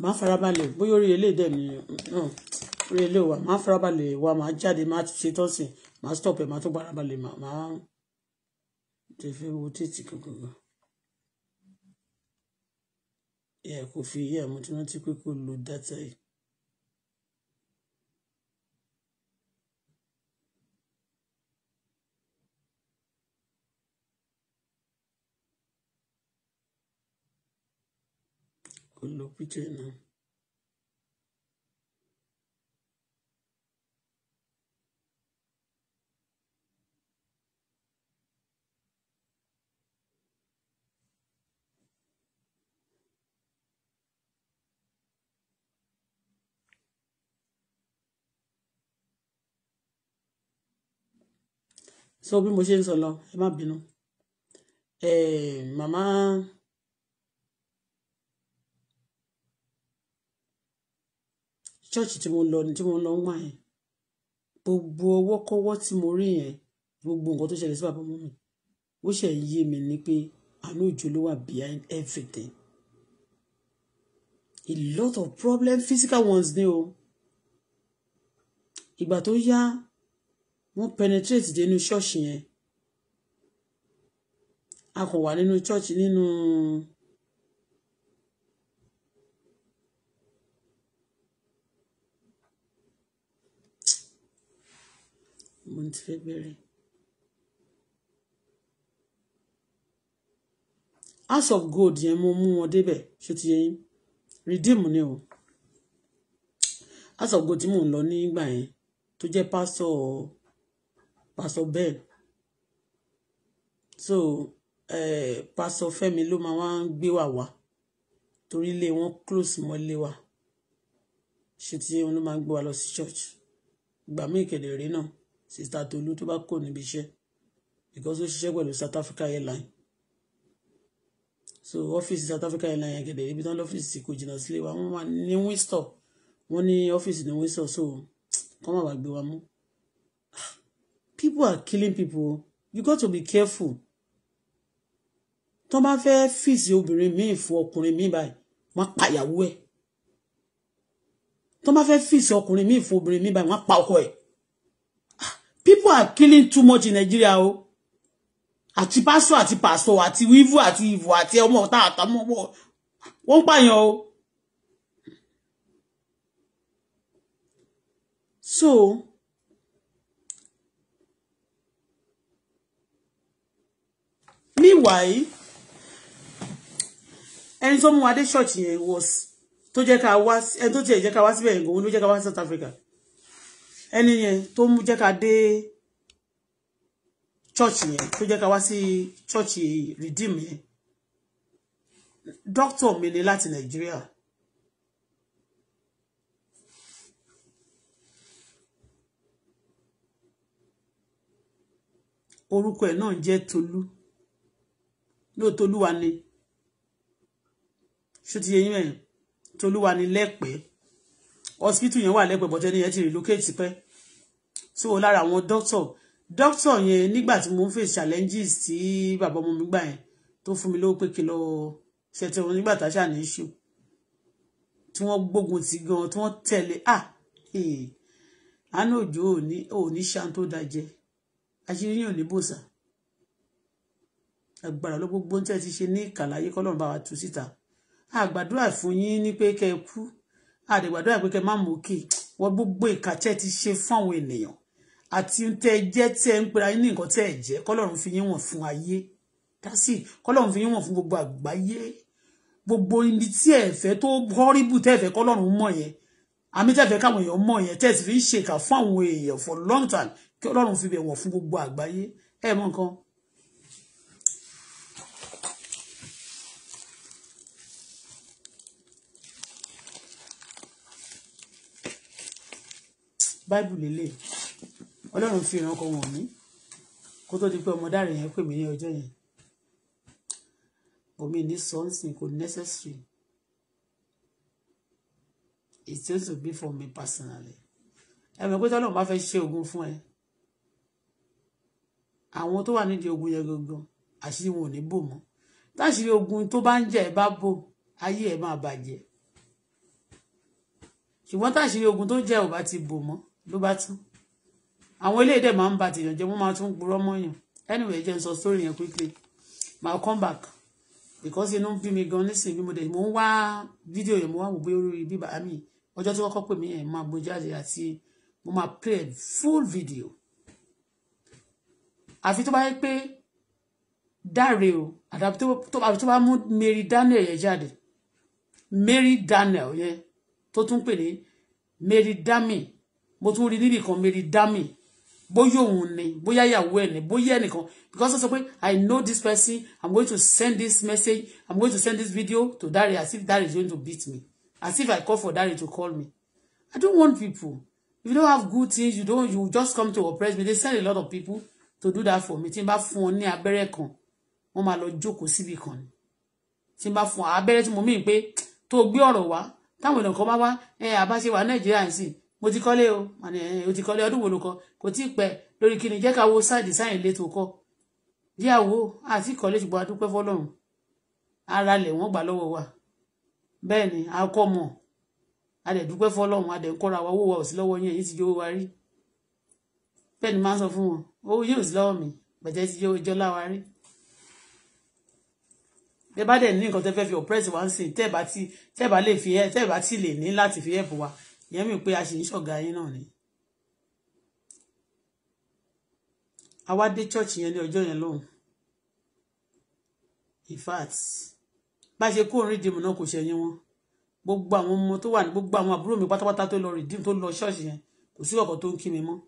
máa farabalẹ̀ bóyá orí eléyìí dẹ̀ ni orí eléyìí wà máa farabalẹ̀ wà máa jáde máa ṣe tọ́sìn máa stop ẹ̀ máa tó farabalẹ̀ máa tẹ̀fẹ́ wo tètè gbogbo. ẹ kò fi iye àmọ́ tí wọ́n ti pé kó lo data yìí. Quello qui vicino. so bí mo ṣe ń sọ lọ ẹ má bínú màmá. church tí mo lọ ní tí mo lọ ń wá yẹn gbogbo ọwọ́ kọ́wọ́ tí mo rí yẹn gbogbo nǹkan tó ṣẹlẹ̀ sí bàbá mọ́mì ó ṣe yé mi ni pé àánú òjò ló wà behind everything a lot of problems, physical ones ni o ìgbà tó yá wọ́n penetrate dénú ṣọ́ọ̀ṣì yẹn a kò wà nínú ṣọ́ọ̀ṣì nínú. No ti fẹ́ bẹ̀rẹ̀. house of gold yẹn mo mú wọn débẹ̀ ṣé ti yẹn redeem ni o house of gold tí mò ń lọ nígbà yẹn tó jẹ́ pásítọ̀ pásítọ̀ bẹ́ẹ̀ so eh, pásítọ̀ Fẹ́mi ló máa wá ń gbé wà wá torí ilé wọn close mọ́ ilé wa ṣé ti yẹn wọn ló máa ń gbé wa lọ sí church ìgbà míì kẹ̀dẹ̀ rí náà sista Tolú tó bá kò níbi iṣẹ́ because ó ṣiṣẹ́ pẹ̀lú South Africa airline so ọ́fíìsì South Africa airline yẹn ibi tán lọ́fíìsì kò jìnnà sílé wa wọ́n máa ní Windsor wọ́n ní ọ́fíìsì ní Windsor so kọ́ máa gbé wa mú ah, people are killing people you got to be careful tó bá fẹ́ fìsì obìnrin míì fún ọkùnrin míì báyìí wọ́n pa ìyàwó ẹ̀ tó bá fẹ́ fìsì ọkùnrin míì fún obìnrin míì báyìí wọ́n pa ọkọ ẹ̀ people are killing too much in Nigeria o àti pásọ ati pásọ ati wíwú ati ìwò àti ọmọ ọ̀tá àtàwọn ọmọ wọn ń pààyàn o. so meanwhile ẹni tó mú adé ṣọ́ọ̀ṣì yẹn was tó jẹ́ ká wá ẹni tó tiẹ̀ jẹ́ ká wá síbẹ̀ yẹn gbòó ló jẹ́ ká wá South Africa ẹni yẹn eh, tó mú jẹ́ ká dé chọ́ọ̀chì yẹn tó jẹ́ ká wá sí chọ́ọ̀chì redeem yẹn dókítà mi ni láti nàìjíríà orúkọ ẹ̀ náà jẹ́ tolú ló tolúwa ni ṣó ti yẹ yín ẹ̀ tolúwa ni lẹ́pẹ́ẹ́ hospital yẹn wà lẹ́pẹ́ bọ́tẹ́ ní ẹ ti relocate pẹ́ so lára àwọn doctor doctor yẹn nígbà tí mo ń face challenges tí bàbá ọmọ mi gbà yẹn tó fún mi lówó pé kí lọ ṣètò nígbà tá a ṣà ṣù tí wọ́n gbógun ti gan tí wọ́n tẹ̀lé ah àánú òjò òní ṣan tó dájẹ́ àṣírí yóò ní bòsà agbára ló gbogbo ń tẹ́ ti ṣe ní ìkàlàyé kọ́lọ́run bá wa tú síta àgbàdúrà fún yín ní pé kẹ́ ẹ kú àdìgbàdúrà pé kẹ má mú kí wọ́n gbogbo ìkàtẹ́ ti ṣe fún àwọn ènìyàn àti tẹ́ jẹ́ tẹ́ ń pera yín ní nǹkan tẹ́ jẹ́ kọ́lọ́run fi yín wọ̀n fún ayé dásì kọ́lọ́run fi yín wọ̀n fún gbogbo àgbáyé gbogbo ibi tí ẹ fẹ́ tó họ́rìbù tẹ́ fẹ́ kọ́lọ́run mọ̀ yẹn àmì tẹ́ fẹ́ káwọn èèyàn mọ̀ yẹn tẹ́ sì fi ń ṣèkà fún àwọn èèyàn for long time kí ọlọ́run fi bẹ̀ wọ̀n fún gbogbo àgbáyé ẹ mọ̀ nǹkan báìbù lélẹ̀ ọlọ́run fi ìrànkọ wọ̀n mí kó tó di pé ọmọ yẹn pè mí ní ọjọ́ yẹn omi ní something kò necessary it's just to be for me personally ẹ mọ̀ pé tọ́lọ́run bá fẹ́ ṣe ogun fún ẹ àwọn tó wà nídìí ogun yẹn gangan àṣírí wọn ò ní bò mọ́ táṣírí ogun tó bá ń jẹ ẹ bá bò ayé ẹ máa bàjẹ́ ṣùgbọ́n táṣírí ogun tó jẹ́ ò ti bò mọ́ ló bá tún àwọn eléyìí dẹ̀ máa ń ba tèèyàn jẹ́ wọ́n máa tún gbúrọ́ mọ́yàn anyway jẹ́ n sọ story yẹn quickly màá come back because inú bí mi gan nísìnyí bí mo dẹ̀ mo ń wá fídíò yẹn mo wá wò bóyá orí bíbá mi ọjọ́ tí wọ́n kọ́ pè mí yẹn máa gbé jáde àti mo máa play full video àfi tó bá yẹ pé dáre o àdàbí tó bá mú Mary Daniel yẹn jáde Mary Daniel yẹn tó tún pè ní Mary Dami mo tún rí níbi kan Mary Dami bóyá òun ni bóyá ìyàwó ẹ̀ ni bóyá ẹnìkan because ó sọ pé I know this person I'm going to send this message I'm going to send this video to Dare as if Dare is going to beat me as if I call for Dare to call me I don't want people if you don't have good things you don't you just come to oppress me they send a lot of people to do that for me tí n bá fún ọ ní abẹ́rẹ́ kan wọ́n máa lọ jókòó síbi kan ni tí n bá fún abẹ́rẹ́ tí mo mí pé tó gbé ọ̀rọ̀ wá táwọn èèyàn kan bá wá ẹ àbáṣe wà Nàìjíríà ń sìn mo ti kọ́lé o o ti kọ́lé ọdún wo ló kọ́ kò tí ì pẹ́ lórí kí ni jẹ́ ká wo sáàdì sáyìn ilé tó kọ́ àti ìkọ́lé ṣùgbọ́n a dúpẹ́ fọlọ́run ara lẹ̀ wọ́n gbà lọ́wọ́ wa bẹ́ẹ̀ ni a kọ́ mọ̀ a dẹ̀ fọlọ́run a dẹ̀ ń kọ́ra wa owó wa ò sí lọ́wọ́ yẹn èyí ti jówó wa rí bẹ́ẹ̀ ni máa ń sọ fún wọn owó yóò sí lọ́wọ́ mi bẹ̀jẹ̀ ti jówó jọ́lá wa rí bẹ́ẹ̀ bá ìyẹn mi pé a sì ń ṣọ̀gá yín náà ni a wá dé church yẹn ní ọjọ́ yẹn lóhùn in fact bá ṣe kó orin dìmú náà kò ṣẹyìn wọn gbogbo àwọn ọmọ tó wà ní gbogbo àwọn àbúrò mi pátápátá tó lọ rìdíìmù tó lọ ṣọ́ọ̀ṣì yẹn kò sí ọ̀kan tó ń kí mi mọ́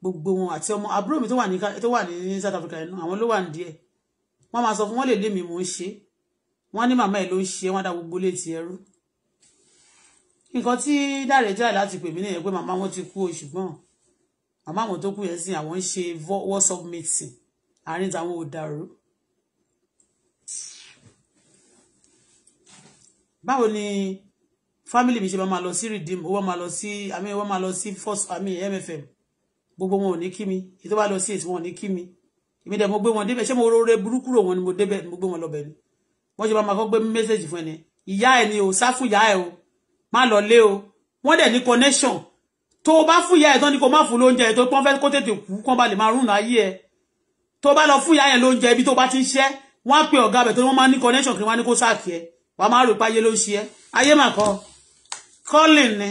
gbogbo wọn àti ọmọ àbúrò mi tó wà ní South Africa yẹn náà àwọn ló wà ní díẹ̀ wọ́n máa sọ fún wọn lè lé mi mò ń ṣe wọ́n ní màmá ẹ̀ ló ń ṣe wọ́n dá gbogbo létí ẹrú nǹkan tí dáre try láti pè mí nìyẹn pé màmá wọn ti kú o ṣùgbọ́n màmá àwọn tó kú yẹn sìn àwọn ń ṣe WhatsApp meeting àárín táwọn ò dàrú. báwo ni fámìlì mi ṣe máa lọ sí redeem ó wá máa lọ sí àmì ó wá máa lọ sí first àmì MFM gbogbo wọn ò ní kí mi èyí tó bá lọ sí èyí wọn ò ní kí mi èmi dẹ̀ mo gbé wọn débẹ̀ ṣé mo rọrẹ burúkú rò wọn ni mo débẹ̀ mo gbé wọn lọ bẹ̀ ni wọ́n ṣe máa máa kọ́ gbé mẹ́sẹ̀gì fún ẹni ìyá ẹ̀ ni o sá ìyá ẹ̀ o má lọ lé o wọ́n dẹ̀ ní connection tó o bá fún ìyá ẹ̀ tán ni kò má fún lóúnjẹ tó pọ́n fẹ́ kó tètè kú kán ba lè máa rún láyé ẹ̀ tó o bá lọ fún ìyá ẹ̀ lóúnjẹ ibi tó o bá ti ń ṣẹ́ pe ọ̀gá bẹ̀ tó wọ́n máa ní connection kí wọ́n á ní kó sáàkì ẹ̀ wàá máa rò pé ayé ló ń ṣe ẹ́ ayé calling ni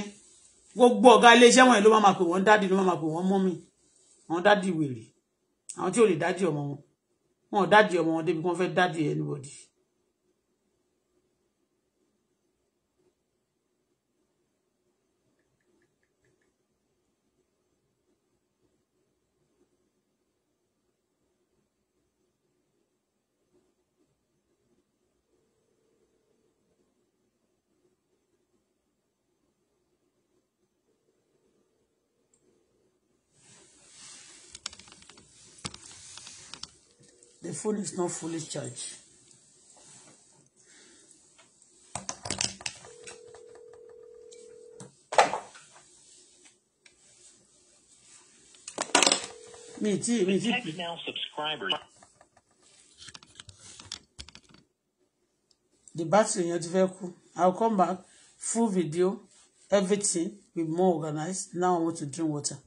gbogbo ọ̀gá iléeṣẹ́ wọ̀nyí ló máa pè wọ́n daddy ló máa pè wọ́n mọ́mì mommy, dádì daddy àwọn tí ò lè dádì ọmọ wọn wọn ò dádì ọmọ wọn débi kí wọ́n fẹ́ dádì anybody The phone is not fully charged. Me too, me too. Text now subscribers. The battery yẹn ti fẹ́ I'll come back. Full video, everything, be more organized. Now I want to drink water.